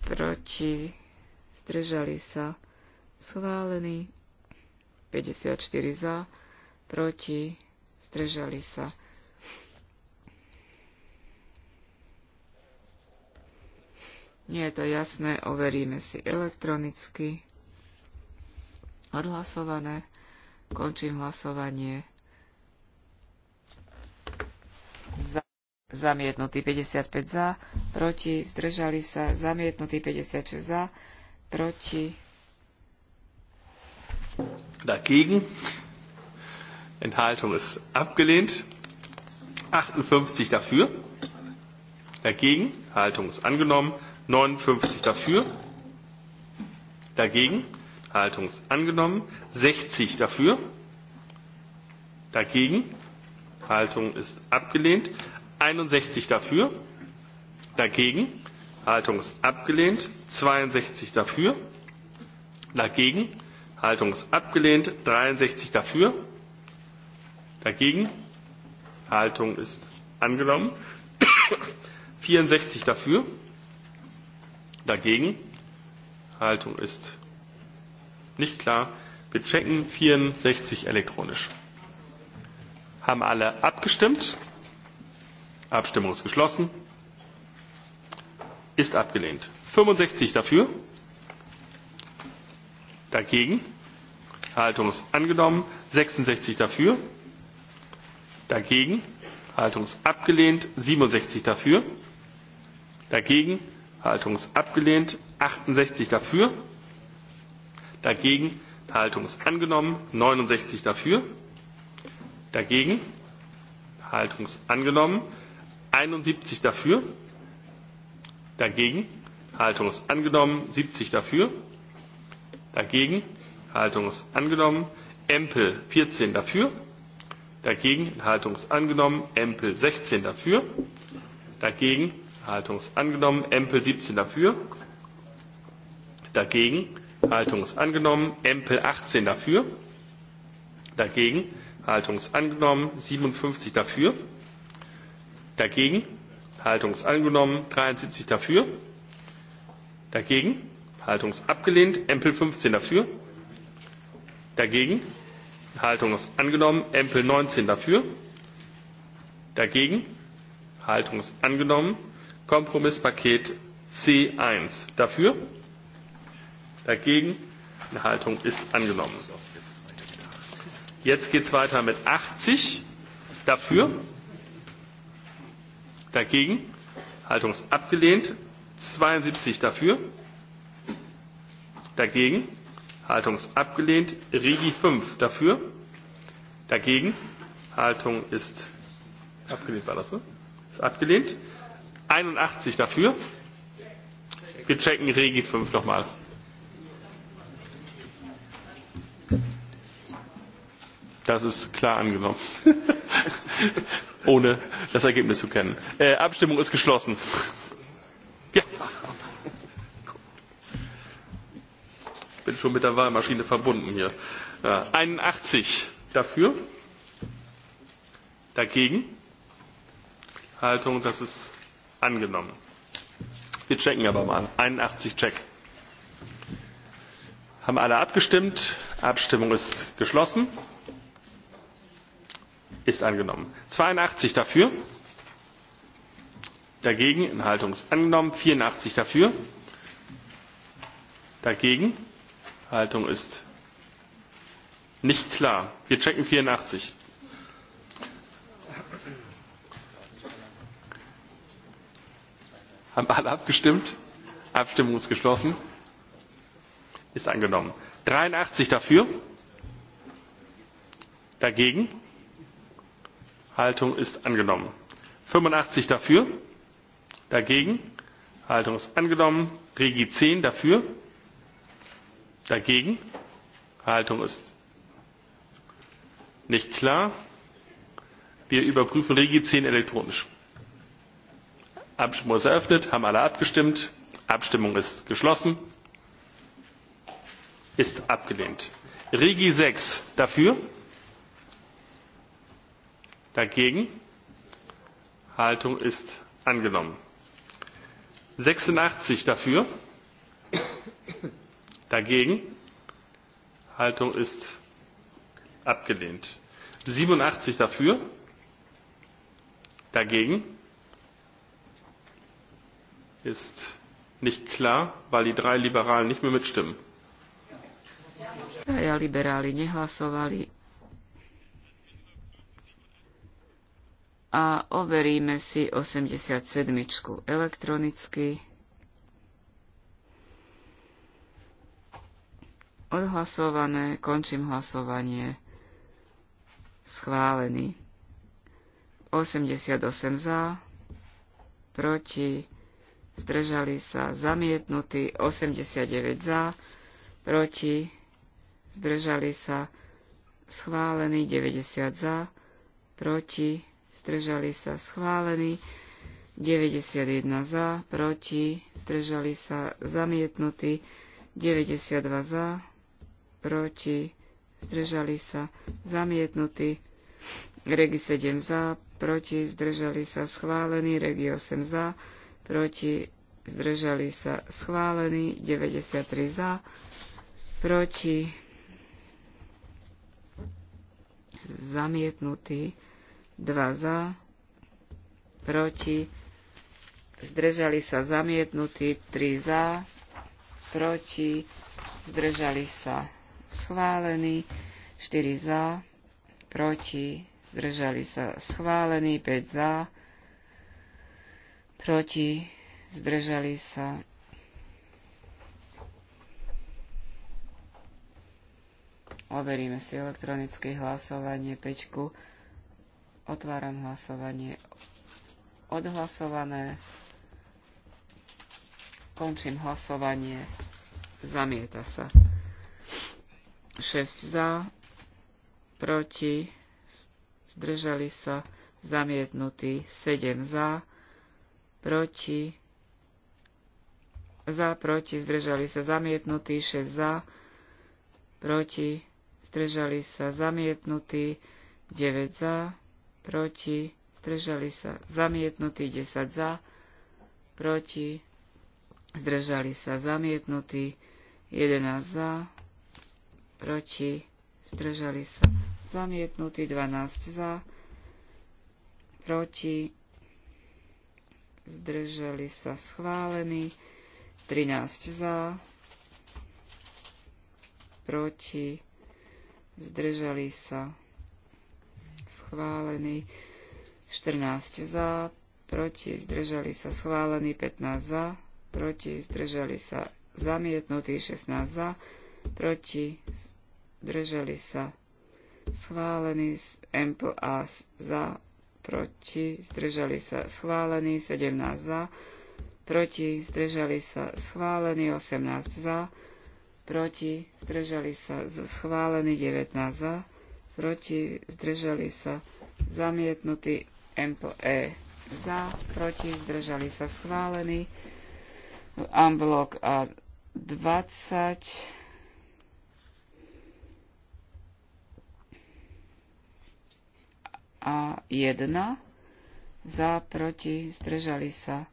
proti, zdržali sa schválený, 54 za, proti, zdržali sa. Nie je to jasné, overíme si elektronicky. Odhlasované. Končím hlasovanie. Za, zamietnutý 55 za, proti, zdržali sa, zamietnutý 56 za, proti. Dagegen. Enthaltung ist abgelehnt. 58 dafür. Dagegen. Haltung ist angenommen. 59 dafür. Dagegen. Enthaltung angenommen. 60 dafür. Dagegen. Haltung ist abgelehnt. 61 dafür. Dagegen. Haltung ist abgelehnt. 62 dafür. Dagegen. Haltung ist abgelehnt. 63 dafür. Dagegen. Haltung ist angenommen. 64 dafür. Dagegen. Haltung ist Nicht klar. Wir checken 64 elektronisch. Haben alle abgestimmt? Abstimmung ist geschlossen. Ist abgelehnt. 65 dafür. Dagegen. Haltung ist angenommen. 66 dafür. Dagegen. Haltung ist abgelehnt. 67 dafür. Dagegen. Haltung ist abgelehnt. 68 dafür. Dagegen. Enthaltung ist angenommen. 69 dafür. Dagegen. Enthaltung ist angenommen. 71 dafür. Dagegen. Haltung ist angenommen. 70 dafür. Dagegen. Haltung ist angenommen. Empel 14 dafür. Dagegen. Haltung ist angenommen. Empel 16 dafür. Dagegen. Haltung ist angenommen. Empel 17 dafür. Dagegen enthalten ist angenommen. empl. achtzehn dafür. Dagegen. enthalten ist angenommen. siebenundfünfzig dafür. Dagegen. enthalten ist angenommen. dreiundsiebzig dafür. Dagegen. enthalten ist abgelehnt. empl. fünfzehn dafür. Dagegen. Haltung ist angenommen. empl. neunzehn dafür. Dagegen. Haltung ist angenommen. Kompromisspaket C1 dafür Dagegen? Haltung ist angenommen. Jetzt geht es weiter mit 80. Dafür? Dagegen? Haltung ist abgelehnt. 72 dafür. Dagegen? Haltung ist abgelehnt. Regi 5 dafür. Dagegen? Haltung ist abgelehnt, war das, ne? Ist abgelehnt. 81 dafür. Wir checken Regi 5 nochmal. Das ist klar angenommen. Ohne das Ergebnis zu kennen. Äh, Abstimmung ist geschlossen. Ja. Bin schon mit der Wahlmaschine verbunden hier. Ja. Äh, 81 dafür. Dagegen. Haltung, das ist angenommen. Wir checken aber mal. 81 check. Haben alle abgestimmt? Abstimmung ist geschlossen ist angenommen. zweiundachtzig dafür dagegen enthaltung ist angenommen. vierundachtzig dafür dagegen enthaltung ist nicht klar. wir checken vierundachtzig. haben alle abgestimmt? abstimmung ist geschlossen. ist angenommen. 83 dafür dagegen Haltung ist angenommen. 85 dafür, dagegen, Haltung ist angenommen. Regi 10 dafür, dagegen, Haltung ist nicht klar. Wir überprüfen Regi 10 elektronisch. Abstimmung ist eröffnet, haben alle abgestimmt. Abstimmung ist geschlossen. Ist abgelehnt. Regi 6 dafür, dagegen haltung ist angenommen 86 dafür dagegen haltung ist abgelehnt 87 dafür dagegen ist nicht klar weil die drei liberalen nicht mehr mitstimmen. ja, Liberali, nehlasovali a overíme si 87 elektronicky. Odhlasované, končím hlasovanie. Schválený. 88 za, proti, zdržali sa, zamietnutý, 89 za, proti, zdržali sa, schválený, 90 za, proti, zdržali sa schválený, 91 za, proti, zdržali sa zamietnutý, 92 za, proti, zdržali sa zamietnutý, regi 7 za, proti, zdržali sa schválený, regi 8 za, proti, zdržali sa schválený, 93 za, proti, zamietnutý, 2 za, proti, zdržali sa zamietnutí, 3 za, proti, zdržali sa schválení, 4 za, proti, zdržali sa schválení, 5 za, proti, zdržali sa Overíme si elektronické hlasovanie pečku, Otváram hlasovanie. Odhlasované. Končím hlasovanie. Zamieta sa. 6 za, proti, zdržali sa, zamietnutí. 7 za, proti, za, proti, zdržali sa, zamietnutí. 6 za, proti, zdržali sa, zamietnutí. 9 za, proti, zdržali sa zamietnutí 10 za, proti, zdržali sa zamietnutí 11 za, proti, zdržali sa zamietnutí 12 za, proti, zdržali sa schválení 13 za, proti, zdržali sa schválený 14 za, proti, zdržali sa schválený 15 za, proti, zdržali sa zamietnutý 16 za, proti, zdržali sa schválený Ample A za, proti, zdržali sa schválený 17 za, proti, zdržali sa schválený 18 za, proti, zdržali sa schválený 19 za, proti, zdržali sa, zamietnutý, MPE za, proti, zdržali sa, schválený, Amblok A 20, a 1, za, proti, zdržali sa,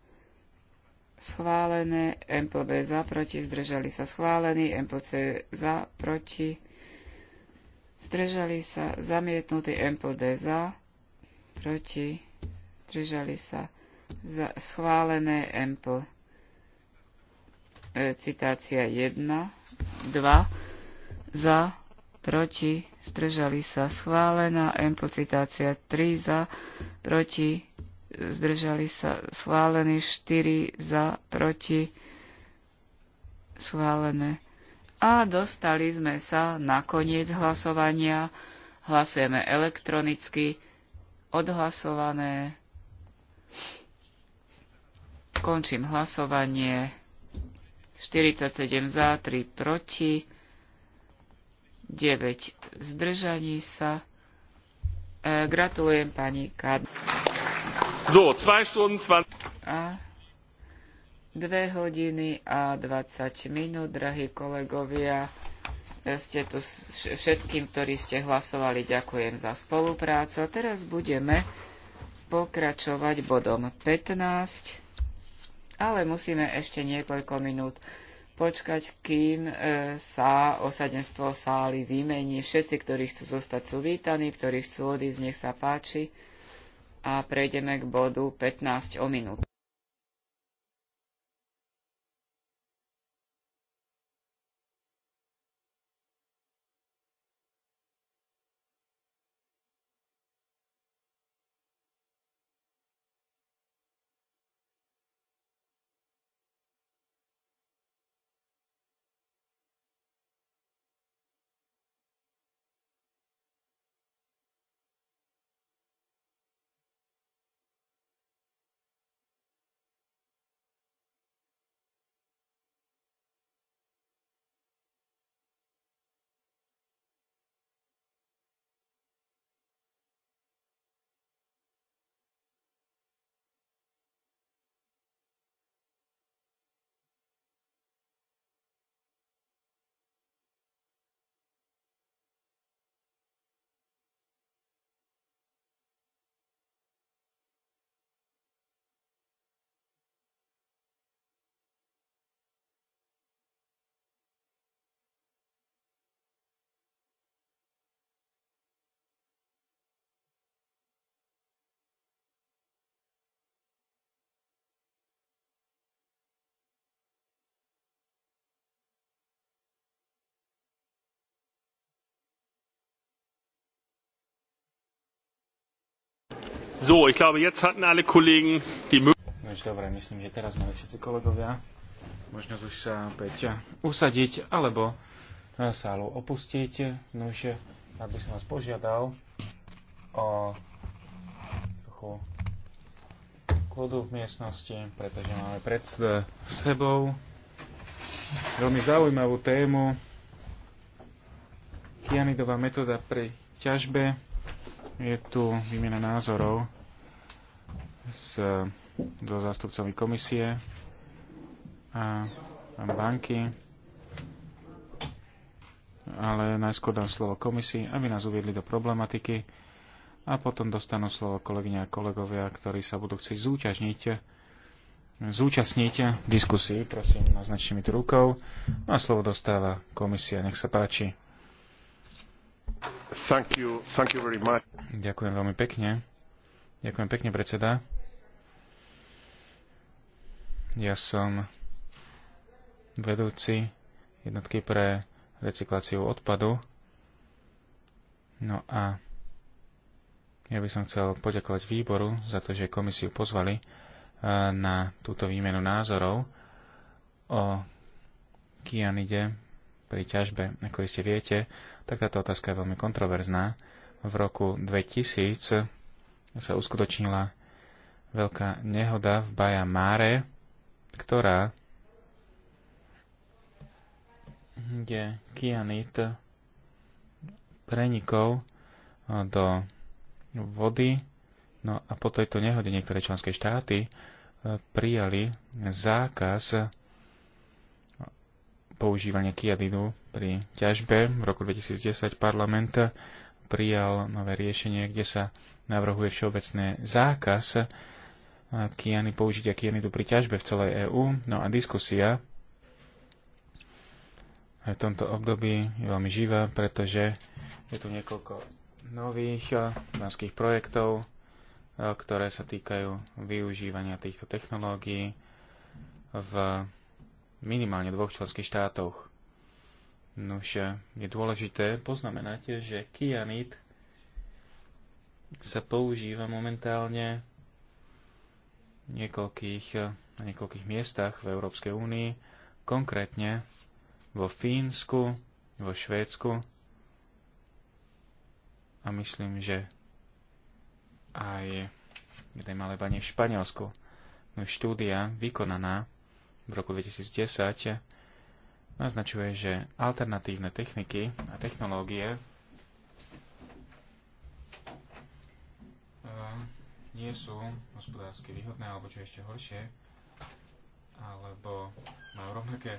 schválené, MPB za, proti, zdržali sa, schválený, MPC za, proti, zdržali sa, zamietnutý MPD za, proti, zdržali sa, za, schválené MPL. E, citácia 1, 2, za, proti, zdržali sa, schválená, MPL citácia 3, za, proti, zdržali sa, schválený 4, za, proti, schválené a dostali sme sa na koniec hlasovania. Hlasujeme elektronicky. Odhlasované. Končím hlasovanie. 47 za, 3 proti, 9 zdržaní sa. E, gratulujem pani Kad. So, 2 Stunden 20. A 2 hodiny a 20 minút, drahí kolegovia. Ste tu všetkým, ktorí ste hlasovali, ďakujem za spoluprácu. A teraz budeme pokračovať bodom 15, ale musíme ešte niekoľko minút počkať, kým e, sa osadenstvo sály vymení. Všetci, ktorí chcú zostať, sú vítaní, ktorí chcú odísť, nech sa páči. A prejdeme k bodu 15 o minút. So, ich glaube, jetzt hatten alle Kollegen die Möglichkeit. Dobre, myslím, že teraz mali všetci kolegovia možnosť už sa opäť usadiť alebo e, sálu opustiť. Nože, aby som vás požiadal o trochu kľudu v miestnosti, pretože máme pred sebou veľmi zaujímavú tému kianidová metóda pri ťažbe. Je tu výmena názorov s, so zástupcami komisie a, banky. Ale najskôr dám slovo komisii, aby nás uviedli do problematiky a potom dostanú slovo kolegyne a kolegovia, ktorí sa budú chcieť zúťažniť zúčastniť diskusii, prosím, naznačte mi tu rukou. A slovo dostáva komisia, nech sa páči. Thank you, thank you very much. Ďakujem veľmi pekne. Ďakujem pekne, predseda. Ja som vedúci jednotky pre recykláciu odpadu. No a ja by som chcel poďakovať výboru za to, že komisiu pozvali eh, na túto výmenu názorov o kianide pri ťažbe. Ako iste viete, tak táto otázka je veľmi kontroverzná. V roku 2000 sa uskutočnila veľká nehoda v Baja Máre, ktorá kde kianit prenikol eh, do vody. No a po tejto nehode niektoré členské štáty eh, prijali zákaz používania kianidu pri ťažbe. V roku 2010 parlament prijal nové riešenie, kde sa navrhuje všeobecné zákaz kiany, použitia kianidu pri ťažbe v celej EÚ. No a diskusia v tomto období je veľmi živá, pretože je tu niekoľko nových eh, dánskych projektov, eh, ktoré sa týkajú využívania týchto technológií v minimálne dvoch členských štátoch. Nož eh, je dôležité poznamenať, že kianit sa používa momentálne niekoľkých, eh, na niekoľkých miestach v Európskej únii, konkrétne vo Fínsku, vo Švédsku a myslím, že aj jednej malé bane v Španielsku. No štúdia vykonaná v roku 2010 naznačuje, že alternatívne techniky a technológie eh, nie sú hospodársky výhodné, alebo čo ešte horšie, alebo majú rovnaké,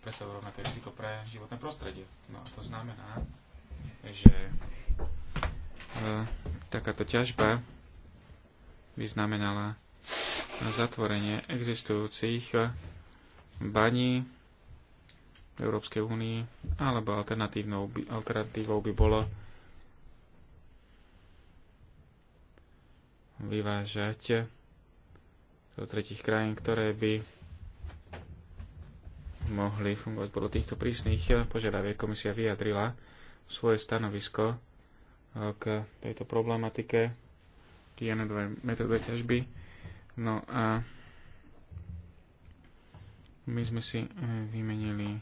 predstavujú rovnaké riziko pre životné prostredie. No a to znamená, že e, takáto ťažba by znamenala zatvorenie existujúcich baní v Európskej únii, alebo alternatívou by bolo vyvážať do tretich krajín, ktoré by mohli fungovať podľa týchto prísnych požiadaviek. Komisia vyjadrila svoje stanovisko eh, k tejto problematike TN2 metóde ťažby. No a my sme si eh, vymenili eh,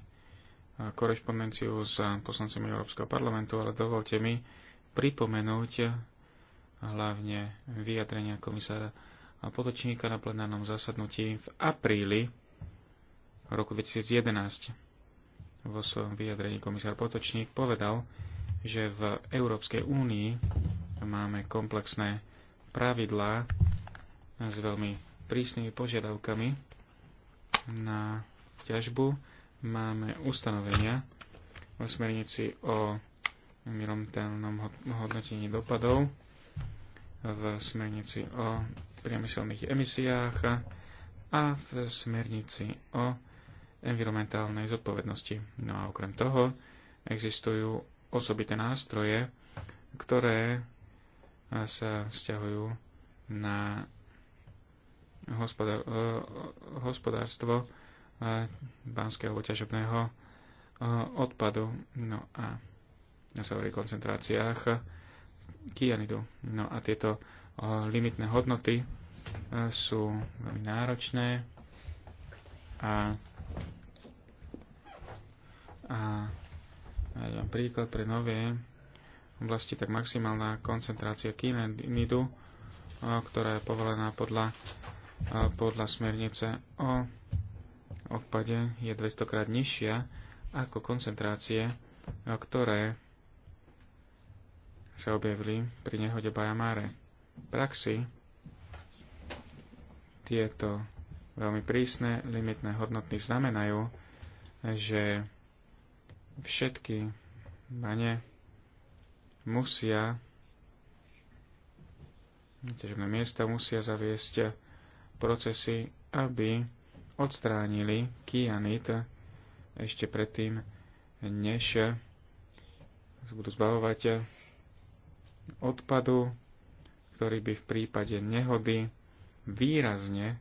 korešpondenciu s poslancami Európskeho parlamentu, ale dovolte mi pripomenúť hlavne vyjadrenia komisára a potočníka na plenárnom zasadnutí v apríli roku 2011. Vo svojom vyjadrení komisár Potočník povedal, že v Európskej únii máme komplexné pravidlá s veľmi prísnymi požiadavkami na ťažbu. Máme ustanovenia o smernici o environmentálnom hodnotení dopadov v smernici o priemyselných emisiách a v smernici o environmentálnej zodpovednosti. No a okrem toho existujú osobité nástroje, ktoré sa vzťahujú na e, hospodárstvo e, banského ťažobného e, odpadu. No a na sa hovorí koncentráciách kyanidu. No a tieto eh, limitné hodnoty eh, sú veľmi náročné a, a ja dám príklad pre nové oblasti, tak maximálna koncentrácia kyanidu, eh, ktorá je povolená podľa, podľa smernice o odpade, je 200 krát nižšia ako koncentrácie, ktoré sa objavili pri nehode Bajamare. V praxi tieto veľmi prísne limitné hodnoty znamenajú, že všetky bane musia ťažobné miesta musia zaviesť procesy, aby odstránili kianit ešte predtým, než sa budú zbavovať odpadu, ktorý by v prípade nehody výrazne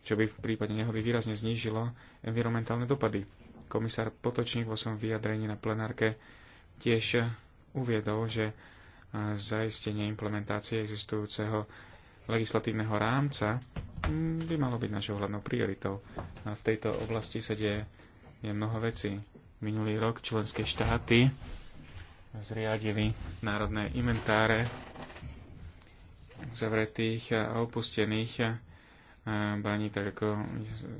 čo by v prípade nehody výrazne znížilo environmentálne dopady. Komisár Potočník vo svojom vyjadrení na plenárke tiež uviedol, že e, zaistenie implementácie existujúceho legislatívneho rámca mm, by malo byť našou hlavnou prioritou. A v tejto oblasti sa deje je mnoho vecí. Minulý rok členské štáty zriadili národné inventáre zavretých a opustených baní, tak ako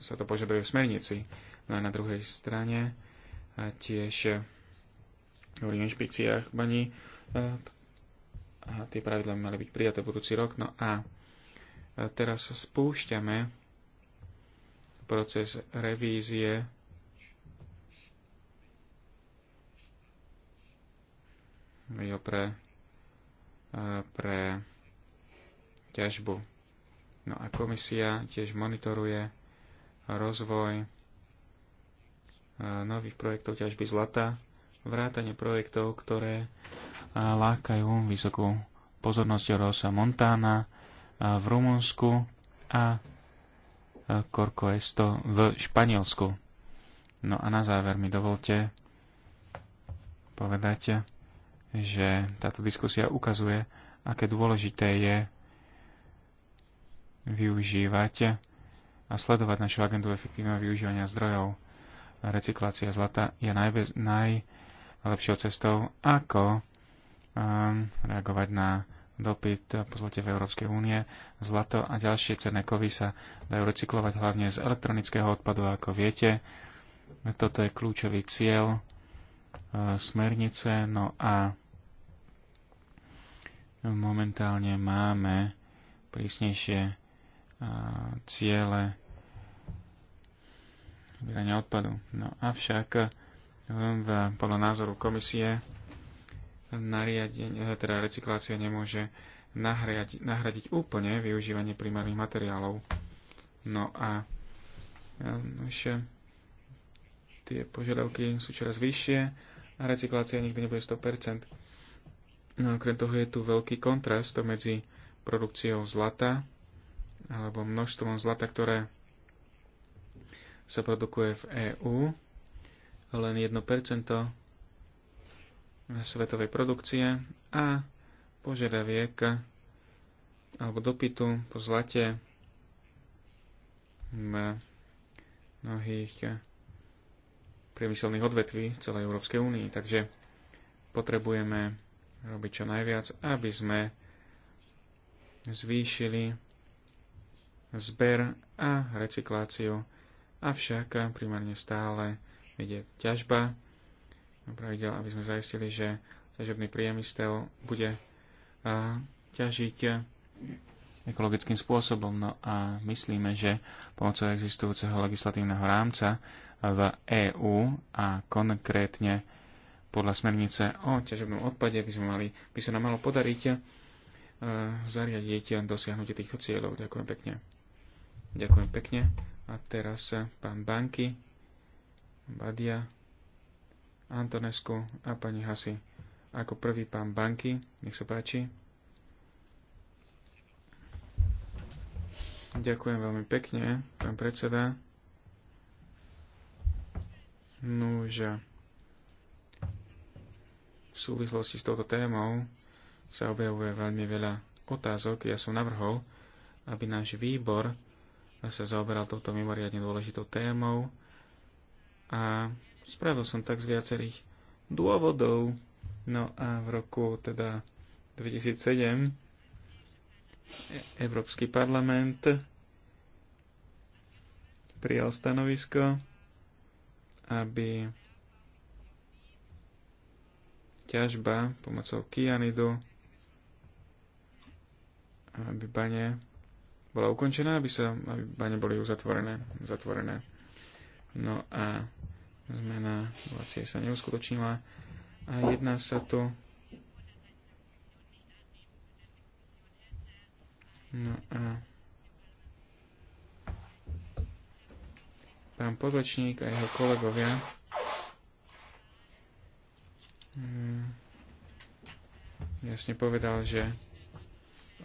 sa to požaduje v smernici. No a na druhej strane tiež hovorí o inšpekciách baní a tie pravidla by mali byť prijaté budúci rok. No a teraz spúšťame proces revízie Rio pre, e, pre ťažbu. No a komisia tiež monitoruje rozvoj e, nových projektov ťažby zlata, vrátanie projektov, ktoré e, lákajú vysokú pozornosť Rosa Montana v Rumunsku a Corco Esto v Španielsku. No a na záver mi dovolte povedať, že táto diskusia ukazuje, aké dôležité je využívať a sledovať našu agendu efektívneho využívania zdrojov. Recyklácia zlata je najbez, najlepšou cestou, ako um, reagovať na dopyt po zlote v Európskej únie. Zlato a ďalšie cenné kovy sa dajú recyklovať hlavne z elektronického odpadu, ako viete. Toto je kľúčový cieľ uh, smernice, no a Momentálne máme prísnejšie ciele vyrania odpadu. No avšak hm, v, podľa názoru komisie nariadenie, eh, teda recyklácia nemôže nahradiť, nahradiť úplne využívanie primárnych materiálov. No a ešte hm, tie požiadavky sú čoraz vyššie a recyklácia nikdy nebude 100%. No a okrem toho je tu veľký kontrast medzi produkciou zlata alebo množstvom zlata, ktoré sa produkuje v EÚ. Len 1% svetovej produkcie a požiadaviek alebo dopytu po zlate mnohých priemyselných odvetví v celej Európskej únii. Takže potrebujeme robiť čo najviac, aby sme zvýšili zber a recykláciu. Avšak primárne stále ide ťažba pravidel, aby sme zaistili, že ťažobný priemysel bude ťažiť ekologickým spôsobom. No a myslíme, že pomocou existujúceho legislatívneho rámca v EÚ a konkrétne podľa smernice o ťažobnom odpade by, sme mali, by sa nám malo podariť e, zariadiť a dosiahnuť týchto cieľov. Ďakujem pekne. Ďakujem pekne. A teraz pán Banky, Badia, Antonesku a pani Hasi. Ako prvý pán Banky, nech sa páči. Ďakujem veľmi pekne, pán predseda. Nože. No, súvislosti s touto témou sa objavuje veľmi veľa otázok. Ja som navrhol, aby náš výbor sa zaoberal touto mimoriadne dôležitou témou a spravil som tak z viacerých dôvodov. No a v roku teda 2007 Európsky parlament prijal stanovisko, aby ťažba pomocou kyanidu, aby bane bola ukončená, aby, sa, aby bane boli uzatvorené. zatvorené. No a zmena volácie sa neuskutočnila a jedná sa tu No a pán podlečník a jeho kolegovia Mm. jasne povedal, že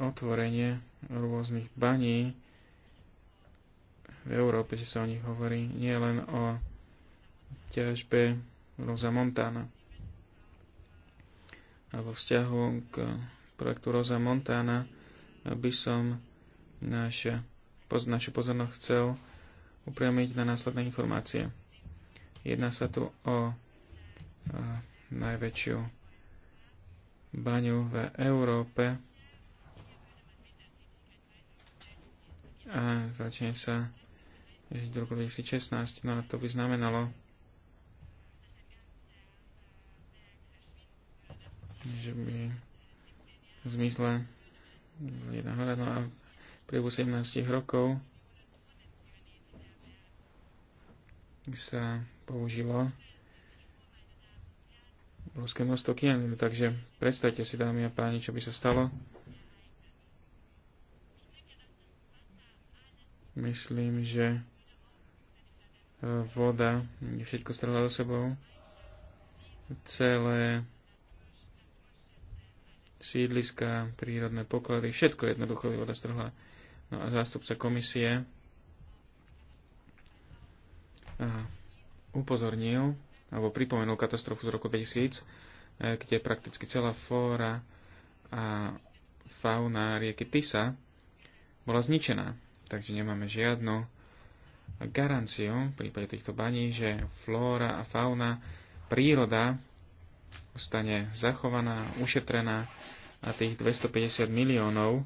otvorenie rôznych baní v Európe, že sa o nich hovorí, nie len o ťažbe Rosa Montana a vo vzťahu k projektu Rosa Montana by som naša našu pozornosť chcel upriamiť na následné informácie. Jedná sa tu o najväčšiu baňu v Európe a začne sa do roku 2016. No a to by znamenalo, že by v zmysle jedna hora, no a pri 17 rokov sa použilo obrovské množstvo kyanidu. Takže predstavte si, dámy a páni, čo by sa stalo. Myslím, že e, voda je všetko strhla do sebou. Celé sídliska, prírodné poklady, všetko jednoducho voda strhla. No a zástupca komisie Aha. upozornil alebo pripomenul katastrofu z roku 2000, eh, kde prakticky celá fóra a fauna rieky Tisa bola zničená. Takže nemáme žiadnu garanciu v prípade týchto baní, že flóra a fauna, príroda ostane zachovaná, ušetrená a tých 250 miliónov,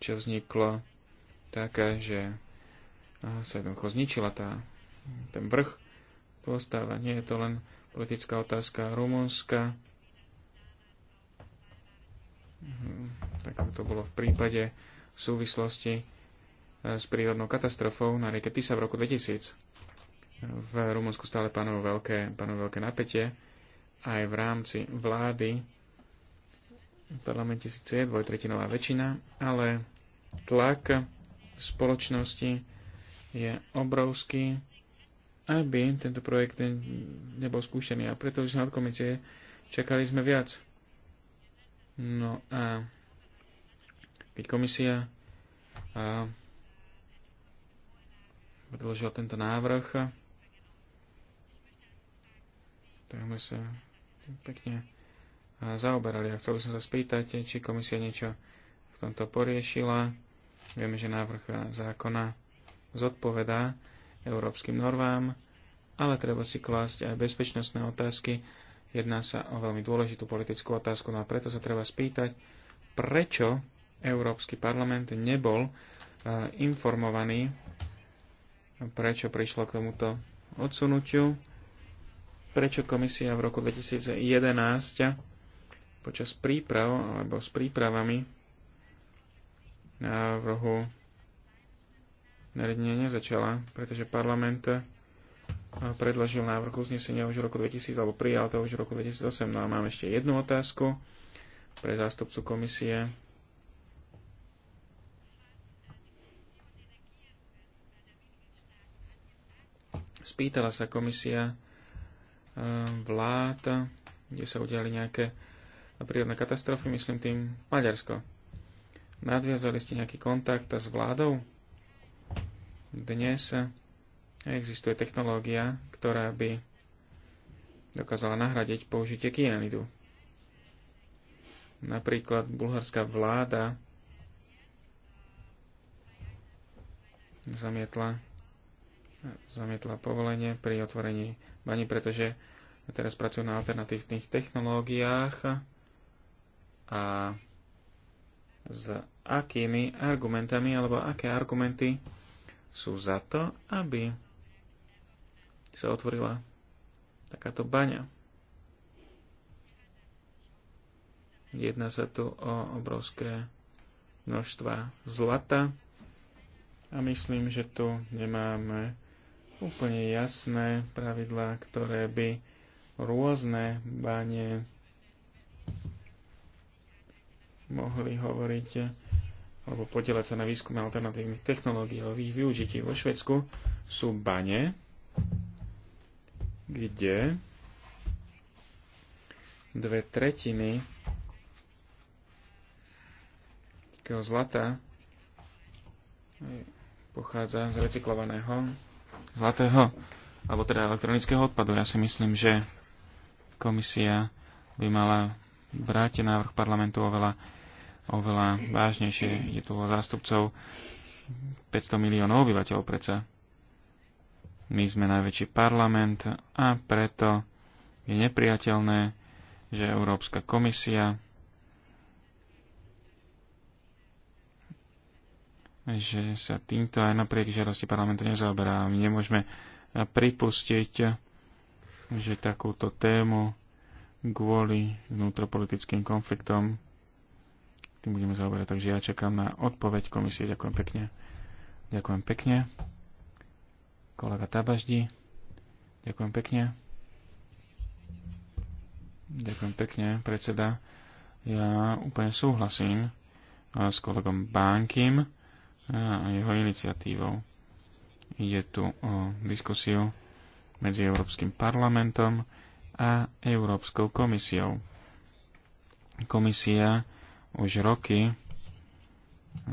čo vzniklo tak, že sa jednoducho zničila tá, ten vrch. postáva. Nie je to len politická otázka Rumunska. Mhm, tak to bolo v prípade v súvislosti eh, s prírodnou katastrofou na rieke Tisa v roku 2000. V Rumunsku stále panujú veľké, veľké napätie aj v rámci vlády. V parlamente síce je dvojtretinová väčšina, ale tlak spoločnosti je obrovský, aby tento projekt nebol skúšený. A preto sme od komisie čakali sme viac. No a keď komisia a, predložila tento návrh, tak sme sa pekne zaoberali. A chcel som sa spýtať, či komisia niečo v tomto poriešila. Vieme, že návrh zákona zodpovedá európskym normám, ale treba si klásť aj bezpečnostné otázky. Jedná sa o veľmi dôležitú politickú otázku, no a preto sa treba spýtať, prečo Európsky parlament nebol e, informovaný, prečo prišlo k tomuto odsunutiu, prečo komisia v roku 2011 počas príprav alebo s prípravami rohu nariadenia nezačala, pretože parlament eh, predložil návrh uznesenia už v roku 2000, alebo prijal to už v roku 2008. No a mám ešte jednu otázku pre zástupcu komisie. Spýtala sa komisia eh, vlád, kde sa udiali nejaké prírodné katastrofy, myslím tým Maďarsko. Nadviazali ste nejaký kontakt s vládou? Dnes existuje technológia, ktorá by dokázala nahradiť použitie kyanidu. Napríklad bulharská vláda zamietla, zamietla povolenie pri otvorení bani, pretože teraz pracujú na alternatívnych technológiách a s akými argumentami alebo aké argumenty sú za to, aby sa otvorila takáto baňa. Jedná sa tu o obrovské množstva zlata a myslím, že tu nemáme úplne jasné pravidlá, ktoré by rôzne bane mohli hovoriť alebo podielať sa na výskume alternatívnych technológií o ich využití. Vo Švedsku sú bane, kde dve tretiny takého zlata pochádza z recyklovaného zlatého, alebo teda elektronického odpadu. Ja si myslím, že komisia by mala brať návrh parlamentu oveľa oveľa vážnejšie. Je tu o zástupcov 500 miliónov obyvateľov predsa. My sme najväčší parlament a preto je nepriateľné, že Európska komisia že sa týmto aj napriek žiadosti parlamentu nezaoberá. My nemôžeme pripustiť, že takúto tému kvôli vnútropolitickým konfliktom tým budeme zaoberať. Takže ja čakám na odpoveď komisie. Ďakujem pekne. Ďakujem pekne. Kolega Tabaždi. Ďakujem pekne. Ďakujem pekne, predseda. Ja úplne súhlasím s kolegom Bánkim a jeho iniciatívou. Ide tu o diskusiu medzi Európskym parlamentom a Európskou komisiou. Komisia už roky eh,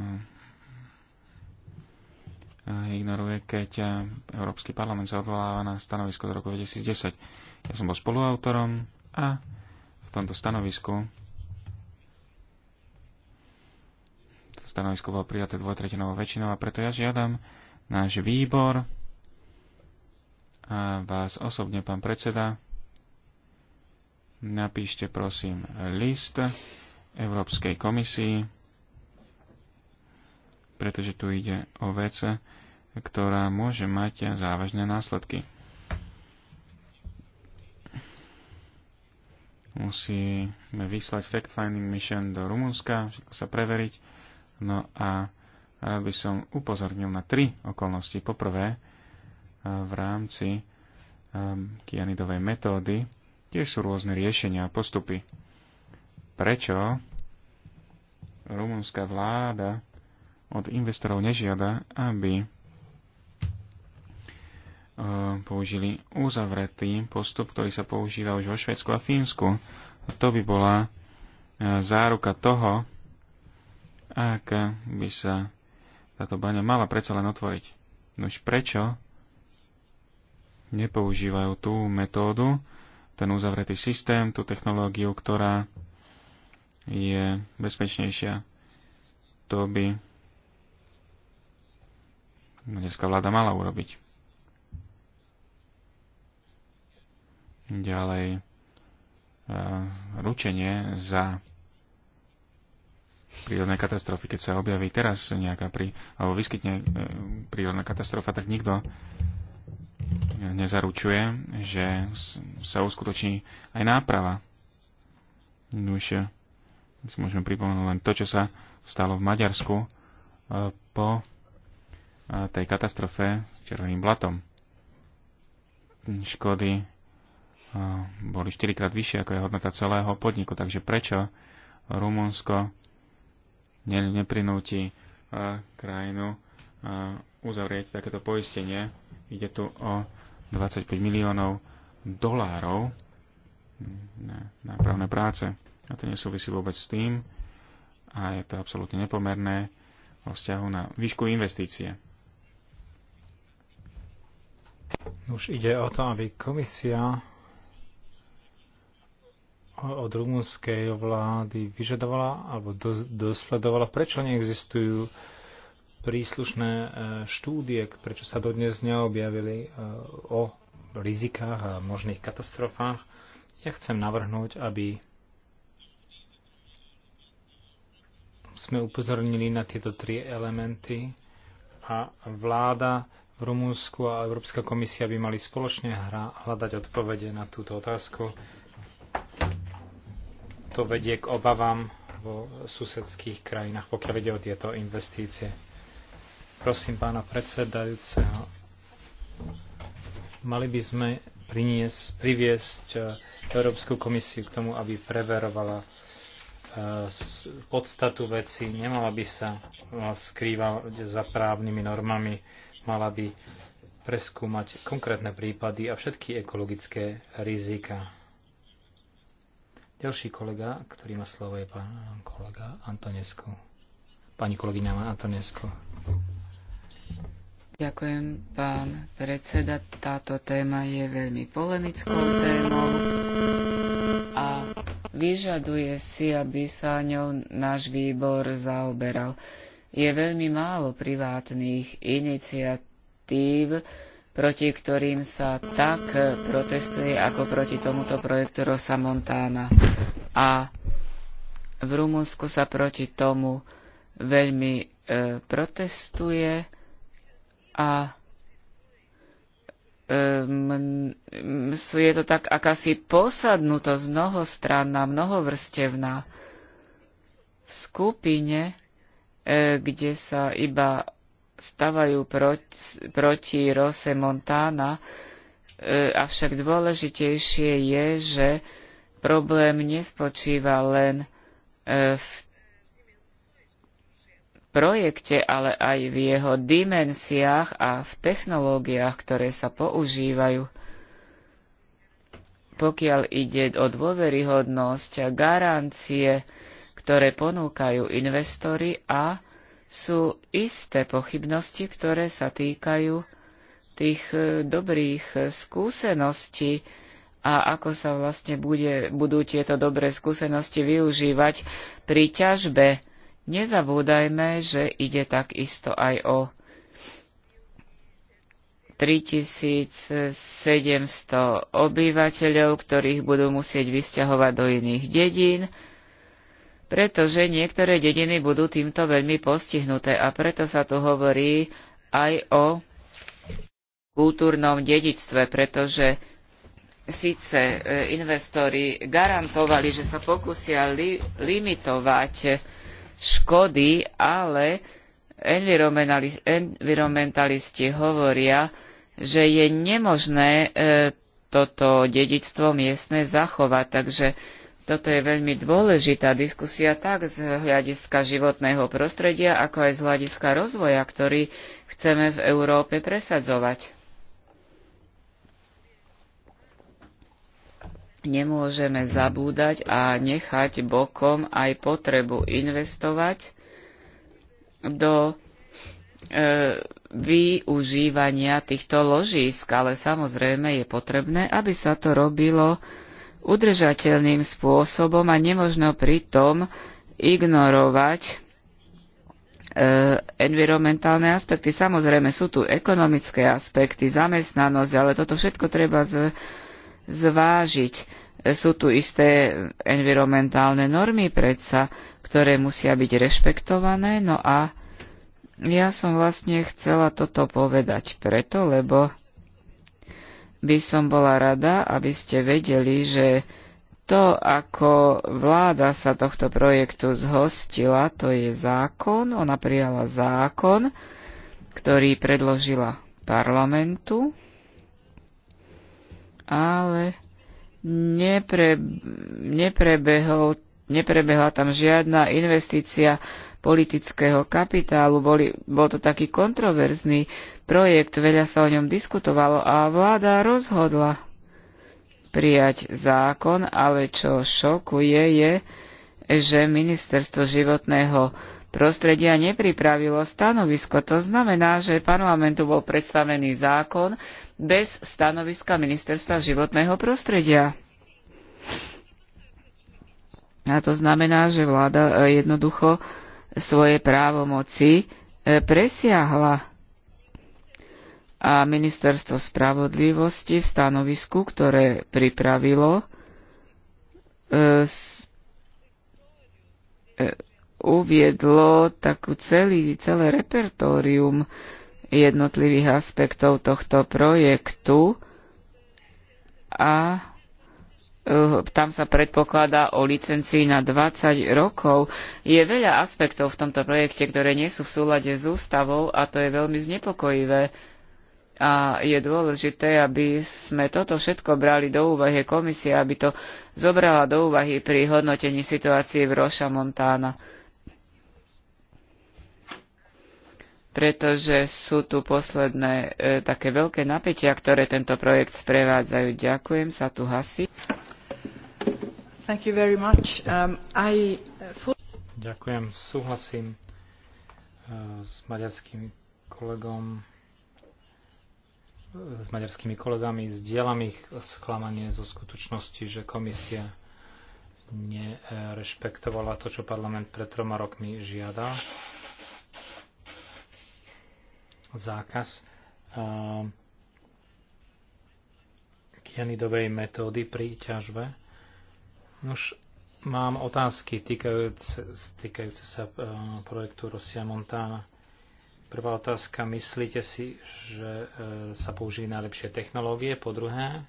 eh, ignoruje, keď eh, Európsky parlament sa odvoláva na stanovisko z roku 2010. Ja som bol spoluautorom a v tomto stanovisku to stanovisko bolo prijaté dvojtretinovou väčšinou a preto ja žiadam náš výbor a vás osobne, pán predseda, napíšte prosím list Európskej komisii, pretože tu ide o vec, ktorá môže mať závažné následky. Musíme vyslať fact-finding mission do Rumunska, všetko sa preveriť. No a rád by som upozornil na tri okolnosti. Poprvé, eh, v rámci eh, kianidovej metódy tiež sú rôzne riešenia a postupy prečo rumunská vláda od investorov nežiada, aby e, použili uzavretý postup, ktorý sa používa už vo Švedsku a Fínsku. To by bola e, záruka toho, ak by sa táto baňa mala predsa len otvoriť. Nož prečo nepoužívajú tú metódu, ten uzavretý systém, tú technológiu, ktorá je bezpečnejšia. To by maďarská vláda mala urobiť. Ďalej e, ručenie za prírodné katastrofy. Keď sa objaví teraz nejaká pri, alebo vyskytne e, prírodná katastrofa, tak nikto nezaručuje, že sa uskutoční aj náprava. no, si môžeme pripomenúť len to, čo sa stalo v Maďarsku e, po e, tej katastrofe s červeným blatom. Škody e, boli 4 krát vyššie ako je hodnota celého podniku, takže prečo Rumunsko neprinúti krajinu uzavrieť takéto poistenie. Ide tu o 25 miliónov dolárov na právne práce. A to nesúvisí vôbec s tým a je to absolútne nepomerné vo vzťahu na výšku investície. Už ide o to, aby komisia od rumúnskej vlády vyžadovala alebo dosledovala, prečo neexistujú príslušné e, štúdie, prečo sa dodnes neobjavili e, o rizikách a možných katastrofách. Ja chcem navrhnúť, aby sme upozornili na tieto tri elementy a vláda v Rumúnsku a Európska komisia by mali spoločne hľadať odpovede na túto otázku. To vedie k obavám vo susedských krajinách, pokiaľ ide o tieto investície. Prosím pána predsedajúceho, mali by sme priniesť, priviesť eh, Európsku komisiu k tomu, aby preverovala podstatu veci, nemala by sa skrývať za právnymi normami, mala by preskúmať konkrétne prípady a všetky ekologické rizika. Ďalší kolega, ktorý má slovo, je pán kolega Antonesko. Pani kolegyňa Antonesko. Ďakujem, pán predseda. Táto téma je veľmi polemickou témou vyžaduje si, aby sa ňou náš výbor zaoberal. Je veľmi málo privátnych iniciatív, proti ktorým sa tak protestuje, ako proti tomuto projektu Rosa Montana. A v Rumunsku sa proti tomu veľmi e, protestuje a Ehm, je to tak akási posadnutosť mnohostranná, mnohovrstevná v skupine, e, kde sa iba stavajú proti, proti Rose Montana, e, avšak dôležitejšie je, že problém nespočíva len e, v projekte, ale aj v jeho dimenziách a v technológiách, ktoré sa používajú. Pokiaľ ide o dôveryhodnosť a garancie, ktoré ponúkajú investory, a sú isté pochybnosti, ktoré sa týkajú tých e, dobrých skúseností a ako sa vlastne bude, budú tieto dobré skúsenosti využívať pri ťažbe Nezabúdajme, že ide takisto aj o 3700 obyvateľov, ktorých budú musieť vysťahovať do iných dedín, pretože niektoré dediny budú týmto veľmi postihnuté a preto sa tu hovorí aj o kultúrnom dedičstve, pretože síce e, investori garantovali, že sa pokusia li- limitovať škody, ale environmentalisti hovoria, že je nemožné e, toto dedičstvo miestne zachovať. Takže toto je veľmi dôležitá diskusia tak z hľadiska životného prostredia, ako aj z hľadiska rozvoja, ktorý chceme v Európe presadzovať. nemôžeme zabúdať a nechať bokom aj potrebu investovať do e, využívania týchto ložísk, ale samozrejme je potrebné, aby sa to robilo udržateľným spôsobom a nemožno pritom ignorovať e, environmentálne aspekty. Samozrejme sú tu ekonomické aspekty, zamestnanosť, ale toto všetko treba z, zvážiť. Sú tu isté environmentálne normy predsa, ktoré musia byť rešpektované, no a ja som vlastne chcela toto povedať preto, lebo by som bola rada, aby ste vedeli, že to, ako vláda sa tohto projektu zhostila, to je zákon, ona prijala zákon, ktorý predložila parlamentu ale nepre, neprebehol, neprebehla tam žiadna investícia politického kapitálu. Boli, bol to taký kontroverzný projekt, veľa sa o ňom diskutovalo a vláda rozhodla prijať zákon, ale čo šokuje je, že ministerstvo životného prostredia nepripravilo stanovisko. To znamená, že parlamentu bol predstavený zákon, bez stanoviska Ministerstva životného prostredia. A to znamená, že vláda e, jednoducho svoje právomoci e, presiahla. A ministerstvo spravodlivosti v stanovisku, ktoré pripravilo, e, uviedlo takú celý, celé repertórium jednotlivých aspektov tohto projektu a eh, tam sa predpokladá o licencii na 20 rokov. Je veľa aspektov v tomto projekte, ktoré nie sú v súlade s ústavou a to je veľmi znepokojivé. A je dôležité, aby sme toto všetko brali do úvahy komisia, aby to zobrala do úvahy pri hodnotení situácie v Roša Montána. pretože sú tu posledné e, také veľké napätia, ktoré tento projekt sprevádzajú. Ďakujem sa tu hasi. Thank you very much. Um, I... Uh, Ďakujem, súhlasím uh, s maďarským kolegom e, s maďarskými kolegami, zdieľam ich sklamanie zo skutočnosti, že komisia nerešpektovala to, čo parlament pred troma rokmi žiada zákaz ehm, kianidovej metódy pri ťažbe. Už mám otázky týkajúce, týkajúce sa ehm, projektu Rosia Montana. Prvá otázka, myslíte si, že ehm, sa použijú najlepšie technológie? Po druhé,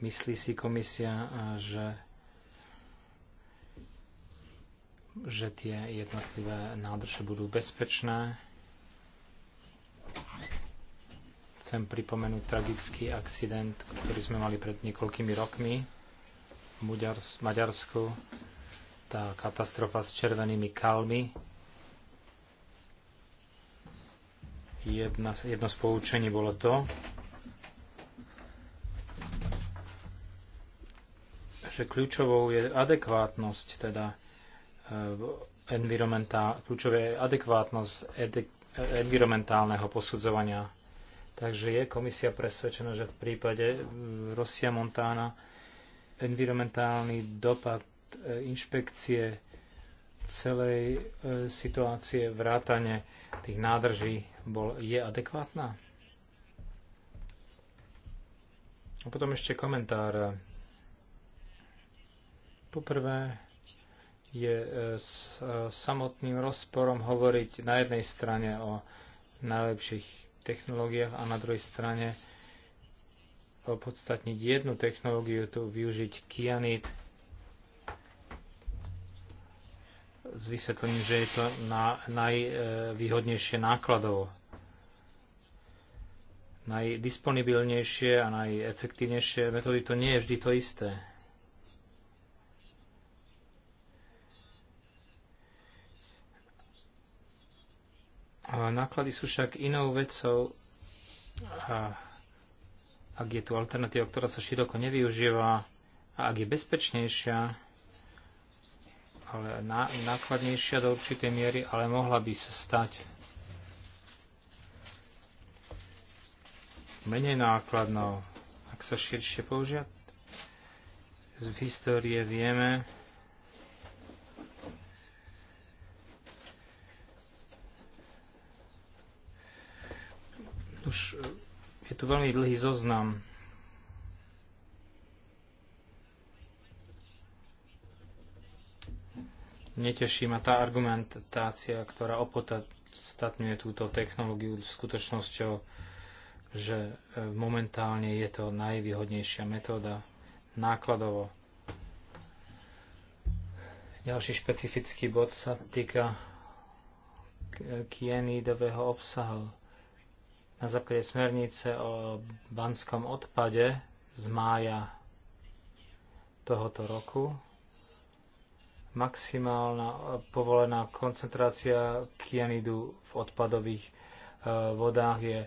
myslí si komisia, že že tie jednotlivé nádrže budú bezpečné. Chcem pripomenúť tragický accident, ktorý sme mali pred niekoľkými rokmi v Maďarsku. Tá katastrofa s červenými kalmi. Jedna, jedno z poučení bolo to, že kľúčovou je adekvátnosť, teda kľúčové je adekvátnosť environmentálneho posudzovania. Takže je komisia presvedčená, že v prípade Rosia Montána environmentálny dopad e, inšpekcie celej e, situácie vrátane tých nádrží bol, je adekvátna? A potom ešte komentár. Poprvé, je e, s e, samotným rozporom hovoriť na jednej strane o najlepších technológiách a na druhej strane opodstatniť jednu technológiu, tu využiť kianit s vysvetlením, že je to na, najvýhodnejšie nákladov, najdisponibilnejšie a najefektívnejšie metódy, to nie je vždy to isté. náklady sú však inou vecou, a ak je tu alternatíva, ktorá sa široko nevyužíva a ak je bezpečnejšia, ale ná, nákladnejšia do určitej miery, ale mohla by sa stať menej nákladnou, ak sa širšie použia. Z histórie vieme, Už e, je tu veľmi dlhý zoznam. Neteší ma tá argumentácia, ktorá opodstatňuje túto technológiu skutočnosťou, že e, momentálne je to najvýhodnejšia metóda nákladovo. Ďalší špecifický bod sa týka kienidového e, obsahu na základe smernice o banskom odpade z mája tohoto roku. Maximálna povolená koncentrácia kianidu v odpadových e, vodách je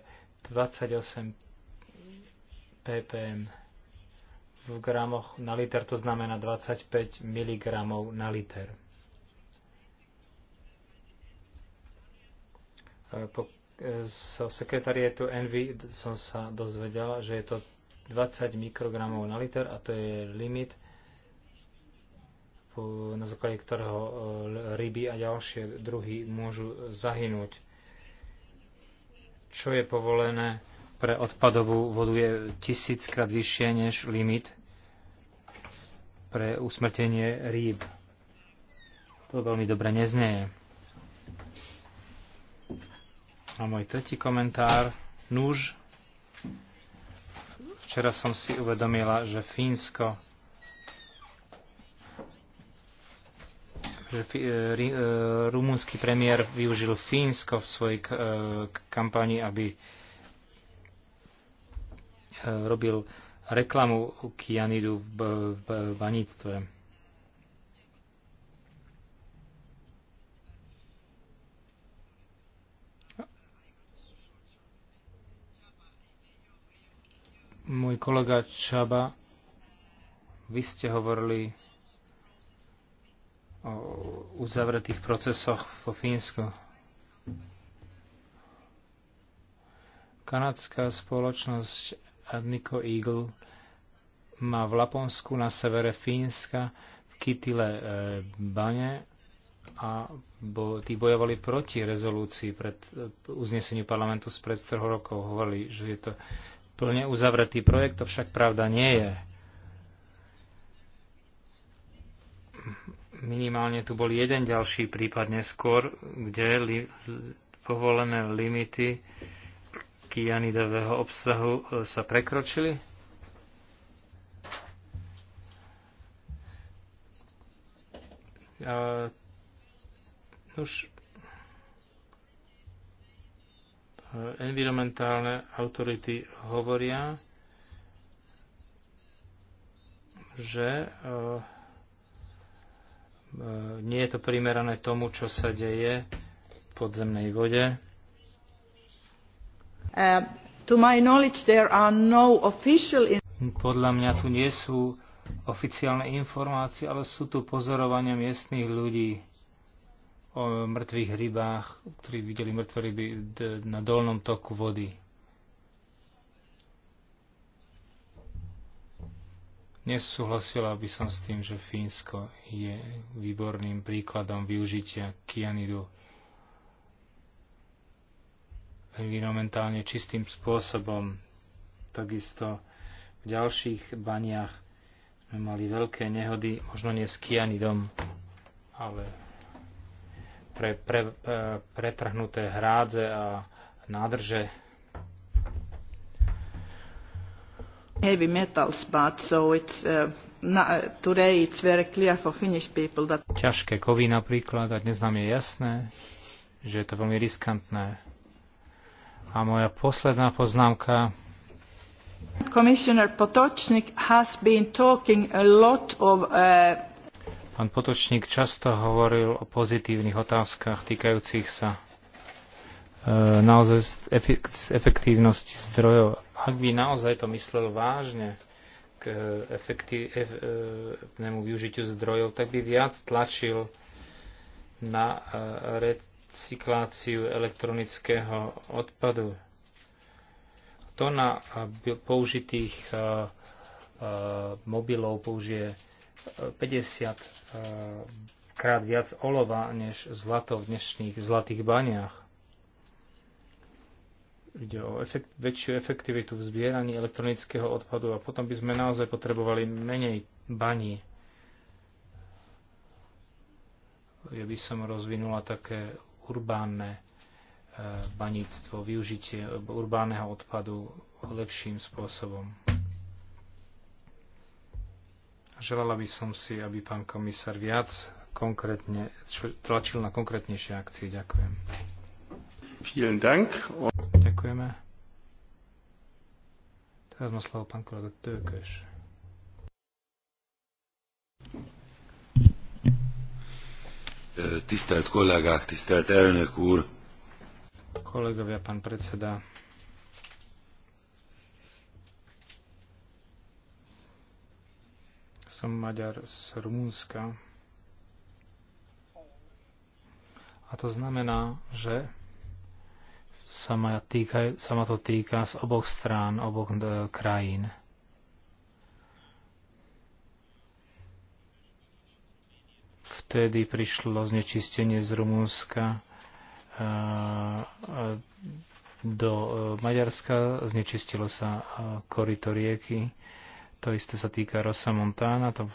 28 ppm v gramoch na liter, to znamená 25 mg na liter. E, po z sekretariétu Envy som sa dozvedela, že je to 20 mikrogramov na liter a to je limit, na základe ktorého e, ryby a ďalšie druhy môžu zahynúť. Čo je povolené pre odpadovú vodu je tisíckrát vyššie než limit pre usmrtenie rýb. To veľmi dobre neznieje. A môj tretí komentár, núž. Včera som si uvedomila, že Fínsko že e, e, rumúnsky premiér využil Fínsko v svojej e, kampani, aby robil reklamu kianidu v baníctve. Môj kolega Čaba, vy ste hovorili o uzavretých procesoch vo Fínsku. Kanadská spoločnosť Adnico Eagle má v Laponsku na severe Fínska v Kytile e, bane a bo, tí bojovali proti rezolúcii pred e, uzneseniu parlamentu z pred 4 rokov. Hovorili, že je to plne uzavretý projekt, to však pravda nie je. Minimálne tu bol jeden ďalší prípad neskôr, kde li, povolené limity kianidového obsahu e, sa prekročili. A, už environmentálne autority hovoria, že eh, nie je to primerané tomu, čo sa deje v podzemnej vode. Eh, no Podľa mňa tu nie sú oficiálne informácie, ale sú tu pozorovania miestných ľudí o mŕtvych rybách, ktorí videli mŕtve ryby na dolnom toku vody. Nesúhlasila by som s tým, že Fínsko je výborným príkladom využitia kianidu environmentálne čistým spôsobom. Takisto v ďalších baniach sme mali veľké nehody, možno nie s kianidom, ale pre, pre, pre, pretrhnuté hrádze a nádrže. Heavy metals, but so it's, uh, na, e, today it's very clear for Finnish people that... Ťažké kovy napríklad a dnes nám je jasné, že je to veľmi riskantné. A moja posledná poznámka Commissioner Potočnik has been talking a lot of uh, Pán Potočník často hovoril o pozitívnych otázkach týkajúcich sa e, naozaj efektívnosti zdrojov. Ak by naozaj to myslel vážne k e, efektívnemu využitiu zdrojov, tak by viac tlačil na e, recykláciu elektronického odpadu. To na použitých mobilov použije 50 krát viac olova než zlato v dnešných zlatých baniach. Ide o efekt, väčšiu efektivitu v zbieraní elektronického odpadu a potom by sme naozaj potrebovali menej baní. Ja by som rozvinula také urbánne e, baníctvo, využitie urbánneho odpadu lepším spôsobom. Želala by som si, aby pán komisár viac konkrétne, tlačil na konkrétnejšie akcie. Ďakujem. Vielen Dank. Ďakujeme. Teraz má slovo pán kolega Tökeš. Tisztelt kollégák, tisztelt elnök úr! Kollégovia, pán predseda, Som Maďar z Rumúnska. A to znamená, že sa ma, týka, sa ma to týka z oboch strán, oboch e, krajín. Vtedy prišlo znečistenie z Rumúnska e, e, do Maďarska, znečistilo sa korito rieky to isté sa týka Rosa Montana. To...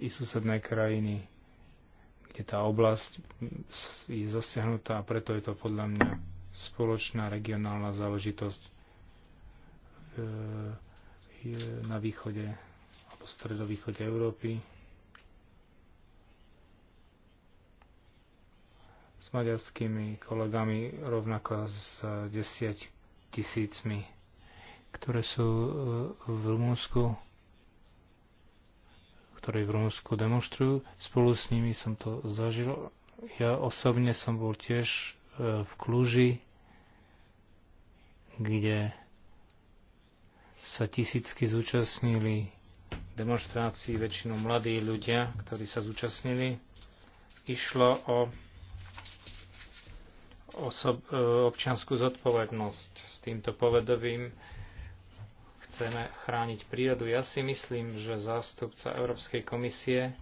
I susedné krajiny, kde tá oblasť je zasiahnutá a preto je to podľa mňa spoločná regionálna záležitosť e, na východe alebo stredovýchode Európy. maďarskými kolegami, rovnako s 10 e, tisícmi, ktoré sú e, v Rumúnsku, ktoré v Rumúnsku demonstrujú. Spolu s nimi som to zažil. Ja osobne som bol tiež e, v Kluži, kde sa tisícky zúčastnili demonstrácií, väčšinou mladí ľudia, ktorí sa zúčastnili. Išlo o osob, e, občianskú zodpovednosť. S týmto povedovým chceme chrániť prírodu. Ja si myslím, že zástupca Európskej komisie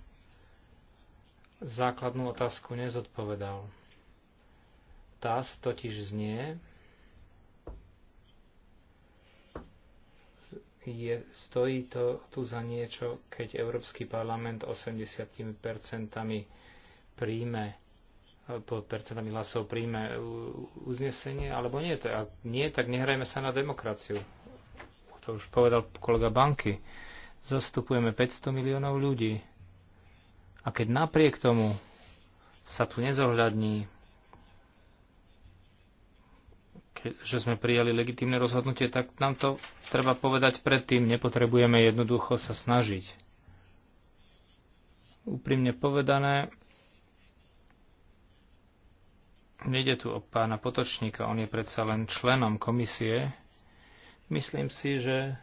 základnú otázku nezodpovedal. Tá totiž znie, je, stojí to tu za niečo, keď Európsky parlament 80% príjme pod percentami hlasov príjme uznesenie, alebo nie. Ak nie, tak nehrajme sa na demokraciu. To už povedal kolega Banky. Zastupujeme 500 miliónov ľudí. A keď napriek tomu sa tu nezohľadní, že sme prijali legitímne rozhodnutie, tak nám to treba povedať predtým. Nepotrebujeme jednoducho sa snažiť. Úprimne povedané, Nejde tu o pána Potočníka, on je predsa len členom komisie. Myslím si, že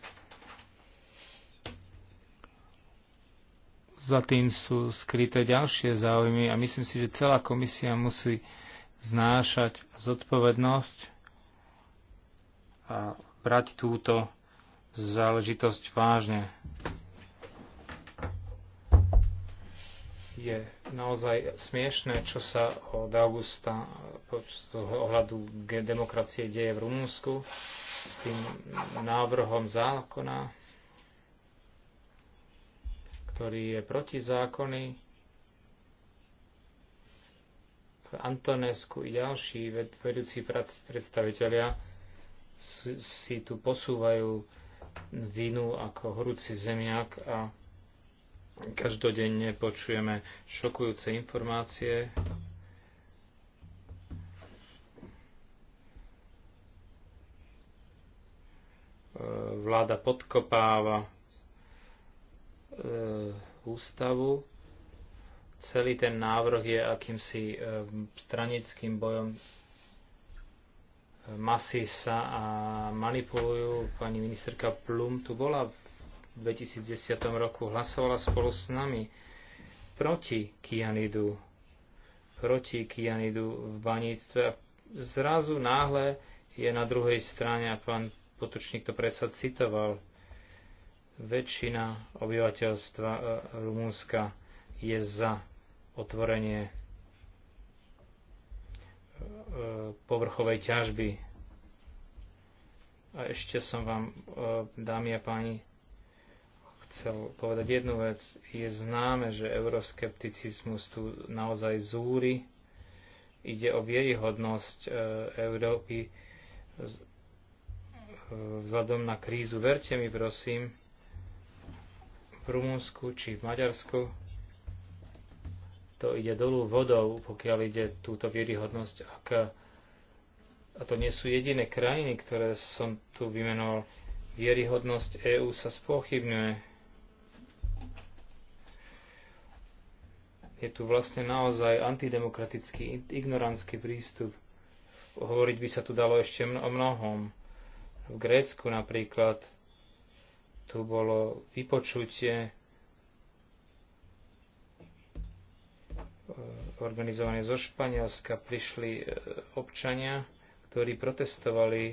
za tým sú skryté ďalšie záujmy a myslím si, že celá komisia musí znášať zodpovednosť a brať túto záležitosť vážne. je naozaj smiešné, čo sa od augusta z ohľadu demokracie deje v Rumunsku s tým návrhom zákona, ktorý je protizákonný. Antonesku i ďalší vedúci predstavitelia si tu posúvajú vinu ako horúci zemiak a Každodenne počujeme šokujúce informácie. E, vláda podkopáva e, ústavu. Celý ten návrh je akýmsi e, stranickým bojom. Masy sa a manipulujú. Pani ministerka Plum tu bola v 2010 roku hlasovala spolu s nami proti kianidu, proti kianidu v baníctve a zrazu náhle je na druhej strane a pán potučník to predsa citoval. Väčšina obyvateľstva e, Rumúnska je za otvorenie e, povrchovej ťažby. A ešte som vám, e, dámy a páni, chcel povedať jednu vec. Je známe, že euroskepticizmus tu naozaj zúri. Ide o vieryhodnosť e, Európy e, vzhľadom na krízu. Verte mi, prosím, v Rumunsku či v Maďarsku to ide dolu vodou, pokiaľ ide túto vieryhodnosť. Ak, a to nie sú jediné krajiny, ktoré som tu vymenoval, vieryhodnosť EÚ sa spochybňuje je tu vlastne naozaj antidemokratický, ignorantský prístup. Hovoriť by sa tu dalo ešte o mnohom. V Grécku napríklad tu bolo vypočutie e, organizované zo Španielska. Prišli e, občania, ktorí protestovali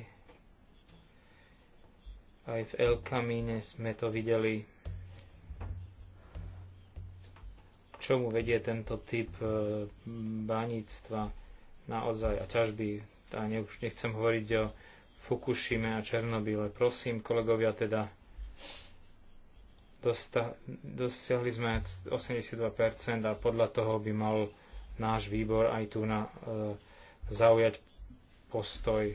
aj v El Camine sme to videli čomu vedie tento typ e, baníctva naozaj a ťažby. A ne, už nechcem hovoriť o Fukushime a Černobyle. Prosím, kolegovia, teda dosiahli sme 82% a podľa toho by mal náš výbor aj tu na e, zaujať postoj.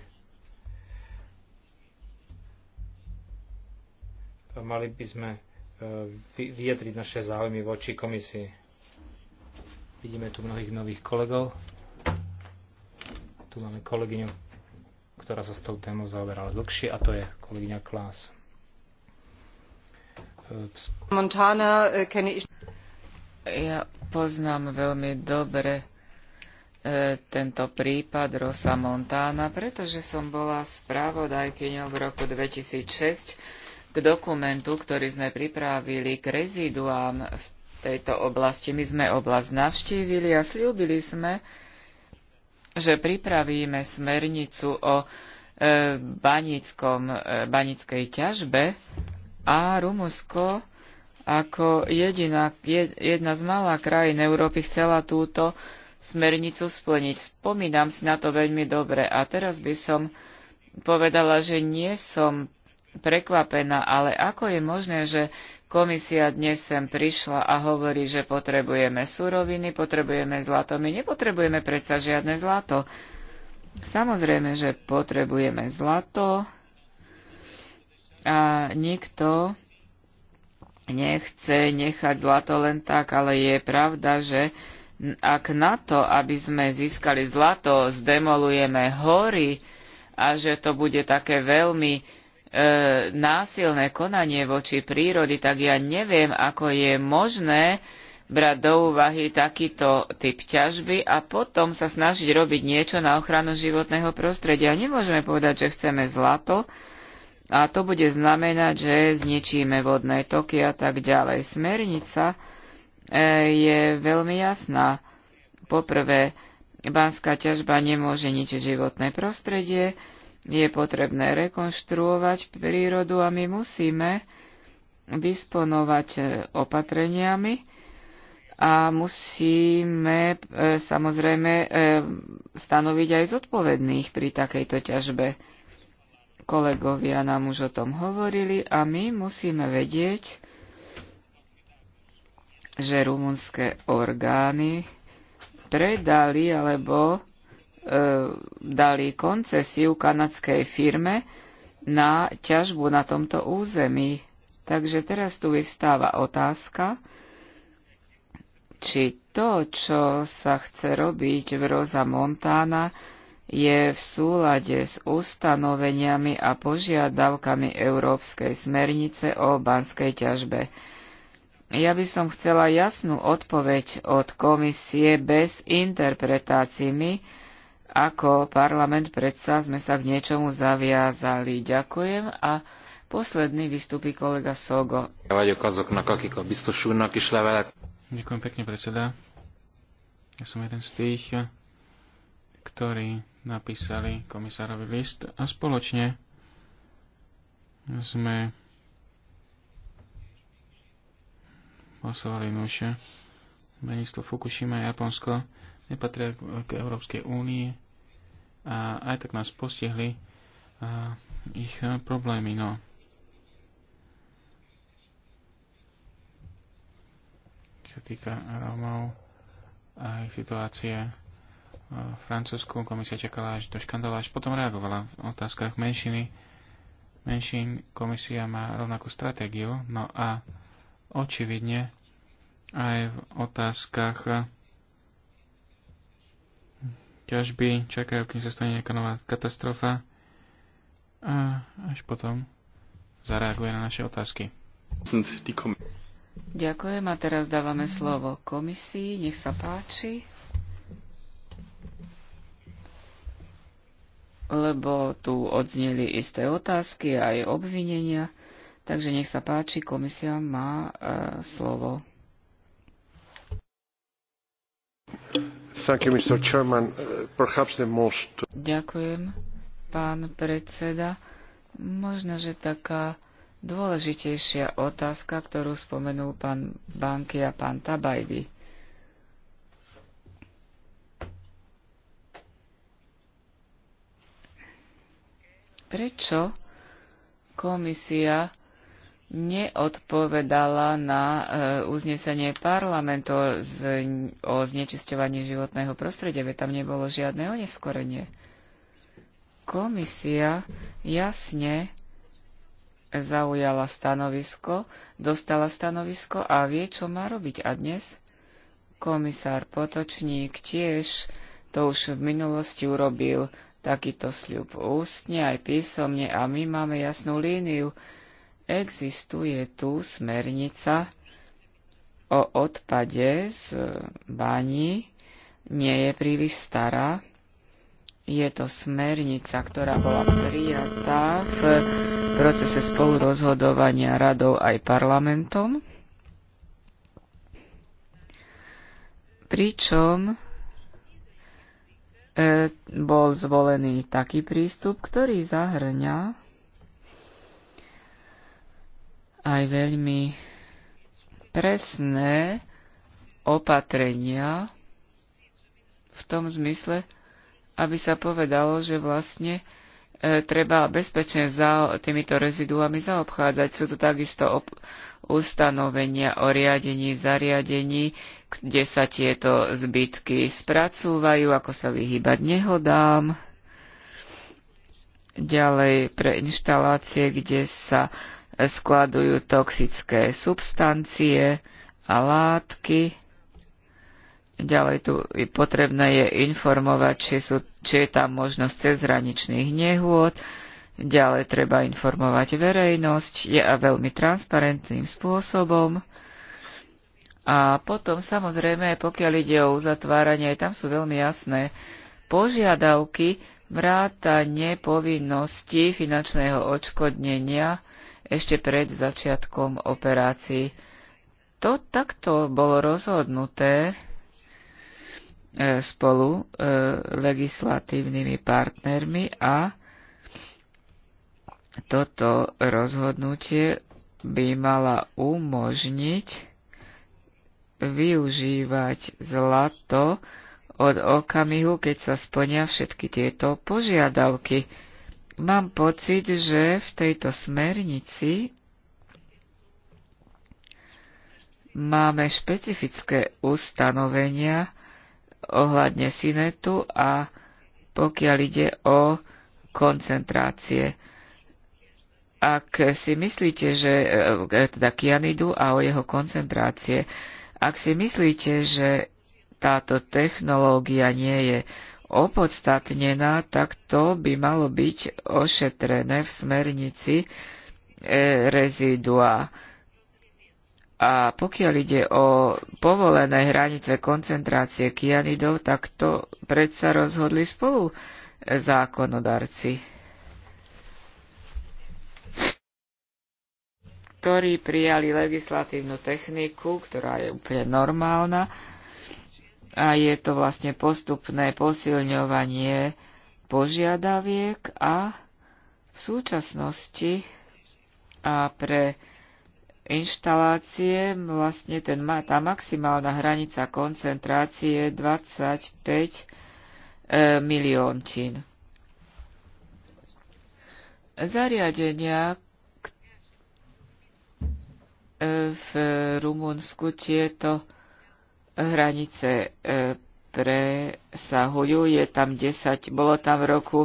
Mali by sme e, vyjadriť naše záujmy voči komisii. Vidíme tu mnohých nových kolegov. Tu máme kolegyňu, ktorá sa s tou témou zaoberala dlhšie a to je kolegyňa Klás. Montana, eh, kenne ich... Ja poznám veľmi dobre eh, tento prípad Rosa Montana, pretože som bola správodajkyňou v roku 2006 k dokumentu, ktorý sme pripravili k reziduám v tejto oblasti. My sme oblasť navštívili a slúbili sme, že pripravíme smernicu o e, banickom, e, banickej ťažbe a Rumunsko ako jediná, jedna z malá krajín Európy chcela túto smernicu splniť. Spomínam si na to veľmi dobre a teraz by som povedala, že nie som prekvapená, ale ako je možné, že Komisia dnes sem prišla a hovorí, že potrebujeme suroviny, potrebujeme zlato. My nepotrebujeme predsa žiadne zlato. Samozrejme, že potrebujeme zlato a nikto nechce nechať zlato len tak, ale je pravda, že ak na to, aby sme získali zlato, zdemolujeme hory a že to bude také veľmi E, násilné konanie voči prírody, tak ja neviem, ako je možné brať do úvahy takýto typ ťažby a potom sa snažiť robiť niečo na ochranu životného prostredia. Nemôžeme povedať, že chceme zlato a to bude znamenať, že zničíme vodné toky a tak ďalej. Smernica e, je veľmi jasná. Poprvé, banská ťažba nemôže ničiť životné prostredie, je potrebné rekonštruovať prírodu a my musíme disponovať e, opatreniami a musíme e, samozrejme e, stanoviť aj zodpovedných pri takejto ťažbe. Kolegovia nám už o tom hovorili a my musíme vedieť, že rumunské orgány predali alebo E, dali koncesiu kanadskej firme na ťažbu na tomto území. Takže teraz tu vyvstáva otázka, či to, čo sa chce robiť v Rosa Montana, je v súlade s ustanoveniami a požiadavkami Európskej smernice o banskej ťažbe. Ja by som chcela jasnú odpoveď od komisie bez interpretácií. Ako parlament predsa sme sa k niečomu zaviazali. Ďakujem a posledný vystupí kolega Sogo. Ďakujem pekne, predseda. Ja som jeden z tých, ktorí napísali komisárovi list a spoločne sme hlasovali nuše. Menisto Fukushima, Japonsko nepatria k Európskej únii a aj tak nás postihli ich problémy. No. Čo sa týka Rómov a ich situácie v Francúzsku, komisia čakala až do škandála, až potom reagovala v otázkach menšiny. Menšin komisia má rovnakú stratégiu, no a očividne aj v otázkach ťažby, čakajú, kým sa stane nejaká nová katastrofa a až potom zareaguje na naše otázky. Ďakujem a teraz dávame slovo komisii. Nech sa páči. Lebo tu odzneli isté otázky a aj obvinenia. Takže nech sa páči, komisia má uh, slovo. Uh, Ďakujem, pán predseda. Možno, že taká dôležitejšia otázka, ktorú spomenul pán Banky a pán Tabajdy. Prečo komisia neodpovedala na e, uznesenie parlamentu o znečisťovaní životného prostredia, veď tam nebolo žiadne oneskorenie. Komisia jasne zaujala stanovisko, dostala stanovisko a vie, čo má robiť. A dnes komisár Potočník tiež to už v minulosti urobil takýto sľub ústne aj písomne a my máme jasnú líniu, existuje tu smernica o odpade z bani, nie je príliš stará. Je to smernica, ktorá bola prijatá v procese spolurozhodovania radov aj parlamentom. Pričom e, bol zvolený taký prístup, ktorý zahrňa aj veľmi presné opatrenia v tom zmysle, aby sa povedalo, že vlastne e, treba bezpečne za týmito reziduami zaobchádzať. Sú tu takisto ustanovenia o riadení zariadení, kde sa tieto zbytky spracúvajú, ako sa vyhybať nehodám. Ďalej pre inštalácie, kde sa skladujú toxické substancie a látky. Ďalej tu je potrebné je informovať, či, sú, či je tam možnosť cezhraničných nehôd. Ďalej treba informovať verejnosť je a veľmi transparentným spôsobom. A potom samozrejme, pokiaľ ide o uzatváranie, tam sú veľmi jasné požiadavky vrátanie povinnosti finančného odškodnenia ešte pred začiatkom operácií. To takto bolo rozhodnuté e, spolu e, legislatívnymi partnermi a toto rozhodnutie by mala umožniť využívať zlato od okamihu, keď sa splnia všetky tieto požiadavky. Mám pocit, že v tejto smernici máme špecifické ustanovenia ohľadne synetu a pokiaľ ide o koncentrácie. Ak si myslíte, že e, teda kianidu a o jeho koncentrácie, ak si myslíte, že táto technológia nie je opodstatnená, tak to by malo byť ošetrené v smernici e, rezidua. A pokiaľ ide o povolené hranice koncentrácie kianidov, tak to predsa rozhodli spolu e, zákonodarci, ktorí prijali legislatívnu techniku, ktorá je úplne normálna, a je to vlastne postupné posilňovanie požiadaviek a v súčasnosti a pre inštalácie vlastne ten, tá maximálna hranica koncentrácie je 25 e, milión čín. Zariadenia e, v Rumunsku tieto hranice e, presahujú. Je tam 10, bolo tam v roku,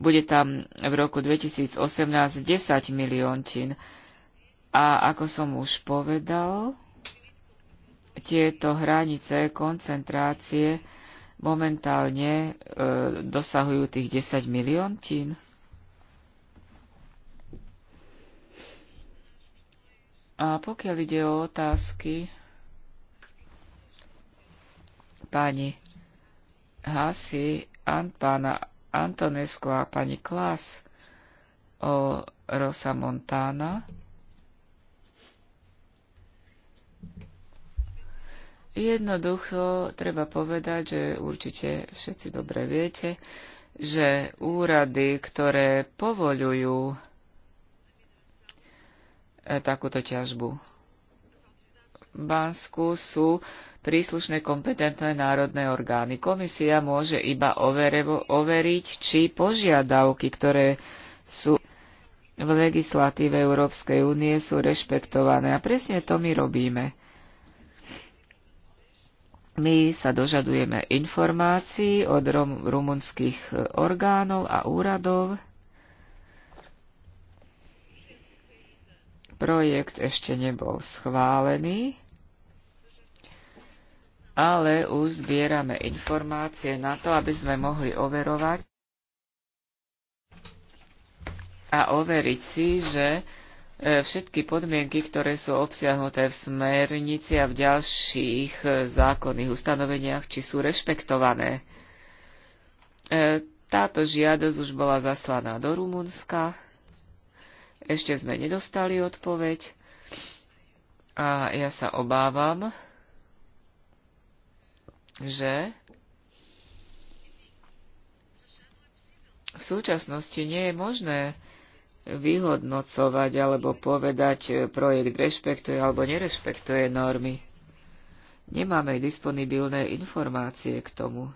bude tam v roku 2018 10 milióntin. A ako som už povedal, tieto hranice koncentrácie momentálne e, dosahujú tých 10 milióntin. A pokiaľ ide o otázky, pani Hasi, an, pána Antonesku a pani Klas o Rosa Montana. Jednoducho treba povedať, že určite všetci dobre viete, že úrady, ktoré povoľujú e, takúto ťažbu Albánsku sú príslušné kompetentné národné orgány. Komisia môže iba overevo, overiť, či požiadavky, ktoré sú v legislatíve Európskej únie, sú rešpektované. A presne to my robíme. My sa dožadujeme informácií od rumunských orgánov a úradov Projekt ešte nebol schválený, ale už zbierame informácie na to, aby sme mohli overovať a overiť si, že e, všetky podmienky, ktoré sú obsiahnuté v smernici a v ďalších e, zákonných ustanoveniach, či sú rešpektované. E, táto žiadosť už bola zaslaná do Rumunska ešte sme nedostali odpoveď a ja sa obávam, že v súčasnosti nie je možné vyhodnocovať alebo povedať, e, projekt rešpektuje alebo nerešpektuje normy. Nemáme disponibilné informácie k tomu.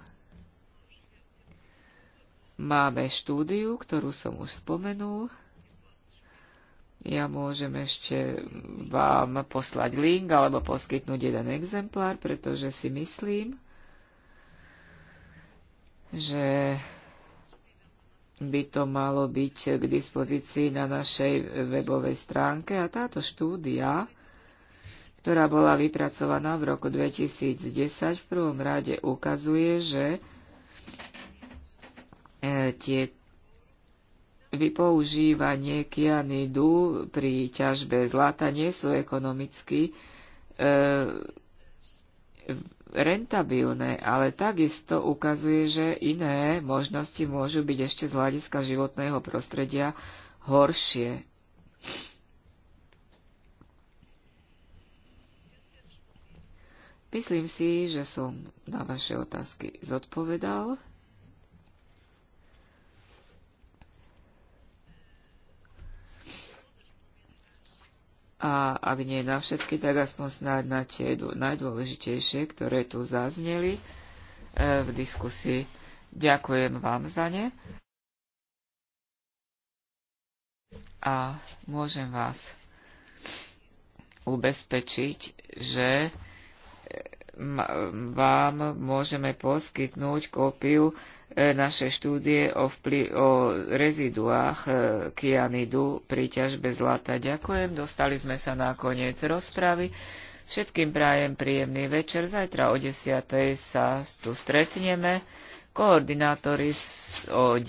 Máme štúdiu, ktorú som už spomenul, ja môžem ešte vám poslať link alebo poskytnúť jeden exemplár, pretože si myslím, že by to malo byť k dispozícii na našej webovej stránke a táto štúdia, ktorá bola vypracovaná v roku 2010, v prvom rade ukazuje, že e, tie vypoužívanie kianidu pri ťažbe zlata nie sú ekonomicky e, rentabilné, ale takisto ukazuje, že iné možnosti môžu byť ešte z hľadiska životného prostredia horšie. Myslím si, že som na vaše otázky zodpovedal. a ak nie na všetky, tak aspoň snáď na tie najdôležitejšie, ktoré tu zazneli e, v diskusii. Ďakujem vám za ne. A môžem vás ubezpečiť, že vám môžeme poskytnúť kópiu e, našej štúdie o, vplyv, o reziduách e, kianidu pri ťažbe zlata. Ďakujem, dostali sme sa na koniec rozpravy. Všetkým prajem príjemný večer. Zajtra o 10. sa tu stretneme. Koordinátory o 9.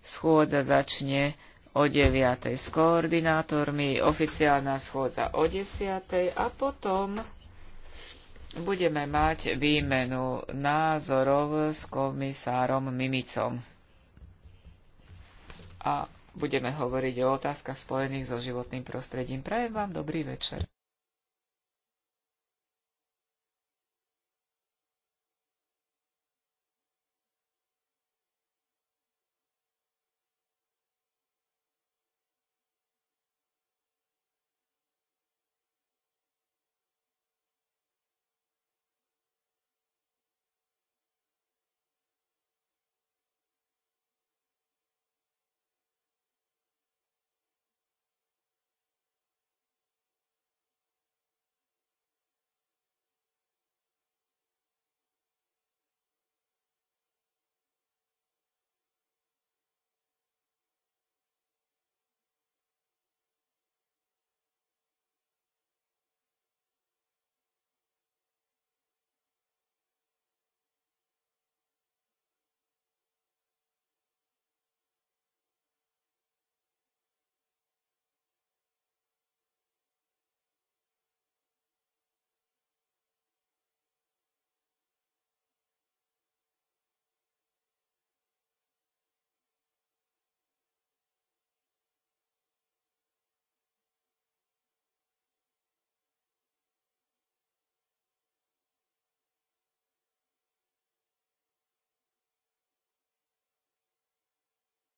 schôdza začne o 9. s koordinátormi, oficiálna schôdza o 10. a potom budeme mať výmenu názorov s komisárom Mimicom. A budeme hovoriť o otázkach spojených so životným prostredím. Prajem vám dobrý večer.